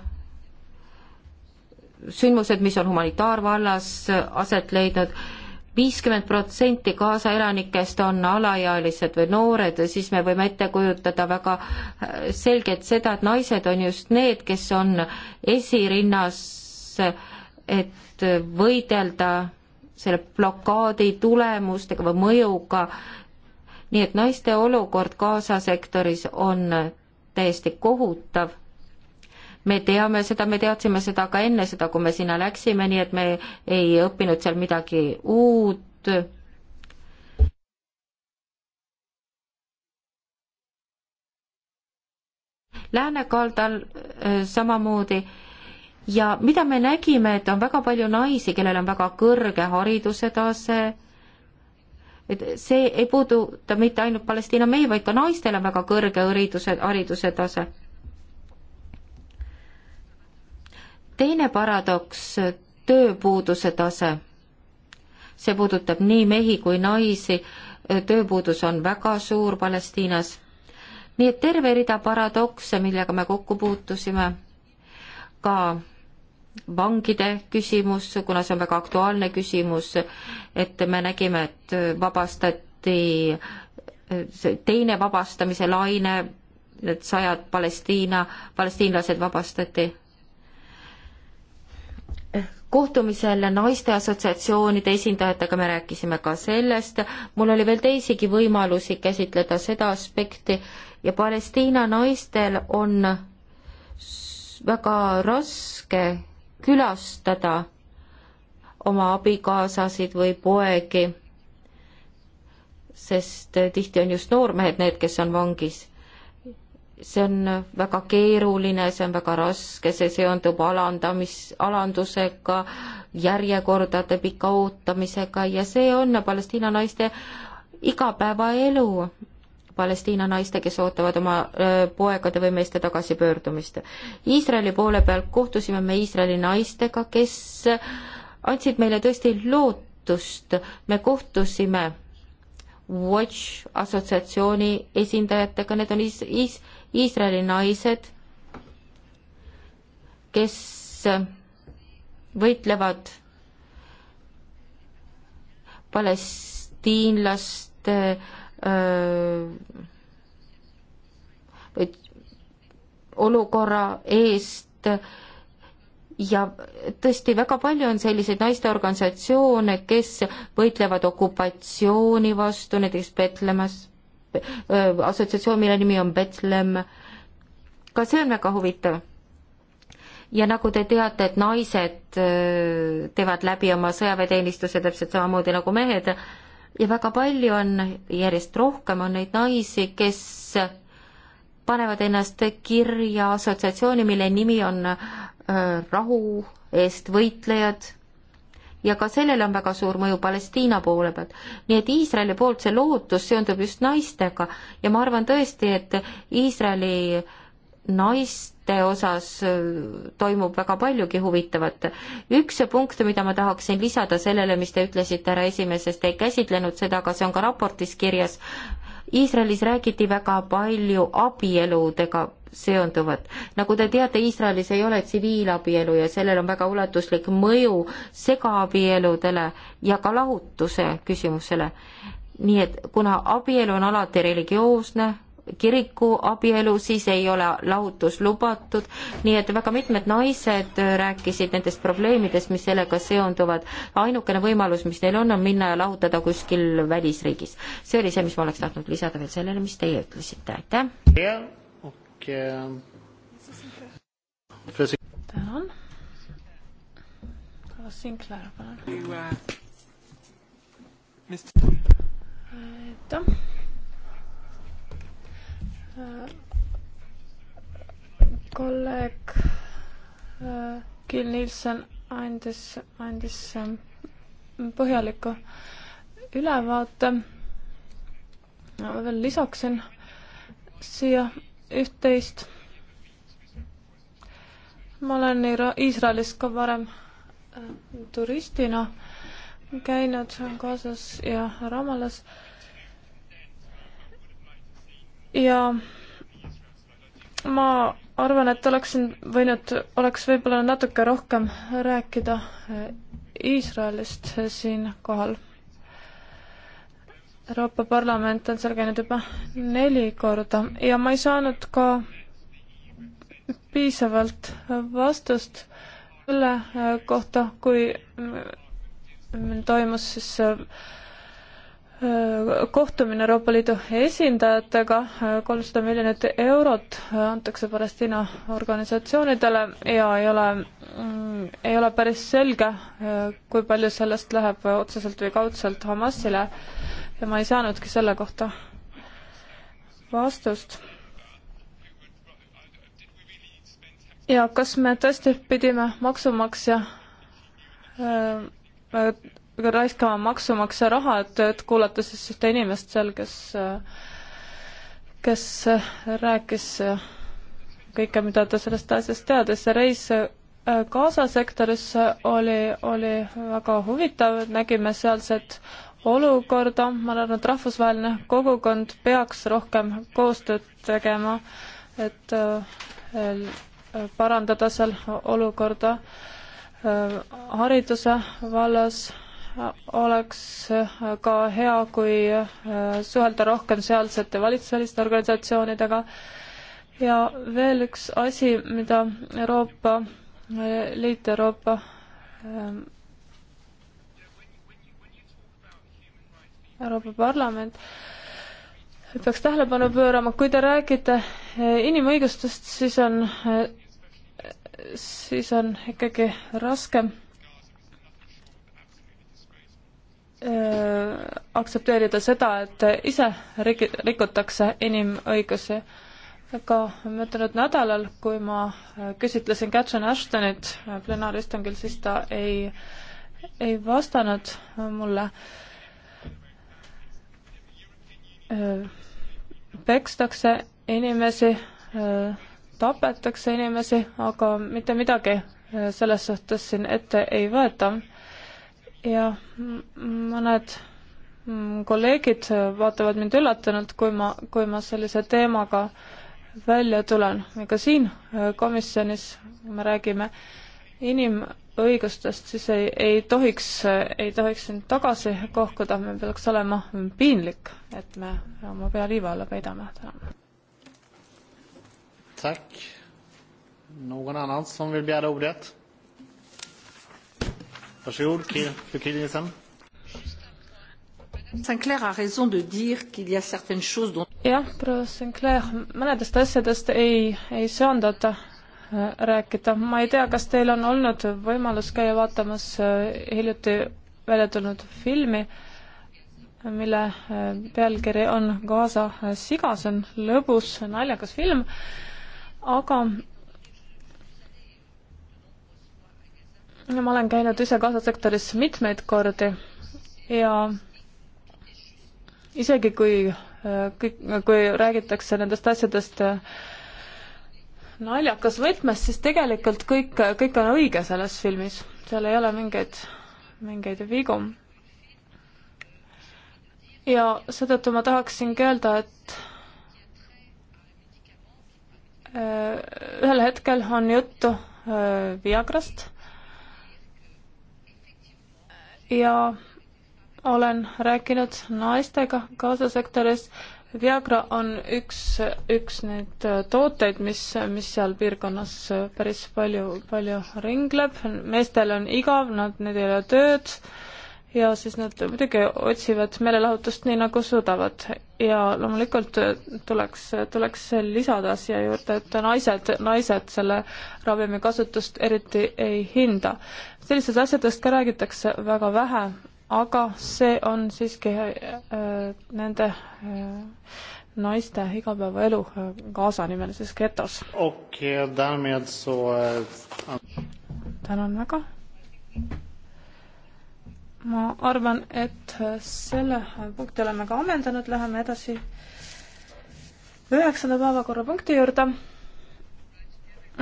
sündmused, mis on humanitaarvallas aset leidnud, viiskümmend protsenti Gaza elanikest on alaealised või noored, siis me võime ette kujutada väga äh, selgelt seda, et naised on just need, kes on esirinnas, et võidelda selle blokaadi tulemustega või mõjuga, nii et naiste olukord Gaza sektoris on täiesti kohutav. me teame seda, me teadsime seda ka enne seda, kui me sinna läksime, nii et me ei õppinud seal midagi uut. läänekaldal samamoodi ja mida me nägime, et on väga palju naisi, kellel on väga kõrge hariduse tase et see ei puuduta mitte ainult Palestiina mehi, vaid ka naistel on väga kõrge hariduse, hariduse tase. teine paradoks, tööpuuduse tase. see puudutab nii mehi kui naisi, tööpuudus on väga suur Palestiinas. nii et terve rida paradokse, millega me kokku puutusime, ka vangide küsimus, kuna see on väga aktuaalne küsimus, et me nägime, et vabastati teine vabastamise laine, need sajad Palestiina, palestiinlased vabastati. kohtumisel naiste assotsiatsioonide esindajatega me rääkisime ka sellest, mul oli veel teisigi võimalusi käsitleda seda aspekti ja Palestiina naistel on väga raske külastada oma abikaasasid või poegi, sest tihti on just noormehed need, kes on vangis. see on väga keeruline, see on väga raske, see seondub alandamis, alandusega, järjekordade pika ootamisega ja see on Palestiina naiste igapäevaelu Palestiina naiste, kes ootavad oma poegade või meeste tagasipöördumist. Iisraeli poole pealt kohtusime me Iisraeli naistega, kes andsid meile tõesti lootust, me kohtusime Watch assotsiatsiooni esindajatega, need on is-, is-, Iisraeli naised, kes võitlevad palestiinlaste äh, öö, olukorra eest ja tõesti, väga palju on selliseid naisteorganisatsioone, kes võitlevad okupatsiooni vastu, näiteks Betlemas, assotsiatsioon, mille nimi on Betlem, ka see on väga huvitav ja nagu te teate, et naised teevad läbi oma sõjaväeteenistuse täpselt samamoodi nagu mehed ja väga palju on, järjest rohkem on neid naisi, kes panevad ennast kirja assotsiatsiooni, mille nimi on rahu eest võitlejad ja ka sellel on väga suur mõju Palestiina poole pealt. nii et Iisraeli poolt see lootus seondub just naistega ja ma arvan tõesti, et Iisraeli äh, naiste osas äh, toimub väga paljugi huvitavat. üks punkt, mida ma tahaksin lisada sellele, mis te ütlesite, härra esimees, sest te ei käsitlenud seda, aga see on ka raportis kirjas. Iisraelis räägiti väga palju abieludega seonduvat. nagu te teate, Iisraelis ei ole tsiviilabielu ja sellel on väga ulatuslik mõju segaabieludele ja ka lahutuse küsimusele. nii et kuna abielu on alati religioosne, kirikuabielu, siis ei ole lahutus lubatud, nii et väga mitmed naised rääkisid nendest probleemidest, mis sellega seonduvad. ainukene võimalus, mis neil on, on minna ja lahutada kuskil välisriigis. see oli see, mis ma oleks tahtnud lisada veel sellele, mis teie ütlesite, aitäh! tänan. kas Sinkler, palun? Uh, aitäh! kolleeg Kill äh, Nielsen andis, andis äh, põhjaliku ülevaate. ma veel lisaksin siia üht-teist. ma olen Iisraelis ka varem äh, turistina käinud kaasas ja Ramallas äh, ja ma arvan, et oleksin võinud, oleks võib-olla natuke rohkem rääkida eh, Iisraelist siinkohal. Euroopa Parlament on seal käinud juba neli korda ja ma ei saanud ka piisavalt vastust selle eh, kohta, kui mm, mm, toimus siis eh, kohtumine Euroopa Liidu esindajatega, kolmsada miljonit eurot antakse Palestiina organisatsioonidele ja ei ole, mm, ei ole päris selge, kui palju sellest läheb otseselt või kaudselt Hamasile ja ma ei saanudki selle kohta vastust. ja kas me tõesti pidime maksumaksja äh, raiskama maksumaksja raha, et, et kuulata siis ühte inimest seal, kes, kes rääkis kõike, mida ta sellest asjast teadis. see reis Gaza sektorisse oli, oli väga huvitav, nägime sealset olukorda, ma arvan, et rahvusvaheline kogukond peaks rohkem koostööd tegema, et äh, parandada seal olukorda äh, hariduse vallas oleks äh, ka hea, kui äh, suhelda rohkem sealsete valitsusväliste organisatsioonidega. ja veel üks asi, mida Euroopa äh, Liit, Euroopa ähm, Euroopa Parlament peaks tähelepanu pöörama, kui te räägite inimõigustest, siis on, siis on ikkagi raskem aktsepteerida seda, et ise rik-, rikutakse inimõigusi. aga möödunud nädalal, kui ma küsitlesin Catherine Ashtonit plenaaristungil, siis ta ei, ei vastanud mulle. pekstakse inimesi, tapetakse inimesi, aga mitte midagi selles suhtes siin ette ei võeta ja mõned kolleegid vaatavad mind üllatunult, kui ma, kui ma sellise teemaga välja tulen. ega siin komisjonis, kui me räägime inimõigustest, siis ei, ei tohiks, ei tohiks siin tagasi kohkuda, meil peaks olema piinlik, et me oma pea liiva alla peidame. tänan. Tack. Någon annan som vill begära ordet? Varsågod, fru Kristiansen. Sinclair a raison de dire qu'il y a certaines choses dont jah, proua Sinclair, mõnedest asjadest ei, ei söandata äh, rääkida. ma ei tea, kas teil on olnud võimalus käia vaatamas äh, hiljuti välja tulnud filmi, mille äh, pealkiri on Gaza siga, see on lõbus naljakas film, aga ma olen käinud ise kaasasektoris mitmeid kordi ja isegi kui äh, kõik, kui räägitakse nendest asjadest äh, naljakas võtmes, siis tegelikult kõik, kõik on õige selles filmis, seal ei ole mingeid, mingeid vigu. ja seetõttu ma tahaksingi öelda, et äh, ühel hetkel on juttu Viagrast ja olen rääkinud naistega Gaza-sektoris. Viagra on üks, üks neid tooteid, mis, mis seal piirkonnas päris palju, palju ringleb. meestel on igav, nad, neil ei ole tööd äh,, ja siis nad muidugi otsivad meelelahutust nii, nagu suudavad. ja loomulikult tuleks, tuleks lisada siia juurde, et naised, naised selle ravimi kasutust eriti ei hinda. sellistest asjadest ka räägitakse väga vähe, aga see on siiski äh, nende äh, naiste igapäevaelu äh, kaasanimelises getos. okei okay,, äh, tänan väga ma arvan, et selle punkti oleme ka ammendanud, läheme edasi üheksanda päevakorrapunkti juurde.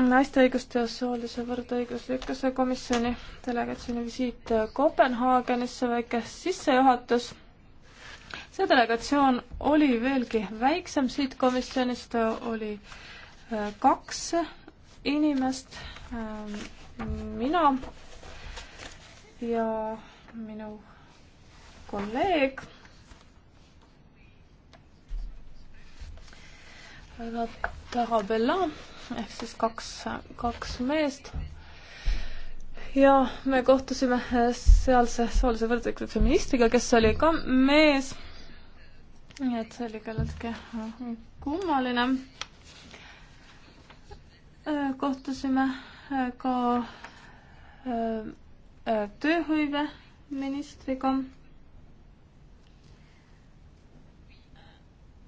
naiste õiguste ja soolise võrdõiguslikkuse komisjoni delegatsiooni visiit Kopenhaagenisse, väike sissejuhatus. see delegatsioon oli veelgi väiksem siit komisjonist, oli äh, kaks inimest, äh, mina ja minu kolleeg. Tarabella ehk siis kaks, kaks meest. ja me kohtusime sealse soolise võrdõiguslikkuse ministriga, kes oli ka mees. nii et see oli küllaltki kummaline. kohtusime ka äh, äh, tööhõive ministriga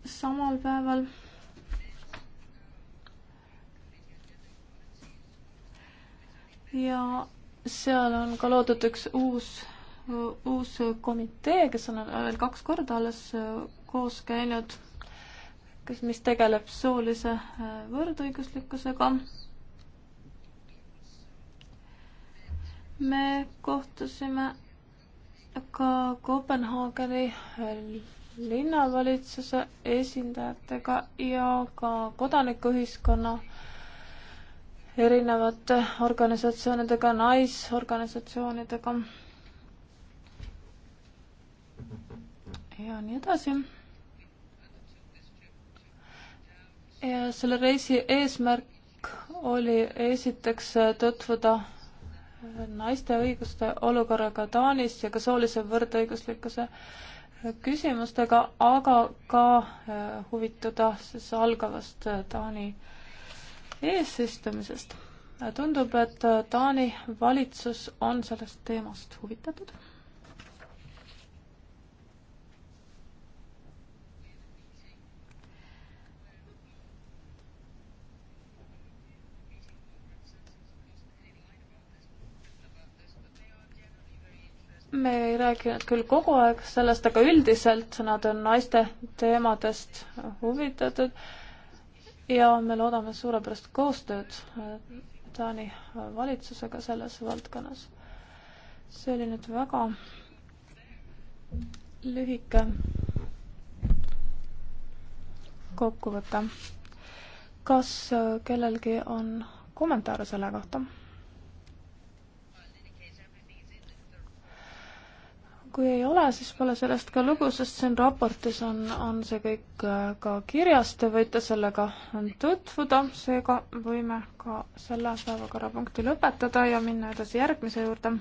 samal päeval. ja seal on ka loodud üks uus, uus komitee, kes on veel kaks korda alles koos käinud, kes, mis tegeleb soolise äh, võrdõiguslikkusega. me kohtusime ka Kopenhaageni linnavalitsuse esindajatega ja ka kodanikuühiskonna erinevate organisatsioonidega, naisorganisatsioonidega ja nii edasi. ja selle reisi eesmärk oli esiteks tutvuda naiste õiguste olukorraga Taanis ja ka soolise võrdõiguslikkuse küsimustega, aga ka äh, huvituda siis algavast äh, Taani eesistumisest. tundub, et äh, Taani valitsus on sellest teemast huvitatud me ei rääkinud küll kogu aeg sellest, aga üldiselt nad on naiste teemadest huvitatud ja me loodame suurepärast koostööd äh, Taani valitsusega selles valdkonnas. see oli nüüd väga lühike kokkuvõte. kas äh, kellelgi on kommentaare selle kohta? kui ei ole, siis pole sellest ka lugu, sest siin raportis on, on see kõik äh, ka kirjas, te võite sellega tutvuda, seega võime ka selle päevakorrapunkti lõpetada ja minna edasi järgmise juurde.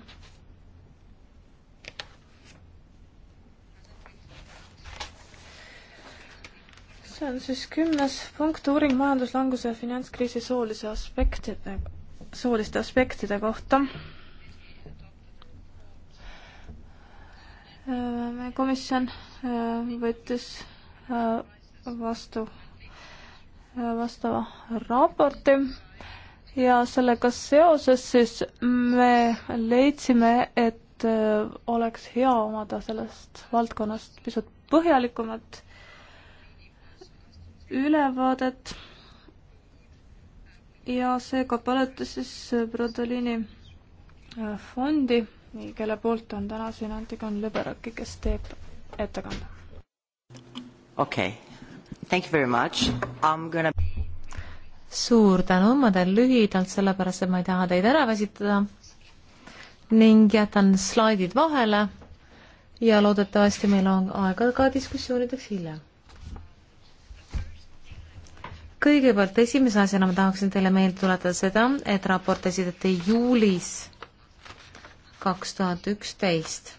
see on siis kümnes punkt, uuring majanduslanguse ja finantskriisi soolise aspektide, sooliste aspektide kohta Äh, komisjon äh, võttis äh, vastu vastava raporti ja sellega seoses siis me leidsime, et oleks hea omada sellest valdkonnast pisut põhjalikumat ülevaadet. ja seega paluti siis Brodolini fondi nii, kelle poolt on täna siin Antigon Lõberaki, kes teeb ettekande. okei okay., thank you very much, I m gonna suur tänu, ma teen lühidalt, sellepärast et ma ei taha teid ära väsitada ning jätan slaidid vahele ja loodetavasti meil on aega ka diskussioonideks hiljem. kõigepealt esimese asjana ma tahaksin teile meelde tuletada seda, et raport esitati juulis kaks tuhat üksteist.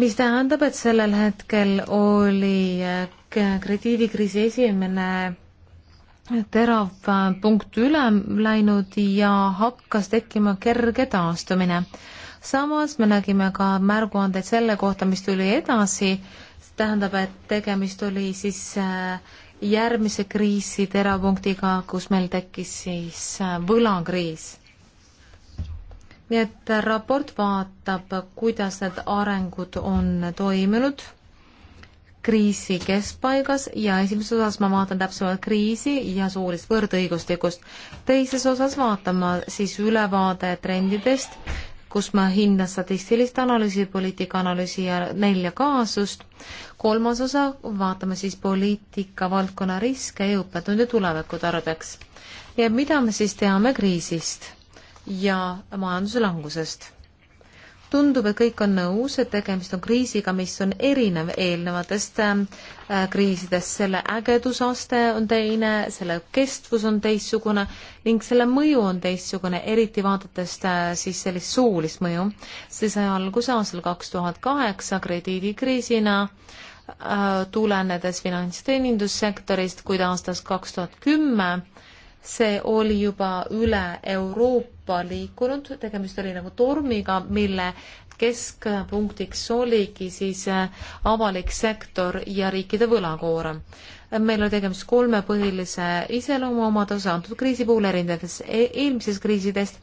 mis tähendab, et sellel hetkel oli äh, krediidikriisi esimene terav äh, punkt üle läinud ja hakkas tekkima kerge taastumine. samas me nägime ka märguandeid selle kohta, mis tuli edasi, tähendab, et tegemist oli siis äh, järgmise kriisi terapunktiga, kus meil tekkis siis võlakriis nii et raport vaatab, kuidas need arengud on toimunud kriisi keskpaigas ja esimeses osas ma vaatan täpsemalt kriisi ja soolist võrdõiguslikkust. teises osas vaatan ma siis ülevaade trendidest, kus ma hindan statistilist analüüsi, poliitika analüüsi ja nelja kaasust. kolmas osa vaatame siis poliitika valdkonna riske ja õppetunde tuleviku tarbeks. ja mida me siis teame kriisist? ja majanduse langusest. tundub, et kõik on nõus, et tegemist on kriisiga, mis on erinev eelnevatest ähm, äh, kriisidest, selle ägedusaste on teine, selle kestvus on teistsugune ning selle mõju on teistsugune, eriti vaadates äh, siis sellist soolist mõju. see sai alguse aastal kaks tuhat kaheksa krediidikriisina äh, tulenedes finantsteenindussektorist, kuid aastast kaks tuhat kümme see oli juba üle Euroopa liikunud, tegemist oli nagu tormiga, mille keskpunktiks oligi siis äh, avalik sektor ja riikide võlakoorem. meil oli tegemist kolme põhilise iseloomuomaduse antud kriisi puhul erinevates eelmisest kriisidest,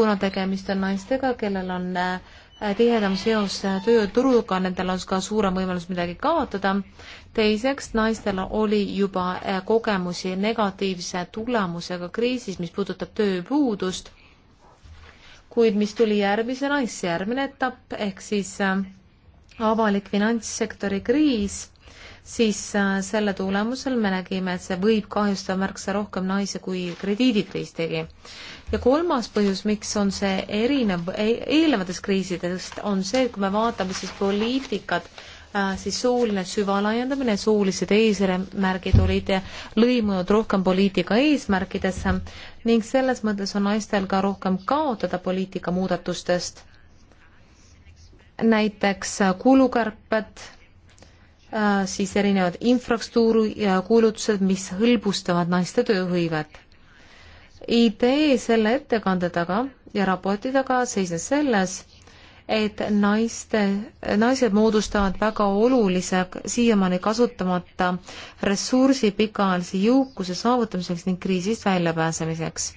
kuna tegemist on naistega, kellel on äh, Äh, tihedam seos äh, tööturuga, nendel on ka suurem võimalus midagi kaotada. teiseks, naistel oli juba äh, kogemusi negatiivse tulemusega kriisis, mis puudutab tööpuudust, kuid mis tuli järgmisena, siis järgmine etapp ehk siis avalik finantssektori kriis, siis selle tulemusel me nägime, et see võib kahjustada märksa rohkem naisi, kui krediidikriis tegi ja kolmas põhjus, miks on see erinev eelnevatest kriisidest, on see, et kui me vaatame siis poliitikat, äh, siis sooline süvalaiendamine, soolised eesmärgid olid lõimunud rohkem poliitika eesmärkidesse ning selles mõttes on naistel ka rohkem kaotada poliitika muudatustest. näiteks äh, kulukärped, äh, siis erinevad infrastruktuuri kulutused, mis hõlbustavad naiste tööhõivet idee selle ettekande taga ja raporti taga seisnes selles, et naiste, naised moodustavad väga olulise siiamaani kasutamata ressursi pikaajalise jõukuse saavutamiseks ning kriisist väljapääsemiseks.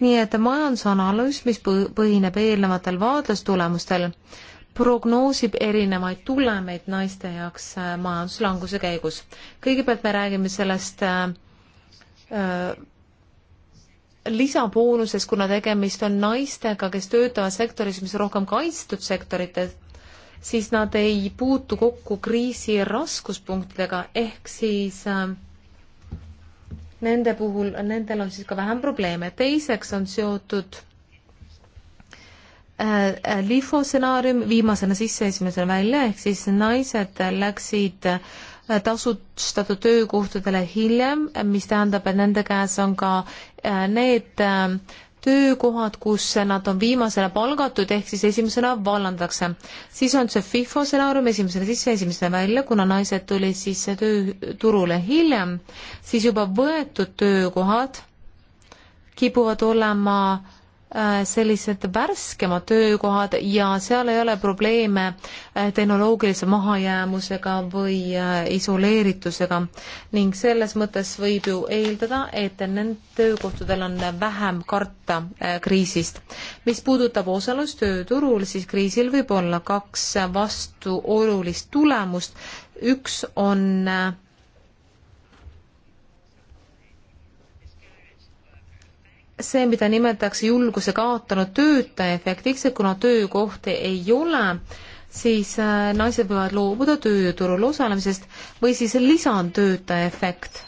nii et majandusanalüüs, mis põhineb eelnevatel vaatlustulemustel, prognoosib erinevaid tulemeid naiste jaoks äh, majanduslanguse käigus. kõigepealt me räägime sellest äh, lisaboonuses, kuna tegemist on naistega, kes töötavad sektoris, mis on rohkem kaitstud sektorites, siis nad ei puutu kokku kriisi raskuspunktidega, ehk siis äh, nende puhul, nendel on siis ka vähem probleeme. teiseks on seotud äh, äh LIFO stsenaarium viimasena sisse, esimesena välja, ehk siis naised läksid äh, tasustatud töökohtadele hiljem, mis tähendab, et nende käes on ka Äh, need äh, töökohad, kus nad on viimasena palgatud, ehk siis esimesena vallandatakse. siis on see FIFO stsenaarium esimesena sisse, esimesena välja, kuna naised tulid siis tööturule hiljem, siis juba võetud töökohad kipuvad olema äh, Äh, sellised värskemad töökohad ja seal ei ole probleeme äh, tehnoloogilise mahajäämusega või äh, isoleeritusega ning selles mõttes võib ju eeldada, et nendel töökohtadel on vähem karta kriisist. mis puudutab osalust tööturul, siis kriisil võib olla kaks vastuolulist tulemust, üks on see, mida nimetatakse julguse kaotanud töötaja efektiks, et kuna töökohti ei ole, siis äh, naised võivad loobuda tööturul osalemisest või siis lisandtöötaja efekt.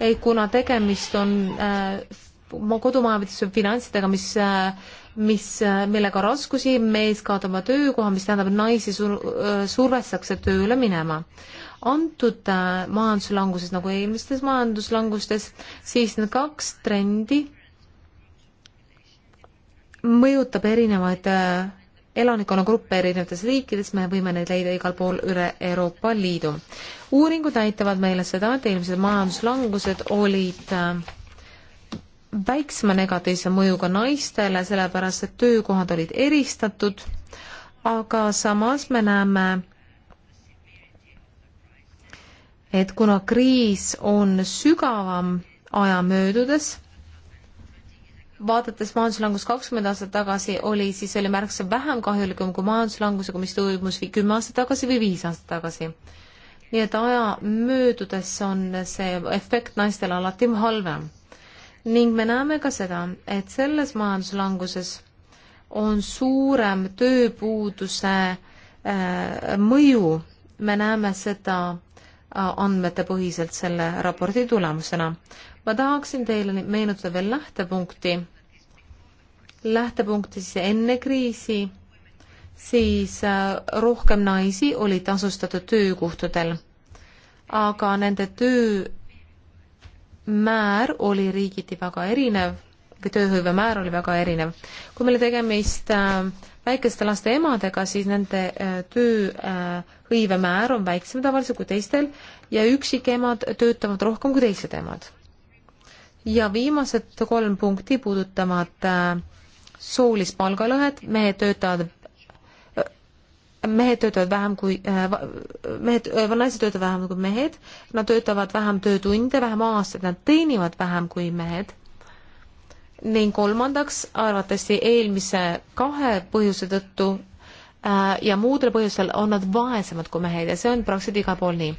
ei, kuna tegemist on äh, kodumajapidamiste finantsidega, mis äh, mis, äh, millega on raskusi, mees kaotab oma töökoha, mis tähendab, et naisi sur-, äh, survestatakse tööle minema. antud majanduslanguses, nagu eelmistes majanduslangustes, siis need kaks trendi mõjutab erinevaid äh, elanikkonnagruppe erinevates riikides, me võime neid leida igal pool üle Euroopa Liidu. uuringud näitavad meile seda, et eelmised majanduslangused olid äh, väiksema negatiivse mõjuga naistele, sellepärast et töökohad olid eristatud, aga samas me näeme, et kuna kriis on sügavam aja möödudes vaadates majanduslangust kakskümmend aastat tagasi oli, siis oli märksa vähem kahjulikum kui majanduslangusega, mis toimus kümme aastat tagasi või viis aastat tagasi. nii et aja möödudes on see efekt naistel alati halvem. ning me näeme ka seda, et selles majanduslanguses on suurem tööpuuduse äh, mõju, me näeme seda äh, andmete põhiselt selle raporti tulemusena. ma tahaksin teile meenutada veel lähtepunkti lähtepunkti siis enne kriisi, siis äh, rohkem naisi oli tasustatud töökohtadel, aga nende töömäär oli riigiti väga erinev või tööhõive määr oli väga erinev. kui meil tegemist äh, väikeste laste emadega, siis nende äh, tööhõive määr on väiksem tavaliselt kui teistel ja üksikemad töötavad rohkem kui teised emad ja viimased kolm punkti puudutavad äh, soolist palgalõhet, mehed töötavad mehed töötavad vähem kui äh,, mehed äh,, naised töötavad vähem kui mehed, nad töötavad vähem töötunde, vähem aastaid, nad teenivad vähem kui mehed. ning kolmandaks, arvatavasti eelmise kahe põhjuse tõttu äh, ja muudel põhjusel on nad vaesemad kui mehed ja see on praktiliselt igal pool nii.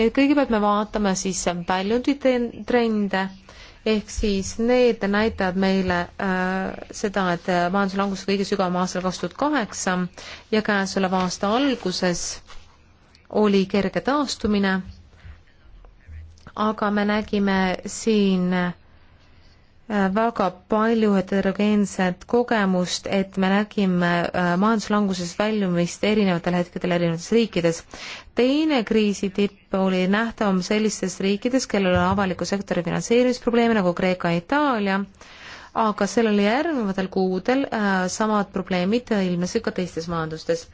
nii et kõigepealt me vaatame siis väljundi trende äh, ehk siis need näitavad meile äh, seda, et äh, majanduslangus kõige sügavam aastal kaks tuhat kaheksa ja käesoleva aasta alguses oli kerge taastumine, aga me nägime siin äh, Äh, väga palju heterogeenset kogemust, et me nägime äh, majanduslangusest väljumist erinevatel hetkedel erinevates riikides. teine kriisi tipp oli nähtavam sellistes riikides, kellel on avaliku sektori finantseerimisprobleeme nagu Kreeka ja Itaalia, aga sellele järgnevatel kuudel äh, samad probleemid ilmnesid ka teistes majandustes.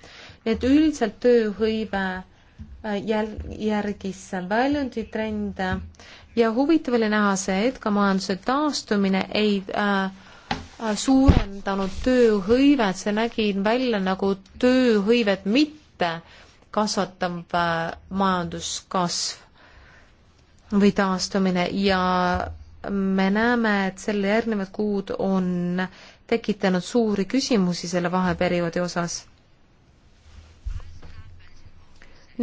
nii et üldiselt tööhõive äh, jäl-, järgis seal väljundi trende ja huvitav oli näha see, et ka majanduse taastumine ei äh, äh suurendanud tööhõivet, see nägi välja nagu tööhõivet mitte kasvatav äh, majanduskasv või taastumine ja me näeme, et selle järgnevad kuud on tekitanud suuri küsimusi selle vaheperioodi osas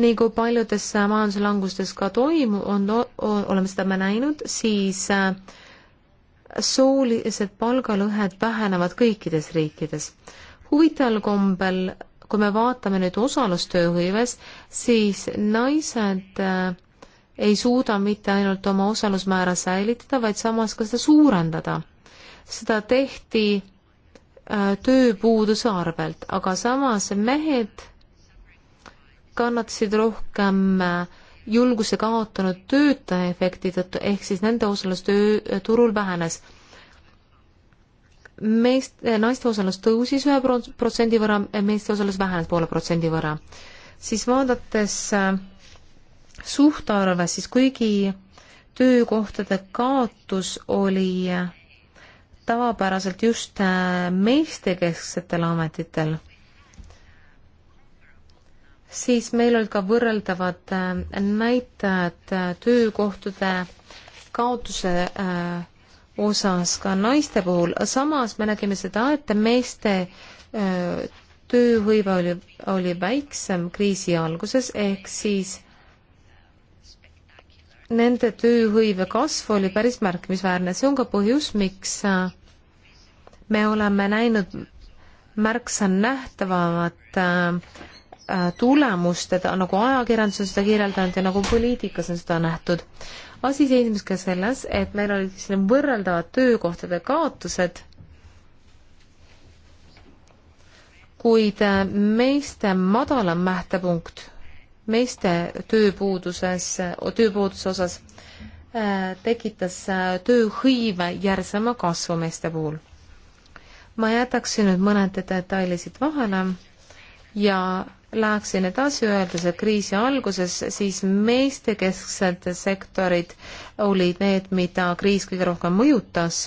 nii kui paljudes äh, majanduslangustes ka toimu-, on, oleme seda me näinud, siis äh, soolised palgalõhed vähenevad kõikides riikides. huvitaval kombel, kui me vaatame nüüd osalustööhõives, siis naised äh, ei suuda mitte ainult oma osalusmäära säilitada, vaid samas ka seda suurendada. seda tehti tööpuuduse arvelt, aga samas mehed kannatasid rohkem äh, julguse kaotanud töötaja efekti tõttu, ehk siis nende osalus tööturul äh, vähenes. meest, äh, naiste osalus tõusis ühe protsendi võrra, meeste osalus vähenes poole protsendi võrra. siis vaadates suhtarve, siis kuigi töökohtade kaotus oli tavapäraselt just meestekesksetel ametitel siis meil olid ka võrreldavad äh, näitajad äh, töökohtade kaotuse äh, osas ka naiste puhul, samas me nägime seda, et meeste tööhõive oli, oli väiksem kriisi alguses, ehk siis nende tööhõive kasv oli päris märkimisväärne, see on ka põhjus, miks me oleme näinud märksa nähtavamat Äh, tulemust, nagu ajakirjandus on seda kirjeldanud ja nagu poliitikas on seda nähtud. asi seisnes ka selles, et meil olid selline võrreldavad töökohtade kaotused, kuid äh, meeste madalam mähtepunkt meeste tööpuuduses, tööpuuduse osas äh, tekitas tööhõive järsema kasvu meeste puhul. ma jätaksin nüüd mõned detailisid vahele ja Läheksin edasi, öeldes, et kriisi alguses siis meestekesksed sektorid olid need, mida kriis kõige rohkem mõjutas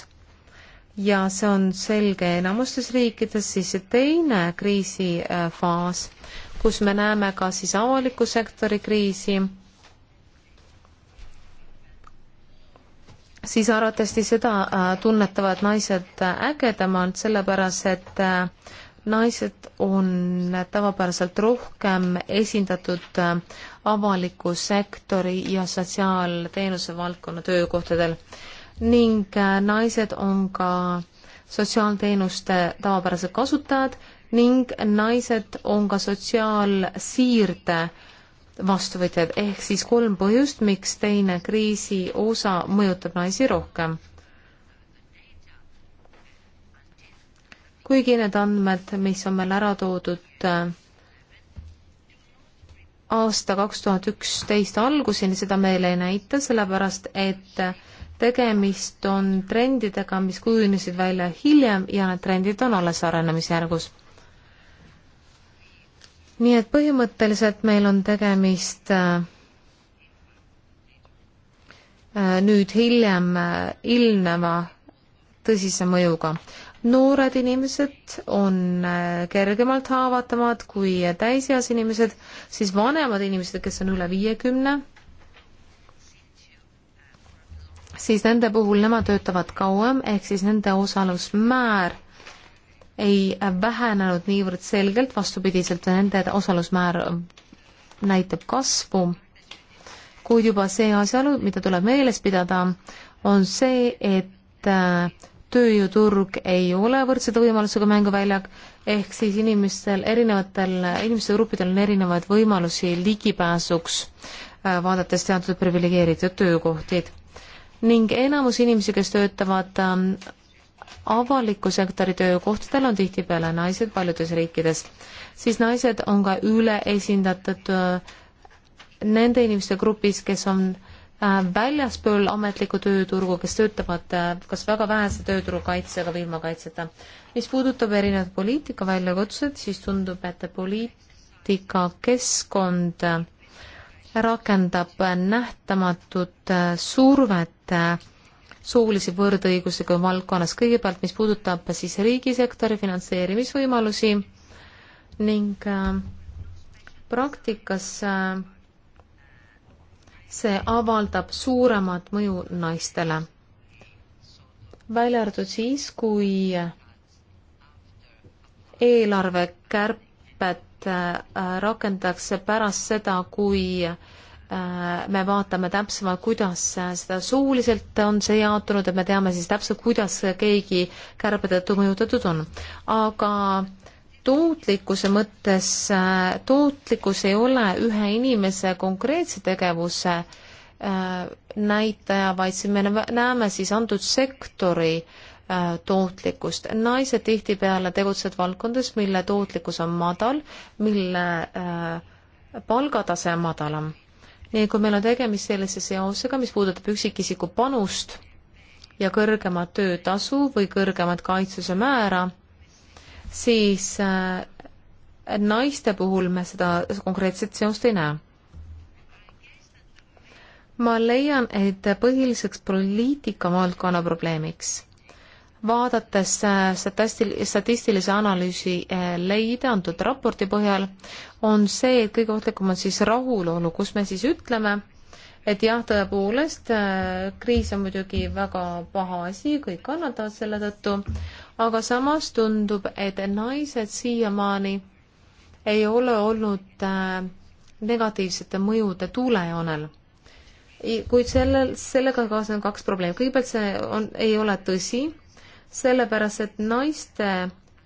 ja see on selge enamustes riikides, siis see teine kriisifaas, äh, kus me näeme ka siis avaliku sektori kriisi, siis arvatavasti seda äh, tunnetavad naised äh, ägedamalt, sellepärast et naised on tavapäraselt rohkem esindatud äh, avaliku sektori ja sotsiaalteenuse valdkonna töökohtadel ning äh, naised on ka sotsiaalteenuste tavapärased kasutajad ning naised on ka sotsiaalsiirde vastuvõtjad ehk siis kolm põhjust, miks teine kriisi osa mõjutab naisi rohkem kuigi need andmed, mis on meil ära toodud äh, aasta kaks tuhat üksteist alguseni, seda meile ei näita, sellepärast et tegemist on trendidega, mis kujunesid välja hiljem ja need trendid on alles arenemisjärgus. nii et põhimõtteliselt meil on tegemist äh, äh, nüüd hiljem ilmneva tõsise mõjuga noored inimesed on äh, kergemalt haavatavad kui täiseas inimesed, siis vanemad inimesed, kes on üle viiekümne, siis nende puhul nemad töötavad kauem, ehk siis nende osalusmäär ei vähenenud niivõrd selgelt, vastupidiselt nende osalusmäär näitab kasvu, kuid juba see asjaolu, mida tuleb meeles pidada, on see, et äh, tööjõuturg ei ole võrdsete võimalusega mänguväljak, ehk siis inimestel, erinevatel, inimeste gruppidel on erinevaid võimalusi ligipääsuks, äh, vaadates teatud priviligeeritud töökohtid. ning enamus inimesi, kes töötavad ähm, avaliku sektori töökohtadel on tihtipeale naised paljudes riikides, siis naised on ka üleesindatud äh, nende inimeste grupis, kes on äh, Äh, väljaspool ametlikku tööturgu, kes töötavad äh, kas väga vähese tööturu kaitsega või ilma kaitseta. mis puudutab erinevaid poliitika väljakutsed, siis tundub, et poliitikakeskkond äh, rakendab nähtamatut survet soolise võrdõigusega valdkonnas, kõigepealt mis puudutab siis riigisektori finantseerimisvõimalusi ning praktikas äh, see avaldab suuremat mõju naistele. välja arvatud siis, kui eelarvekärped äh, rakendatakse pärast seda, kui äh, me vaatame täpsemalt, kuidas seda suuliselt on see jaotunud, et me teame siis täpselt, kuidas keegi kärbe tõttu mõjutatud on. aga äh, tootlikkuse mõttes, äh, tootlikkus ei ole ühe inimese konkreetse tegevuse äh, näitaja, vaid siin me näeme siis antud sektori äh, tootlikkust. naised tihtipeale tegutsevad valdkondades, mille tootlikkus on madal, mille palgatase on madalam. nii, kui meil on tegemist sellise seosega, mis puudutab üksikisiku panust ja kõrgemat töötasu või kõrgemat kaitsuse määra, siis äh, naiste puhul me seda konkreetset seost ei näe. ma leian, et põhiliseks poliitikavaldkonna probleemiks, vaadates äh, statistil-, statistilise analüüsi äh, leide antud raporti põhjal, on see, et kõige ohtlikum on siis rahulolu, kus me siis ütleme, et jah, tõepoolest, kriis on muidugi väga paha asi, kõik kannatavad selle tõttu, aga samas tundub, et naised siiamaani ei ole olnud äh, negatiivsete mõjude tuulejoonel. kuid sellel, sellega kaasneb kaks probleemi. kõigepealt see on, ei ole tõsi, sellepärast et naiste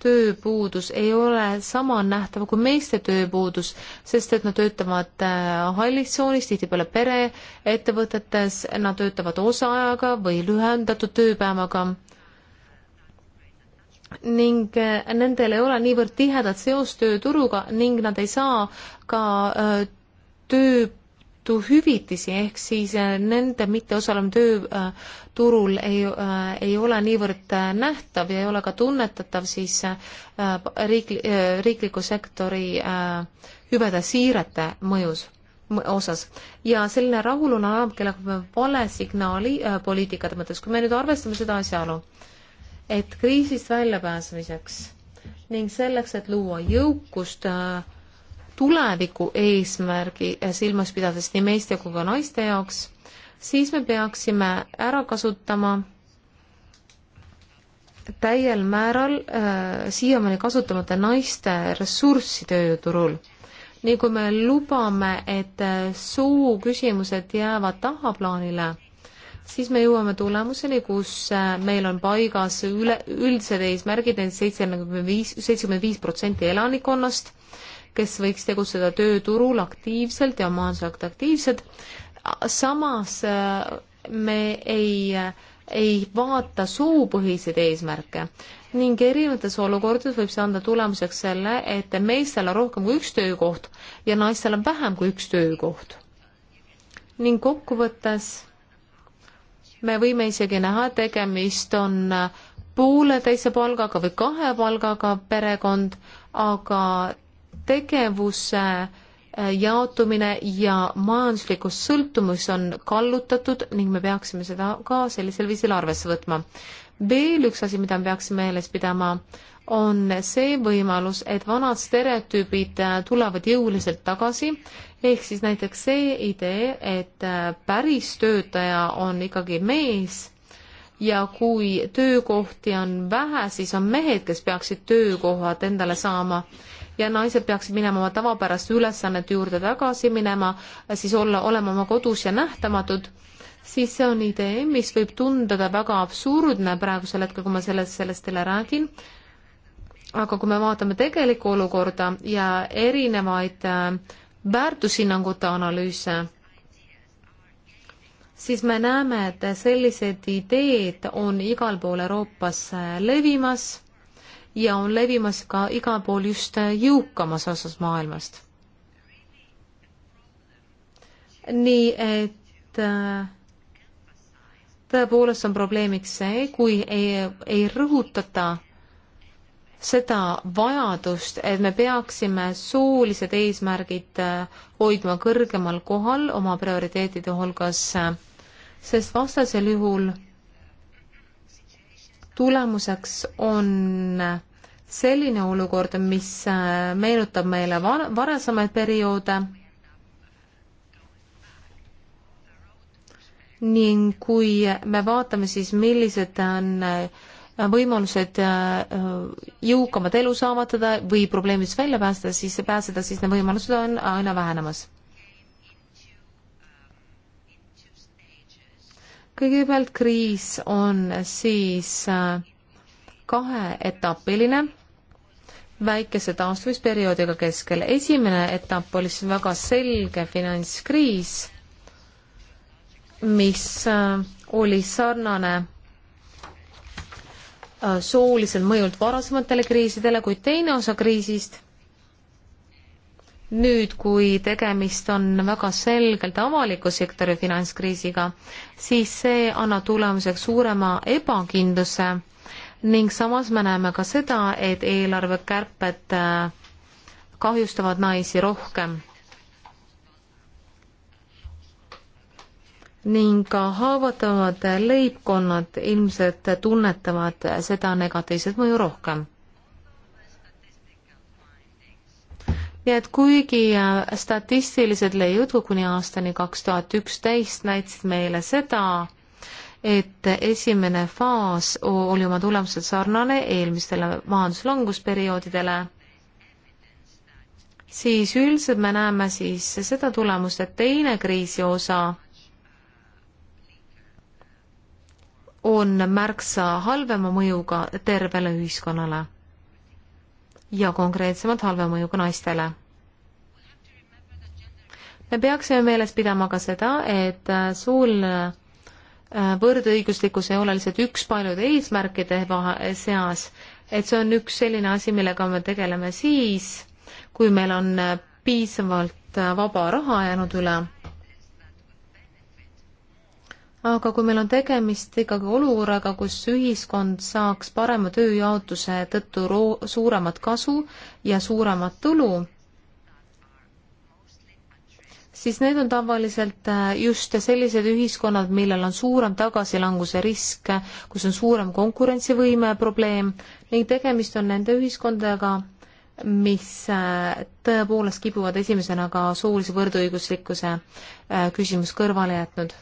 tööpuudus ei ole sama nähtav kui meeste tööpuudus, sest et nad töötavad äh, hallis tsoonis, tihtipeale pereettevõtetes, nad töötavad osaajaga või lühendatud tööpäevaga ning äh, nendel ei ole niivõrd tihedat seost tööturuga ning nad ei saa ka äh, töötuhüvitisi, ehk siis äh, nende mitteosalemine tööturul ei, ei ole niivõrd nähtav ja ei ole ka tunnetatav siis riik, riikliku sektori hüvede siirete mõjus osas ja selline rahulolu annab kellelegi vale signaali äh, poliitikate mõttes, kui me nüüd arvestame seda asjaolu äh,, et kriisist väljapääsmiseks ning selleks, et luua jõukust äh, tuleviku eesmärgi äh, silmas pidades nii meeste kui ka naiste jaoks, siis me peaksime ära kasutama täiel määral äh, siiamaani kasutamata naiste ressurssi tööjõuturul nii kui me lubame, et äh, sooküsimused jäävad tahaplaanile, siis me jõuame tulemuseni, kus äh, meil on paigas üle, üldised eesmärgid, need seitsekümmend viis, seitsekümmend viis protsenti elanikkonnast, kes võiks tegutseda tööturul aktiivselt ja majanduslikult aktiivsed. samas äh, me ei, äh, ei vaata suupõhiseid eesmärke ning erinevates olukordades võib see anda tulemuseks selle, et meestel on rohkem kui üks töökoht ja naistel on vähem kui üks töökoht. ning kokkuvõttes me võime isegi näha, tegemist on pooleteise palgaga või kahe palgaga perekond, aga tegevuse äh, jaotumine ja majanduslikus sõltumus on kallutatud ning me peaksime seda ka sellisel viisil arvesse võtma. veel üks asi, mida me peaksime meeles pidama, on see võimalus, et vanad stereotüübid äh, tulevad jõuliselt tagasi ehk siis näiteks see idee, et äh, päris töötaja on ikkagi mees ja kui töökohti on vähe, siis on mehed, kes peaksid töökohad endale saama ja naised peaksid minema oma tavapäraste ülesannete juurde tagasi minema, siis olla, olema oma kodus ja nähtamatud, siis see on idee, mis võib tunduda väga absurdne praegusel hetkel, kui ma sellest, sellest teile räägin, aga kui me vaatame tegelikku olukorda ja erinevaid äh, väärtushinnangute analüüse, siis me näeme, et sellised ideed on igal pool Euroopas levimas ja on levimas ka igal pool just jõukamas osas maailmast. nii et äh, tõepoolest on probleemiks see, kui ei, ei rõhutata seda vajadust, et me peaksime soolised eesmärgid äh, hoidma kõrgemal kohal oma prioriteetide hulgas, äh, sest vastasel juhul tulemuseks on äh, selline olukord, mis meenutab meile varasemaid perioode ning kui me vaatame siis, millised on äh, võimalused äh, äh, jõukamad elu saavutada või probleemist välja päästa, siis pääseda, siis need võimalused on aina vähenemas. kõigepealt kriis on siis äh, kaheetapiline väikese taastumisperioodiga keskel. esimene etapp oli siis väga selge finantskriis, mis oli sarnane Äh, sooliselt mõjult varasematele kriisidele, kuid teine osa kriisist, nüüd, kui tegemist on väga selgelt avaliku sektori finantskriisiga, siis see annab tulemuseks suurema ebakindluse ning samas me näeme ka seda, et eelarvekärped äh, kahjustavad naisi rohkem ning ka haavatavamad leibkonnad ilmselt tunnetavad seda negatiivset mõju rohkem. nii et kuigi statistilised leiud kuni aastani kaks tuhat üksteist näitasid meile seda, et esimene faas oli oma tulemuselt sarnane eelmistele majanduslangusperioodidele, siis üldiselt me näeme siis seda tulemust, et teine kriisi osa on märksa halvema mõjuga tervele ühiskonnale ja konkreetsemalt halva mõjuga naistele. me peaksime meeles pidama ka seda, et suuline äh, võrdõiguslikkus ei ole lihtsalt üks paljude eesmärkide seas, et see on üks selline asi, millega me tegeleme siis, kui meil on piisavalt äh, vaba raha jäänud üle aga kui meil on tegemist ikkagi olukorraga, kus ühiskond saaks parema tööjaotuse tõttu roo-, suuremat kasu ja suuremat tulu, siis need on tavaliselt äh, just sellised ühiskonnad, millel on suurem tagasilanguse risk, kus on suurem konkurentsivõime probleem ning tegemist on nende ühiskondadega, mis äh, tõepoolest kipuvad esimesena ka soolise võrdõiguslikkuse äh, küsimus kõrvale jätnud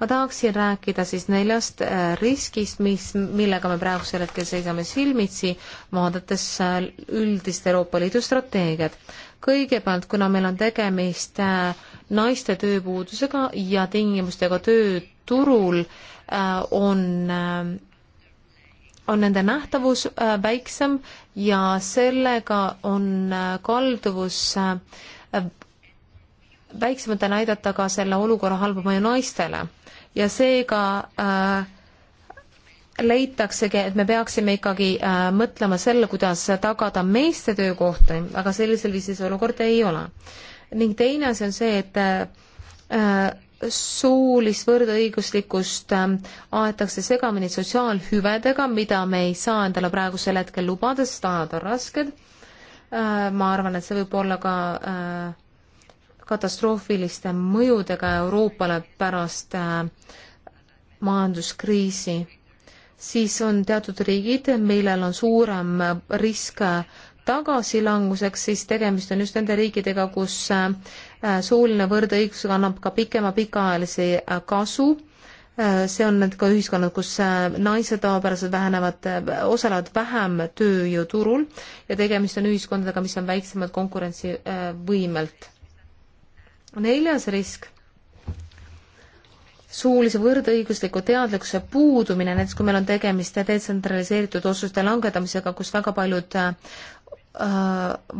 ma tahaksin rääkida siis neljast äh, riskist, mis, millega me praegusel hetkel seisame silmitsi, vaadates äh, üldist Euroopa Liidu strateegiat. kõigepealt, kuna meil on tegemist äh, naiste tööpuudusega ja tingimustega tööturul, on on nende nähtavus väiksem ja sellega on kalduvus väiksemalt näidata ka selle olukorra halba mõju naistele ja seega äh, leitaksegi, et me peaksime ikkagi äh, mõtlema selle, kuidas tagada meeste töökohti, aga sellisel viisil see olukord ei ole. ning teine asi on see, et äh, soolist võrdõiguslikkust äh, aetakse segamini sotsiaalhüvedega, mida me ei saa endale praegusel hetkel lubada, sest ajad on rasked äh,. ma arvan, et see võib olla ka äh, katastroofiliste mõjudega Euroopale pärast äh, majanduskriisi, siis on teatud riigid, millel on suurem risk tagasilanguseks, siis tegemist on just nende riikidega, kus äh, sooline võrdõigus annab ka pikema pikaajalisi äh, kasu see on need ka ühiskonnad, kus naised tavapäraselt vähenevad, osalevad vähem tööjõuturul ja tegemist on ühiskondadega, mis on väiksemad konkurentsivõimelt neljas risk, suulise võrdõigusliku teadlikkuse puudumine, näiteks kui meil on tegemist detsentraliseeritud otsuste langetamisega, kus väga paljud äh,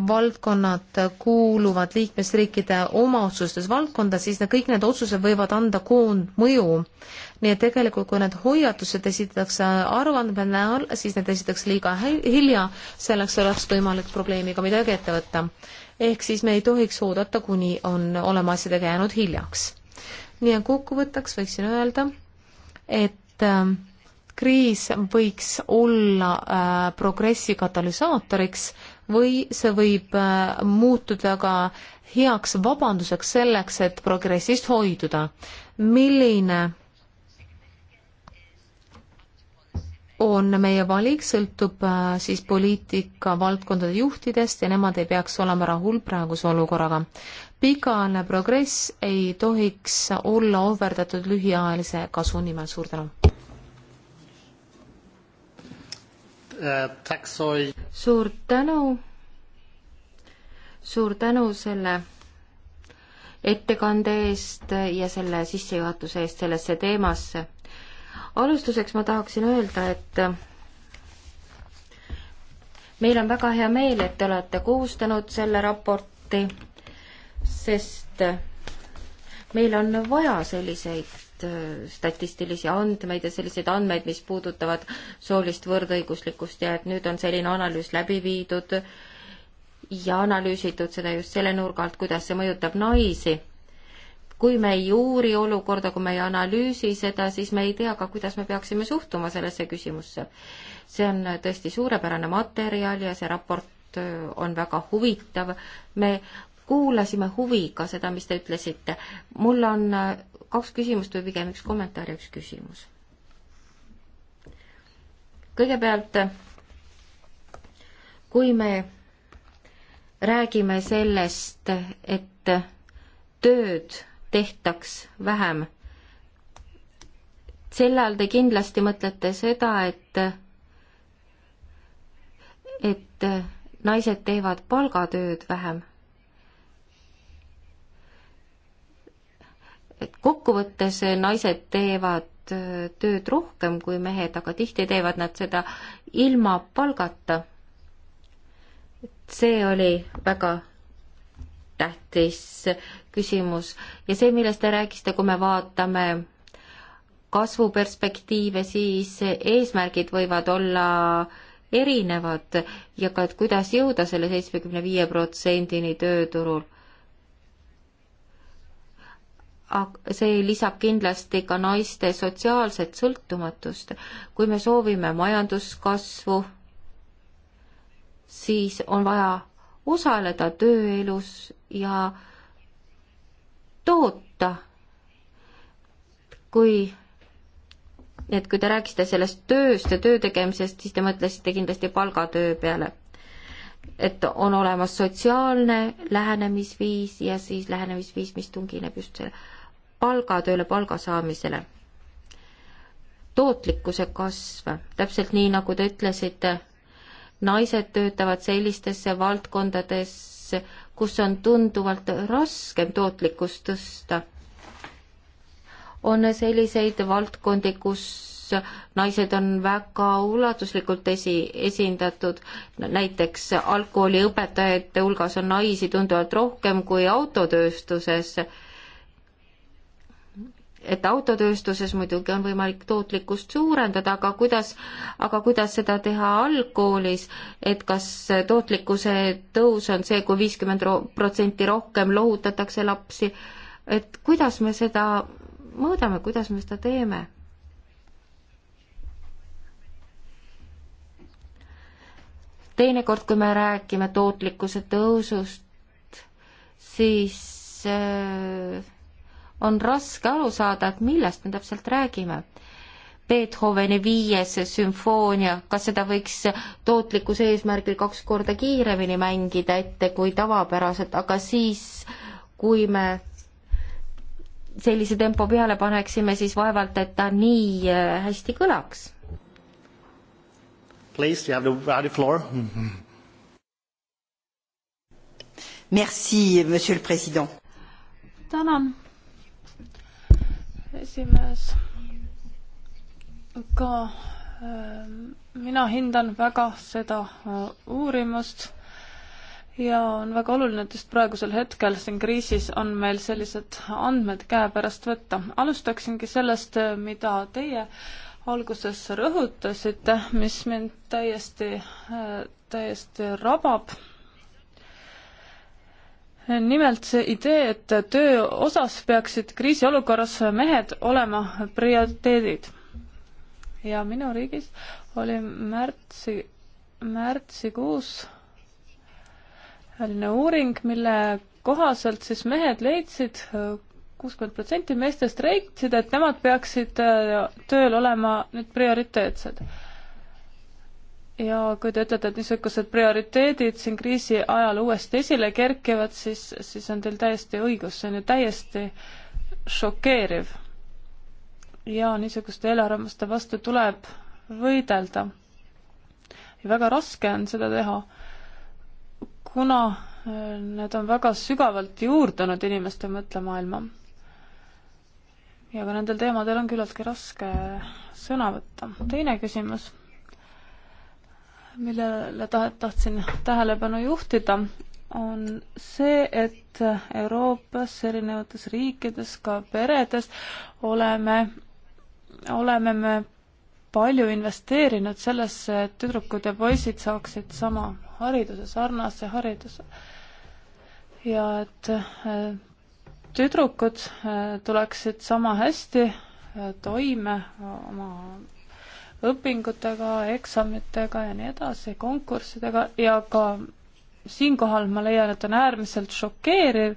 valdkonnad kuuluvad liikmesriikide oma otsustes valdkonda, siis ne, kõik need otsused võivad anda koondmõju. nii et tegelikult, kui need hoiatused esitatakse aruandme näol, siis need esitatakse liiga hilja, selleks oleks võimalik probleemiga midagi ette võtta ehk siis me ei tohiks oodata, kuni on olema asjadega jäänud hiljaks. nii et kokkuvõtteks võiksin öelda, et ähm, kriis võiks olla äh, progressi katalüsaatoriks või see võib äh, muutuda ka heaks vabanduseks selleks, et progressist hoiduda. milline on meie valik, sõltub äh, siis poliitika valdkondade juhtidest ja nemad ei peaks olema rahul praeguse olukorraga. pikaajaline progress ei tohiks olla ohverdatud lühiajalise kasu nimel, suur tänu. Äh, suur tänu, suur tänu selle ettekande eest ja selle sissejuhatuse eest sellesse teemasse alustuseks ma tahaksin öelda, et meil on väga hea meel, et te olete koostanud selle raporti, sest meil on vaja selliseid äh, statistilisi andmeid ja selliseid andmeid, mis puudutavad soolist võrdõiguslikkust ja et nüüd on selline analüüs läbi viidud ja analüüsitud seda just selle nurga alt, kuidas see mõjutab naisi kui me ei uuri olukorda, kui me ei analüüsi seda, siis me ei tea ka, kuidas me peaksime suhtuma sellesse küsimusse. see on tõesti suurepärane materjal ja see raport äh, on väga huvitav. me kuulasime huviga seda, mis te ütlesite. mul on äh, kaks küsimust või pigem üks kommentaar ja üks küsimus. kõigepealt, kui me räägime sellest, et tööd tehtaks vähem. sel ajal te kindlasti mõtlete seda, et et naised teevad palgatööd vähem. et kokkuvõttes naised teevad äh, tööd rohkem kui mehed, aga tihti teevad nad seda ilma palgata. see oli väga tähtis küsimus ja see, millest te rääkisite, kui me vaatame kasvuperspektiive, siis eesmärgid võivad olla erinevad ja ka, et kuidas jõuda selle seitsmekümne viie protsendini tööturul. see lisab kindlasti ka naiste sotsiaalset sõltumatust. kui me soovime majanduskasvu, siis on vaja osaleda tööelus ja toota. kui, et kui te rääkisite sellest tööst ja töö tegemisest, siis te mõtlesite kindlasti palgatöö peale. et on olemas sotsiaalne lähenemisviis ja siis lähenemisviis, mis tungineb just selle palgatööle, palga saamisele. tootlikkuse kasv, täpselt nii, nagu te ütlesite naised töötavad sellistesse valdkondadesse, kus on tunduvalt raskem tootlikkust tõsta. on selliseid valdkondi, kus naised on väga ulatuslikult esi, esindatud, näiteks algkooliõpetajate hulgas on naisi tunduvalt rohkem kui autotööstuses et autotööstuses muidugi on võimalik tootlikkust suurendada, aga kuidas, aga kuidas seda teha algkoolis, et kas tootlikkuse tõus on see kui, kui viiskümmend protsenti rohkem lohutatakse lapsi, et kuidas me seda mõõdame, kuidas me seda teeme? teinekord, kui me räägime tootlikkuse tõusust, siis äh, on raske aru saada, et millest me täpselt räägime. Beethoveni viies sümfoonia, kas seda võiks tootlikkuse eesmärgil kaks korda kiiremini mängida ette kui tavapäraselt, aga siis, kui me sellise tempo peale paneksime, siis vaevalt, et ta nii äh, hästi kõlaks. Please, you have the radio floor mm. -hmm. Merci, monsieur le président. tänan esimees. ka ähm, mina hindan väga seda äh, uurimust ja on väga oluline, et just praegusel hetkel siin kriisis on meil sellised andmed käepärast võtta. alustaksingi sellest, äh, mida teie alguses rõhutasite, mis mind täiesti, äh, täiesti rabab nimelt see idee, et töö osas peaksid kriisiolukorras mehed olema prioriteedid. ja minu riigis oli märtsi, märtsikuus selline uuring, mille kohaselt siis mehed leidsid, kuuskümmend protsenti meestest leidsid, et nemad peaksid tööl olema nüüd prioriteetsed ja kui te ütlete, et niisugused prioriteedid siin kriisi ajal uuesti esile kerkivad, siis, siis on teil täiesti õigus, see on ju täiesti šokeeriv. ja niisuguste eelarvamuste vastu tuleb võidelda. ja väga raske on seda teha, kuna äh, need on väga sügavalt juurdunud inimeste mõttemaailma. ja ka nendel teemadel on küllaltki raske sõna võtta. teine küsimus millele ta-, tahtsin tähelepanu juhtida, on see, et Euroopas erinevates riikides, ka peredes oleme, oleme me palju investeerinud sellesse, et tüdrukud ja poisid saaksid sama hariduse, sarnase hariduse. ja et äh, tüdrukud äh, tuleksid sama hästi äh, toime oma õpingutega, eksamitega ja nii edasi, konkurssidega ja ka siinkohal ma leian, et on äärmiselt šokeeriv,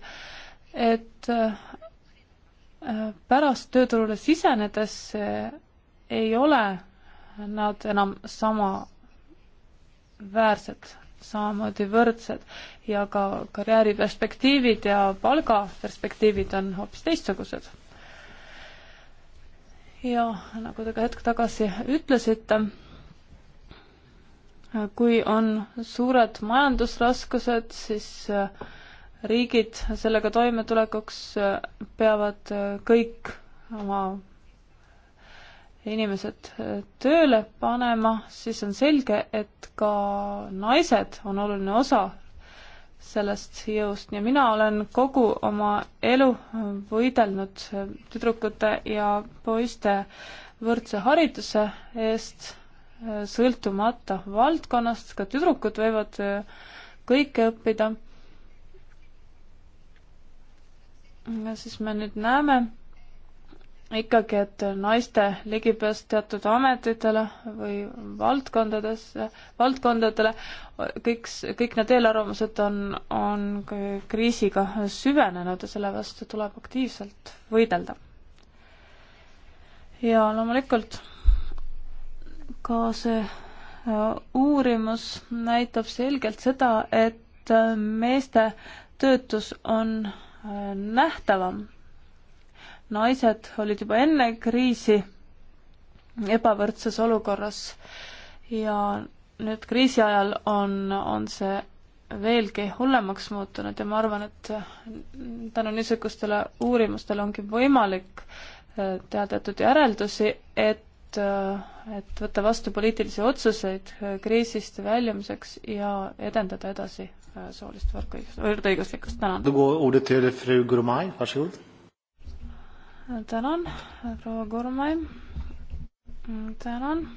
et äh, pärast tööturule sisenedes äh, ei ole nad enam samaväärsed, samamoodi võrdsed ja ka karjääriperspektiivid ja palgaperspektiivid on hoopis teistsugused ja nagu te ka hetk tagasi ütlesite, kui on suured majandusraskused, siis äh, riigid sellega toimetulekuks äh, peavad äh, kõik oma inimesed tööle panema, siis on selge, et ka naised on oluline osa sellest jõust ja mina olen kogu oma elu võidelnud tüdrukute ja poiste võrdse hariduse eest, sõltumata valdkonnast, ka tüdrukud võivad kõike õppida. ja siis me nüüd näeme ikkagi, et naiste ligipääs teatud ametitele või valdkondadesse, valdkondadele, kõik, kõik need eelarvamused on, on kriisiga süvenenud ja selle vastu tuleb aktiivselt võidelda. ja loomulikult ka see äh, uurimus näitab selgelt seda, et äh, meeste töötus on äh, nähtavam naised olid juba enne kriisi ebavõrdses olukorras ja nüüd kriisi ajal on, on see veelgi hullemaks muutunud ja ma arvan, et tänu niisugustele uurimustele ongi võimalik äh, teha teatud järeldusi, et, äh, et võtta vastu poliitilisi otsuseid äh, kriisist väljumiseks ja edendada edasi soolist võrdõiguslikkust. tänan tänan, proua Kurmai. tänan.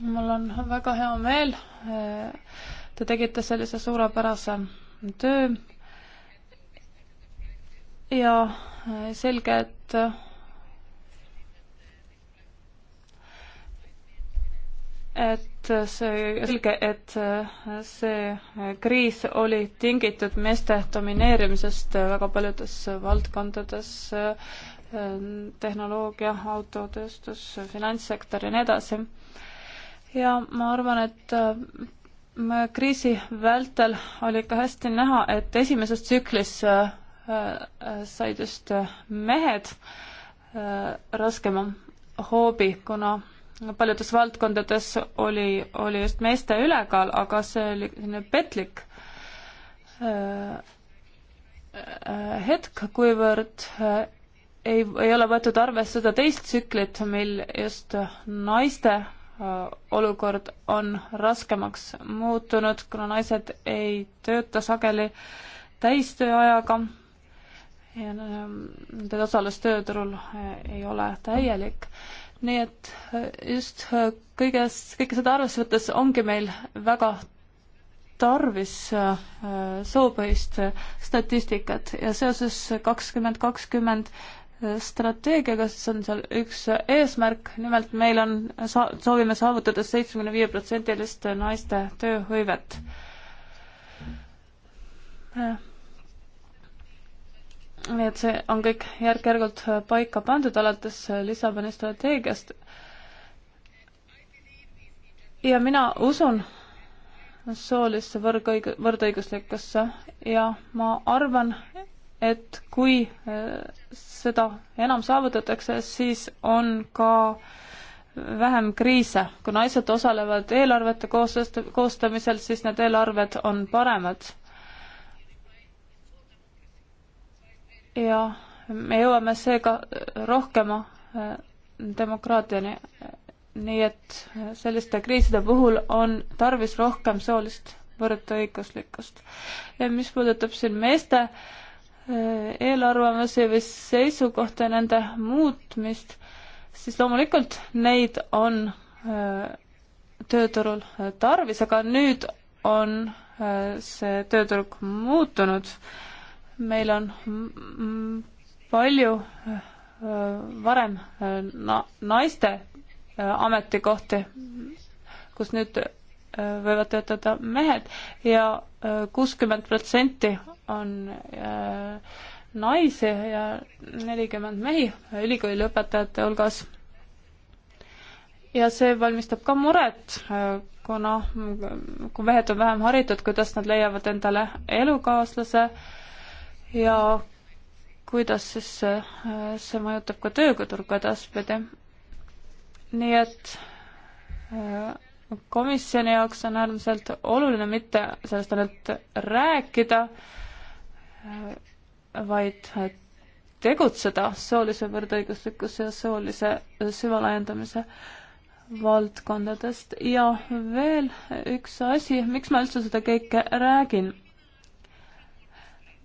mul on väga hea meel. Te tegite sellise suurepärase töö. ja selge, et et see, selge, et see kriis oli tingitud meeste domineerimisest väga paljudes valdkondades Ähm, tehnoloogia, autotööstus, finantssektor ja nii edasi. ja ma arvan, et äh, kriisi vältel oli ikka hästi näha, et esimeses tsüklis äh, äh, said just mehed raskema hoobi, kuna paljudes valdkondades oli, oli just meeste ülekaal, aga see oli selline petlik hetk, kuivõrd ei, ei ole võetud arvesse seda teist tsüklit, mil just naiste äh, olukord on raskemaks muutunud, kuna naised ei tööta sageli täistööajaga ja ähm, nende osalus tööturul äh, ei ole täielik. nii et äh, just kõiges, kõike seda arvesse võttes ongi meil väga tarvis soopõhist statistikat ja seoses kakskümmend kakskümmend strateegiaga, siis on seal üks eesmärk, nimelt meil on, sa-, soovime saavutada seitsmekümne viie protsendilist naiste tööhõivet. nii et see on kõik järk-järgult paika pandud, alates Lissaboni strateegiast. ja mina usun soolisse võrgõig-, võrdõiguslikkusse ja ma arvan, et kui äh, seda enam saavutatakse, siis on ka vähem kriise. kui naised osalevad eelarvete koostast-, koostamisel, siis need eelarved on paremad. ja me jõuame seega rohkema äh, demokraatiani. nii et äh, selliste kriiside puhul on tarvis rohkem soolist võrdõiguslikkust. ja mis puudutab siin meeste äh, eelarvamuse või seisukohta ja nende muutmist, siis loomulikult neid on äh, tööturul tarvis, aga nüüd on äh, see tööturg muutunud. meil on palju äh, varem na naiste ametikohti, kus nüüd võivad töötada mehed ja äh, kuuskümmend protsenti on äh, naisi ja nelikümmend mehi ülikooli lõpetajate hulgas. ja see valmistab ka muret, äh, kuna kui mehed on vähem haritud, kuidas nad leiavad endale elukaaslase ja kuidas siis see, see mõjutab ka tööturgu edaspidi. nii et komisjoni jaoks on äärmiselt oluline mitte sellest ainult rääkida, vaid tegutseda soolise võrdõiguslikkuse ja soolise süvalaiendamise valdkondadest ja veel üks asi, miks ma üldse seda kõike räägin?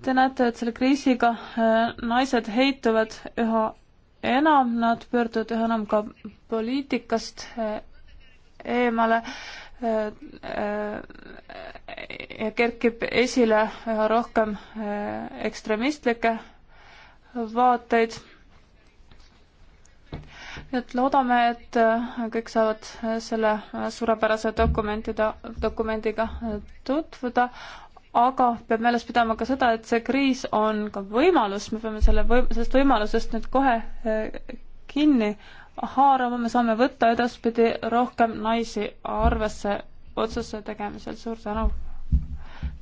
Te näete, et selle kriisiga äh, naised heituvad üha enam, nad pöörduvad üha enam ka poliitikast äh, eemale ja kerkib esile üha rohkem eh, ekstremistlikke vaateid. et loodame, et eh, kõik saavad selle suurepärase dokumentide, dokumendiga tutvuda, aga peab meeles pidama ka seda, et see kriis on ka võimalus, me peame selle või-, sellest võimalusest nüüd kohe eh, kinni haarama, me saame võtta edaspidi rohkem naisi arvesse otsuse tegemisel, suur tänu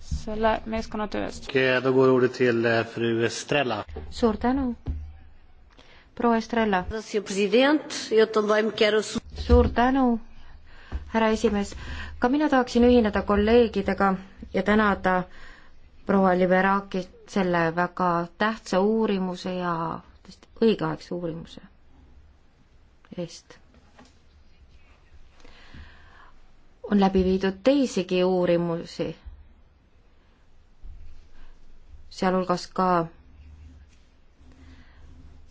selle meeskonna töö eest. Äh, suur tänu. proua Estrella. suur tänu, härra esimees. ka mina tahaksin ühineda kolleegidega ja tänada proua Liberakit selle väga tähtsa uurimuse ja õigeaegse uurimuse eest. on läbi viidud teisigi uurimusi, sealhulgas ka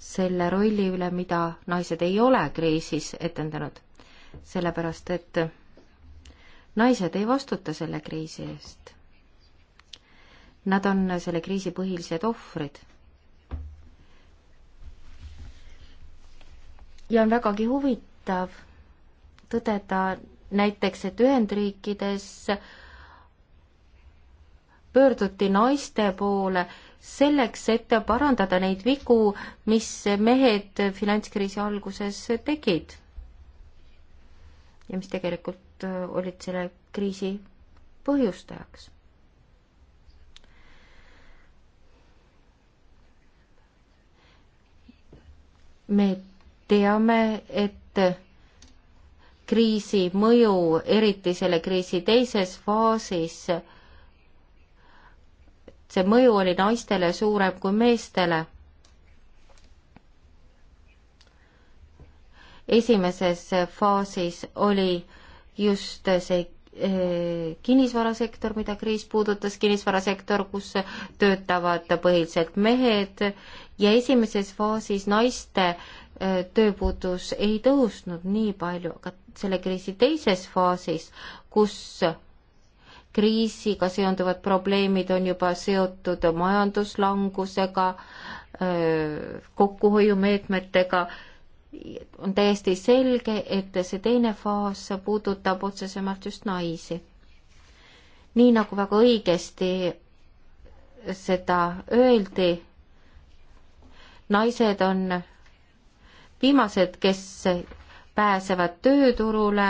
selle rolli üle, mida naised ei ole kriisis etendanud, sellepärast et naised ei vastuta selle kriisi eest. Nad on selle kriisi põhilised ohvrid ja on vägagi huvitav tõdeda näiteks, et Ühendriikides pöörduti naiste poole selleks, et parandada neid vigu, mis mehed finantskriisi alguses tegid. ja mis tegelikult äh, olid selle kriisi põhjustajaks. me teame, et kriisi mõju, eriti selle kriisi teises faasis, see mõju oli naistele suurem kui meestele. esimeses faasis oli just see eh, kinnisvarasektor, mida kriis puudutas, kinnisvarasektor, kus töötavad põhiliselt mehed ja esimeses faasis naiste äh, tööpuudus ei tõusnud nii palju, aga selle kriisi teises faasis, kus kriisiga seonduvad probleemid on juba seotud majanduslangusega, kokkuhoiumeetmetega, on täiesti selge, et see teine faas puudutab otsesemalt just naisi. nii nagu väga õigesti seda öeldi, naised on viimased, kes pääsevad tööturule,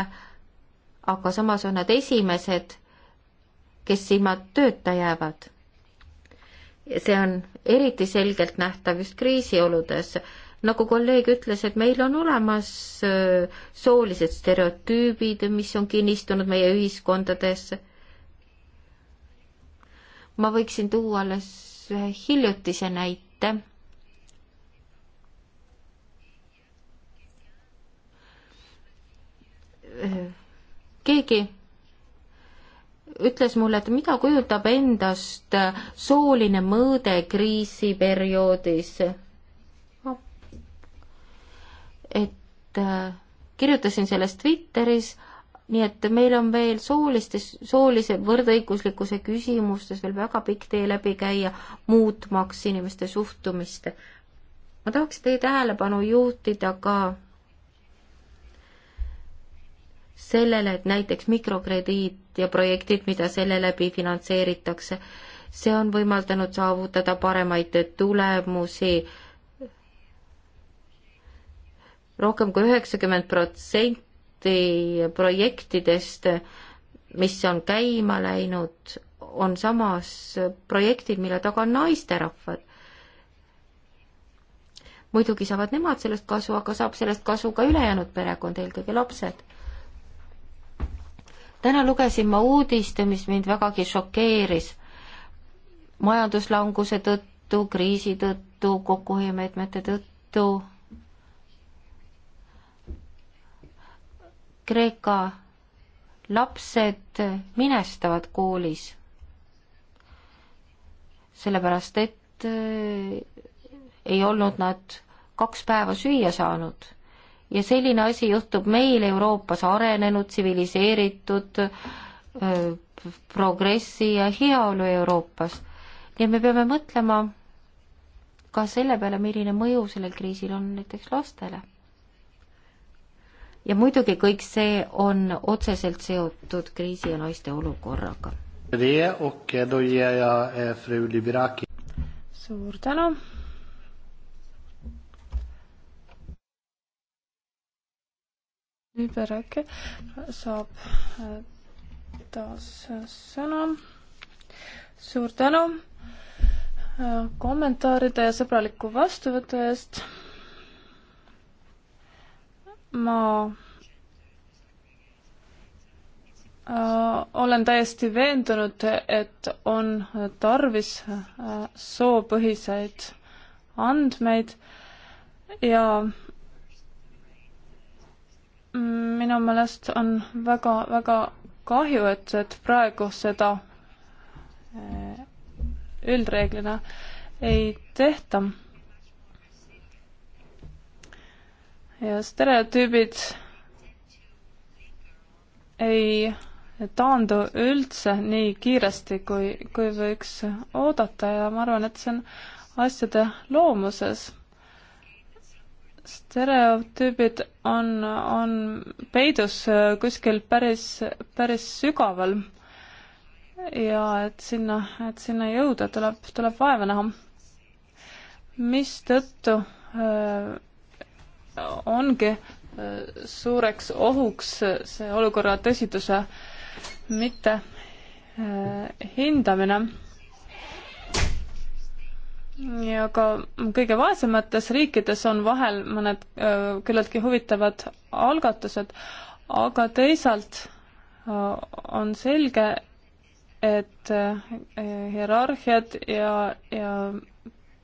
aga samas on nad esimesed, kes ilma tööta jäävad. see on eriti selgelt nähtav just kriisioludes. nagu kolleeg ütles, et meil on olemas äh, soolised stereotüübid, mis on kinnistunud meie ühiskondades. ma võiksin tuua alles ühe hiljutise näite keegi ütles mulle, et mida kujutab endast sooline mõõde kriisiperioodis. et äh, kirjutasin sellest Twitteris, nii et meil on veel soolistes, soolise võrdõiguslikkuse küsimustes veel väga pikk tee läbi käia, muutmaks inimeste suhtumist. ma tahaks teie tähelepanu juhtida ka sellele, et näiteks mikrokrediit ja projektid, mida selle läbi finantseeritakse, see on võimaldanud saavutada paremaid tulemusi. rohkem kui üheksakümmend protsenti projektidest, mis on käima läinud, on samas projektid, mille taga on naisterahvad muidugi saavad nemad sellest kasu, aga saab sellest kasu ka ülejäänud perekond, eelkõige lapsed täna lugesin ma uudist, mis mind vägagi šokeeris. majanduslanguse tõttu, kriisi tõttu, kokkuhoiumeetmete tõttu Kreeka lapsed minestavad koolis, sellepärast et äh, ei olnud nad kaks päeva süüa saanud ja selline asi juhtub meil Euroopas arenenud, tsiviliseeritud, progressi ja heaolu Euroopas. nii et me peame mõtlema ka selle peale, milline mõju sellel kriisil on näiteks lastele. ja muidugi kõik see on otseselt seotud kriisi ja naiste olukorraga. suur tänu. Libereke saab äh, taas äh, sõna. suur tänu äh, kommentaaride ja sõbraliku vastuvõtu eest. ma olen täiesti veendunud, et on tarvis soopõhiseid andmeid ja minu meelest on väga-väga kahju, et, et praegu seda eh, üldreeglina ei tehta. ja stereotüübid ei taandu üldse nii kiiresti, kui, kui võiks oodata ja ma arvan, et see on asjade loomuses stereotüübid on, on peidus äh, kuskil päris, päris sügaval. ja et sinna, et sinna jõuda, tuleb, tuleb vaeva näha. mistõttu äh, ongi äh, suureks ohuks see olukorra tõsiduse mitte äh, hindamine ja ka kõige vaesemates riikides on vahel mõned küllaltki huvitavad algatused, aga teisalt on selge, et hierarhiad ja, ja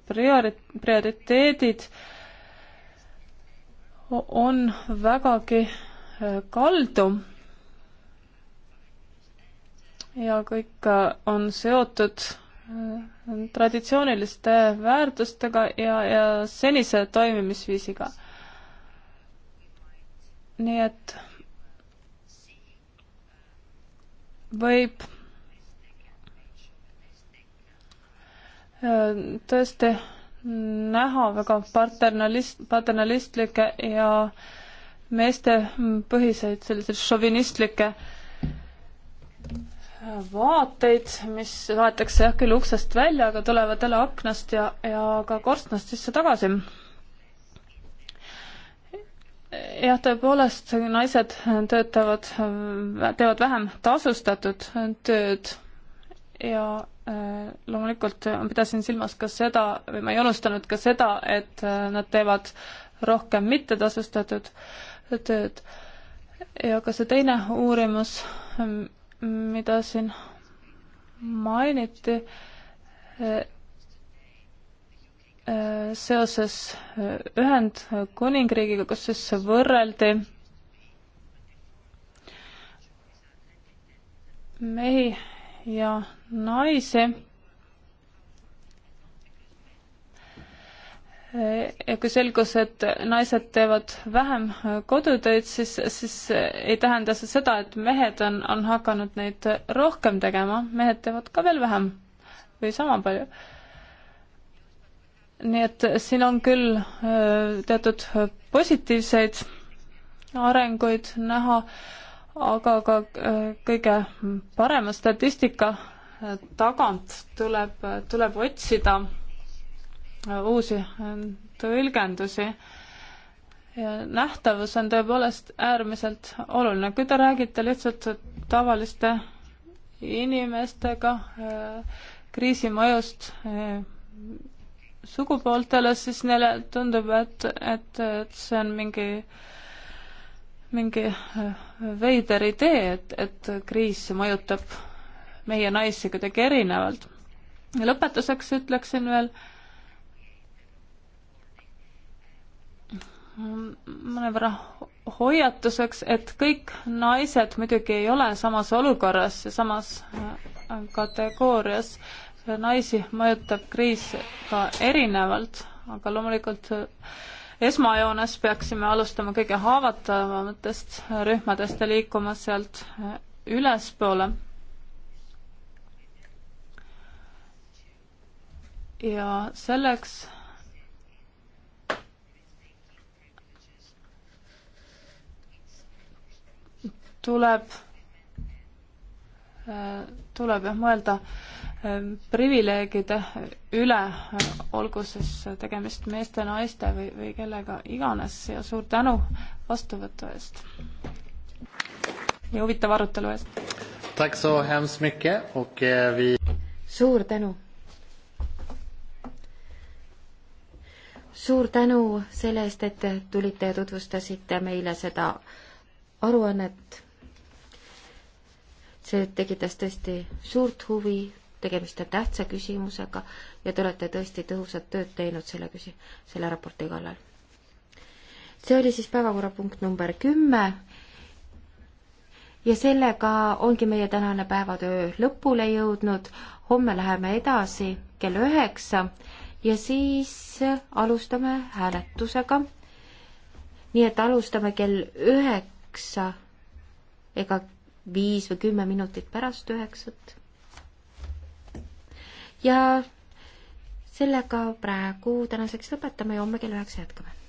priori-, prioriteedid on vägagi kaldu ja kõik on seotud Äh, traditsiooniliste väärtustega ja, ja senise toimimisviisiga. nii et võib äh, tõesti näha väga paternalist, paternalistlikke ja meestepõhiseid selliseid šovinistlikke vaateid, mis loetakse jah küll uksest välja, aga tulevad jälle aknast ja, ja ka korstnast sisse tagasi. jah, tõepoolest, naised töötavad, teevad vähem tasustatud tööd ja äh, loomulikult pidasin silmas ka seda, või ma ei unustanud ka seda, et äh, nad teevad rohkem mittetasustatud tööd. ja ka see teine uurimus, mida siin mainiti eh, eh, seoses eh, Ühendkuningriigiga, kus siis võrreldi mehi ja naisi ja kui selgus, et naised teevad vähem kodutöid, siis, siis ei tähenda see seda, et mehed on, on hakanud neid rohkem tegema, mehed teevad ka veel vähem või sama palju. nii et siin on küll äh, teatud positiivseid arenguid näha, aga ka äh, kõige parema statistika tagant tuleb, tuleb otsida uusi äh, tõlgendusi. nähtavus on tõepoolest äärmiselt oluline, kui te räägite lihtsalt tavaliste inimestega äh, kriisi mõjust äh, sugupooltele, siis neile tundub, et, et, et see on mingi, mingi veider idee, et, et kriis mõjutab meie naisi kuidagi erinevalt. ja lõpetuseks ütleksin veel äh, mõnevõrra hoiatuseks, et kõik naised muidugi ei ole samas olukorras ja samas äh, kategoorias. naisi mõjutab kriis ka erinevalt, aga loomulikult äh, esmajoones peaksime alustama kõige haavatavamatest rühmadest ja liikuma sealt äh, ülespoole. ja selleks tuleb, tuleb jah mõelda ähm, privileegide üle, äh, olgu siis tegemist meeste, naiste või, või kellega iganes ja suur tänu vastuvõtu eest ja huvitava arutelu eest. Eh, suur tänu. suur tänu selle eest, et tulite ja tutvustasite meile seda aruannet see tekitas tõesti suurt huvi, tegemist on tähtsa küsimusega ja te olete tõesti tõhusat tööd teinud selle küsi-, selle raporti kallal. see oli siis päevakorrapunkt number kümme ja sellega ongi meie tänane päevatöö lõpule jõudnud. homme läheme edasi kell üheksa ja siis alustame hääletusega. nii et alustame kell üheksa ega viis või kümme minutit pärast üheksat. ja sellega praegu tänaseks lõpetame ja homme kell üheksa jätkame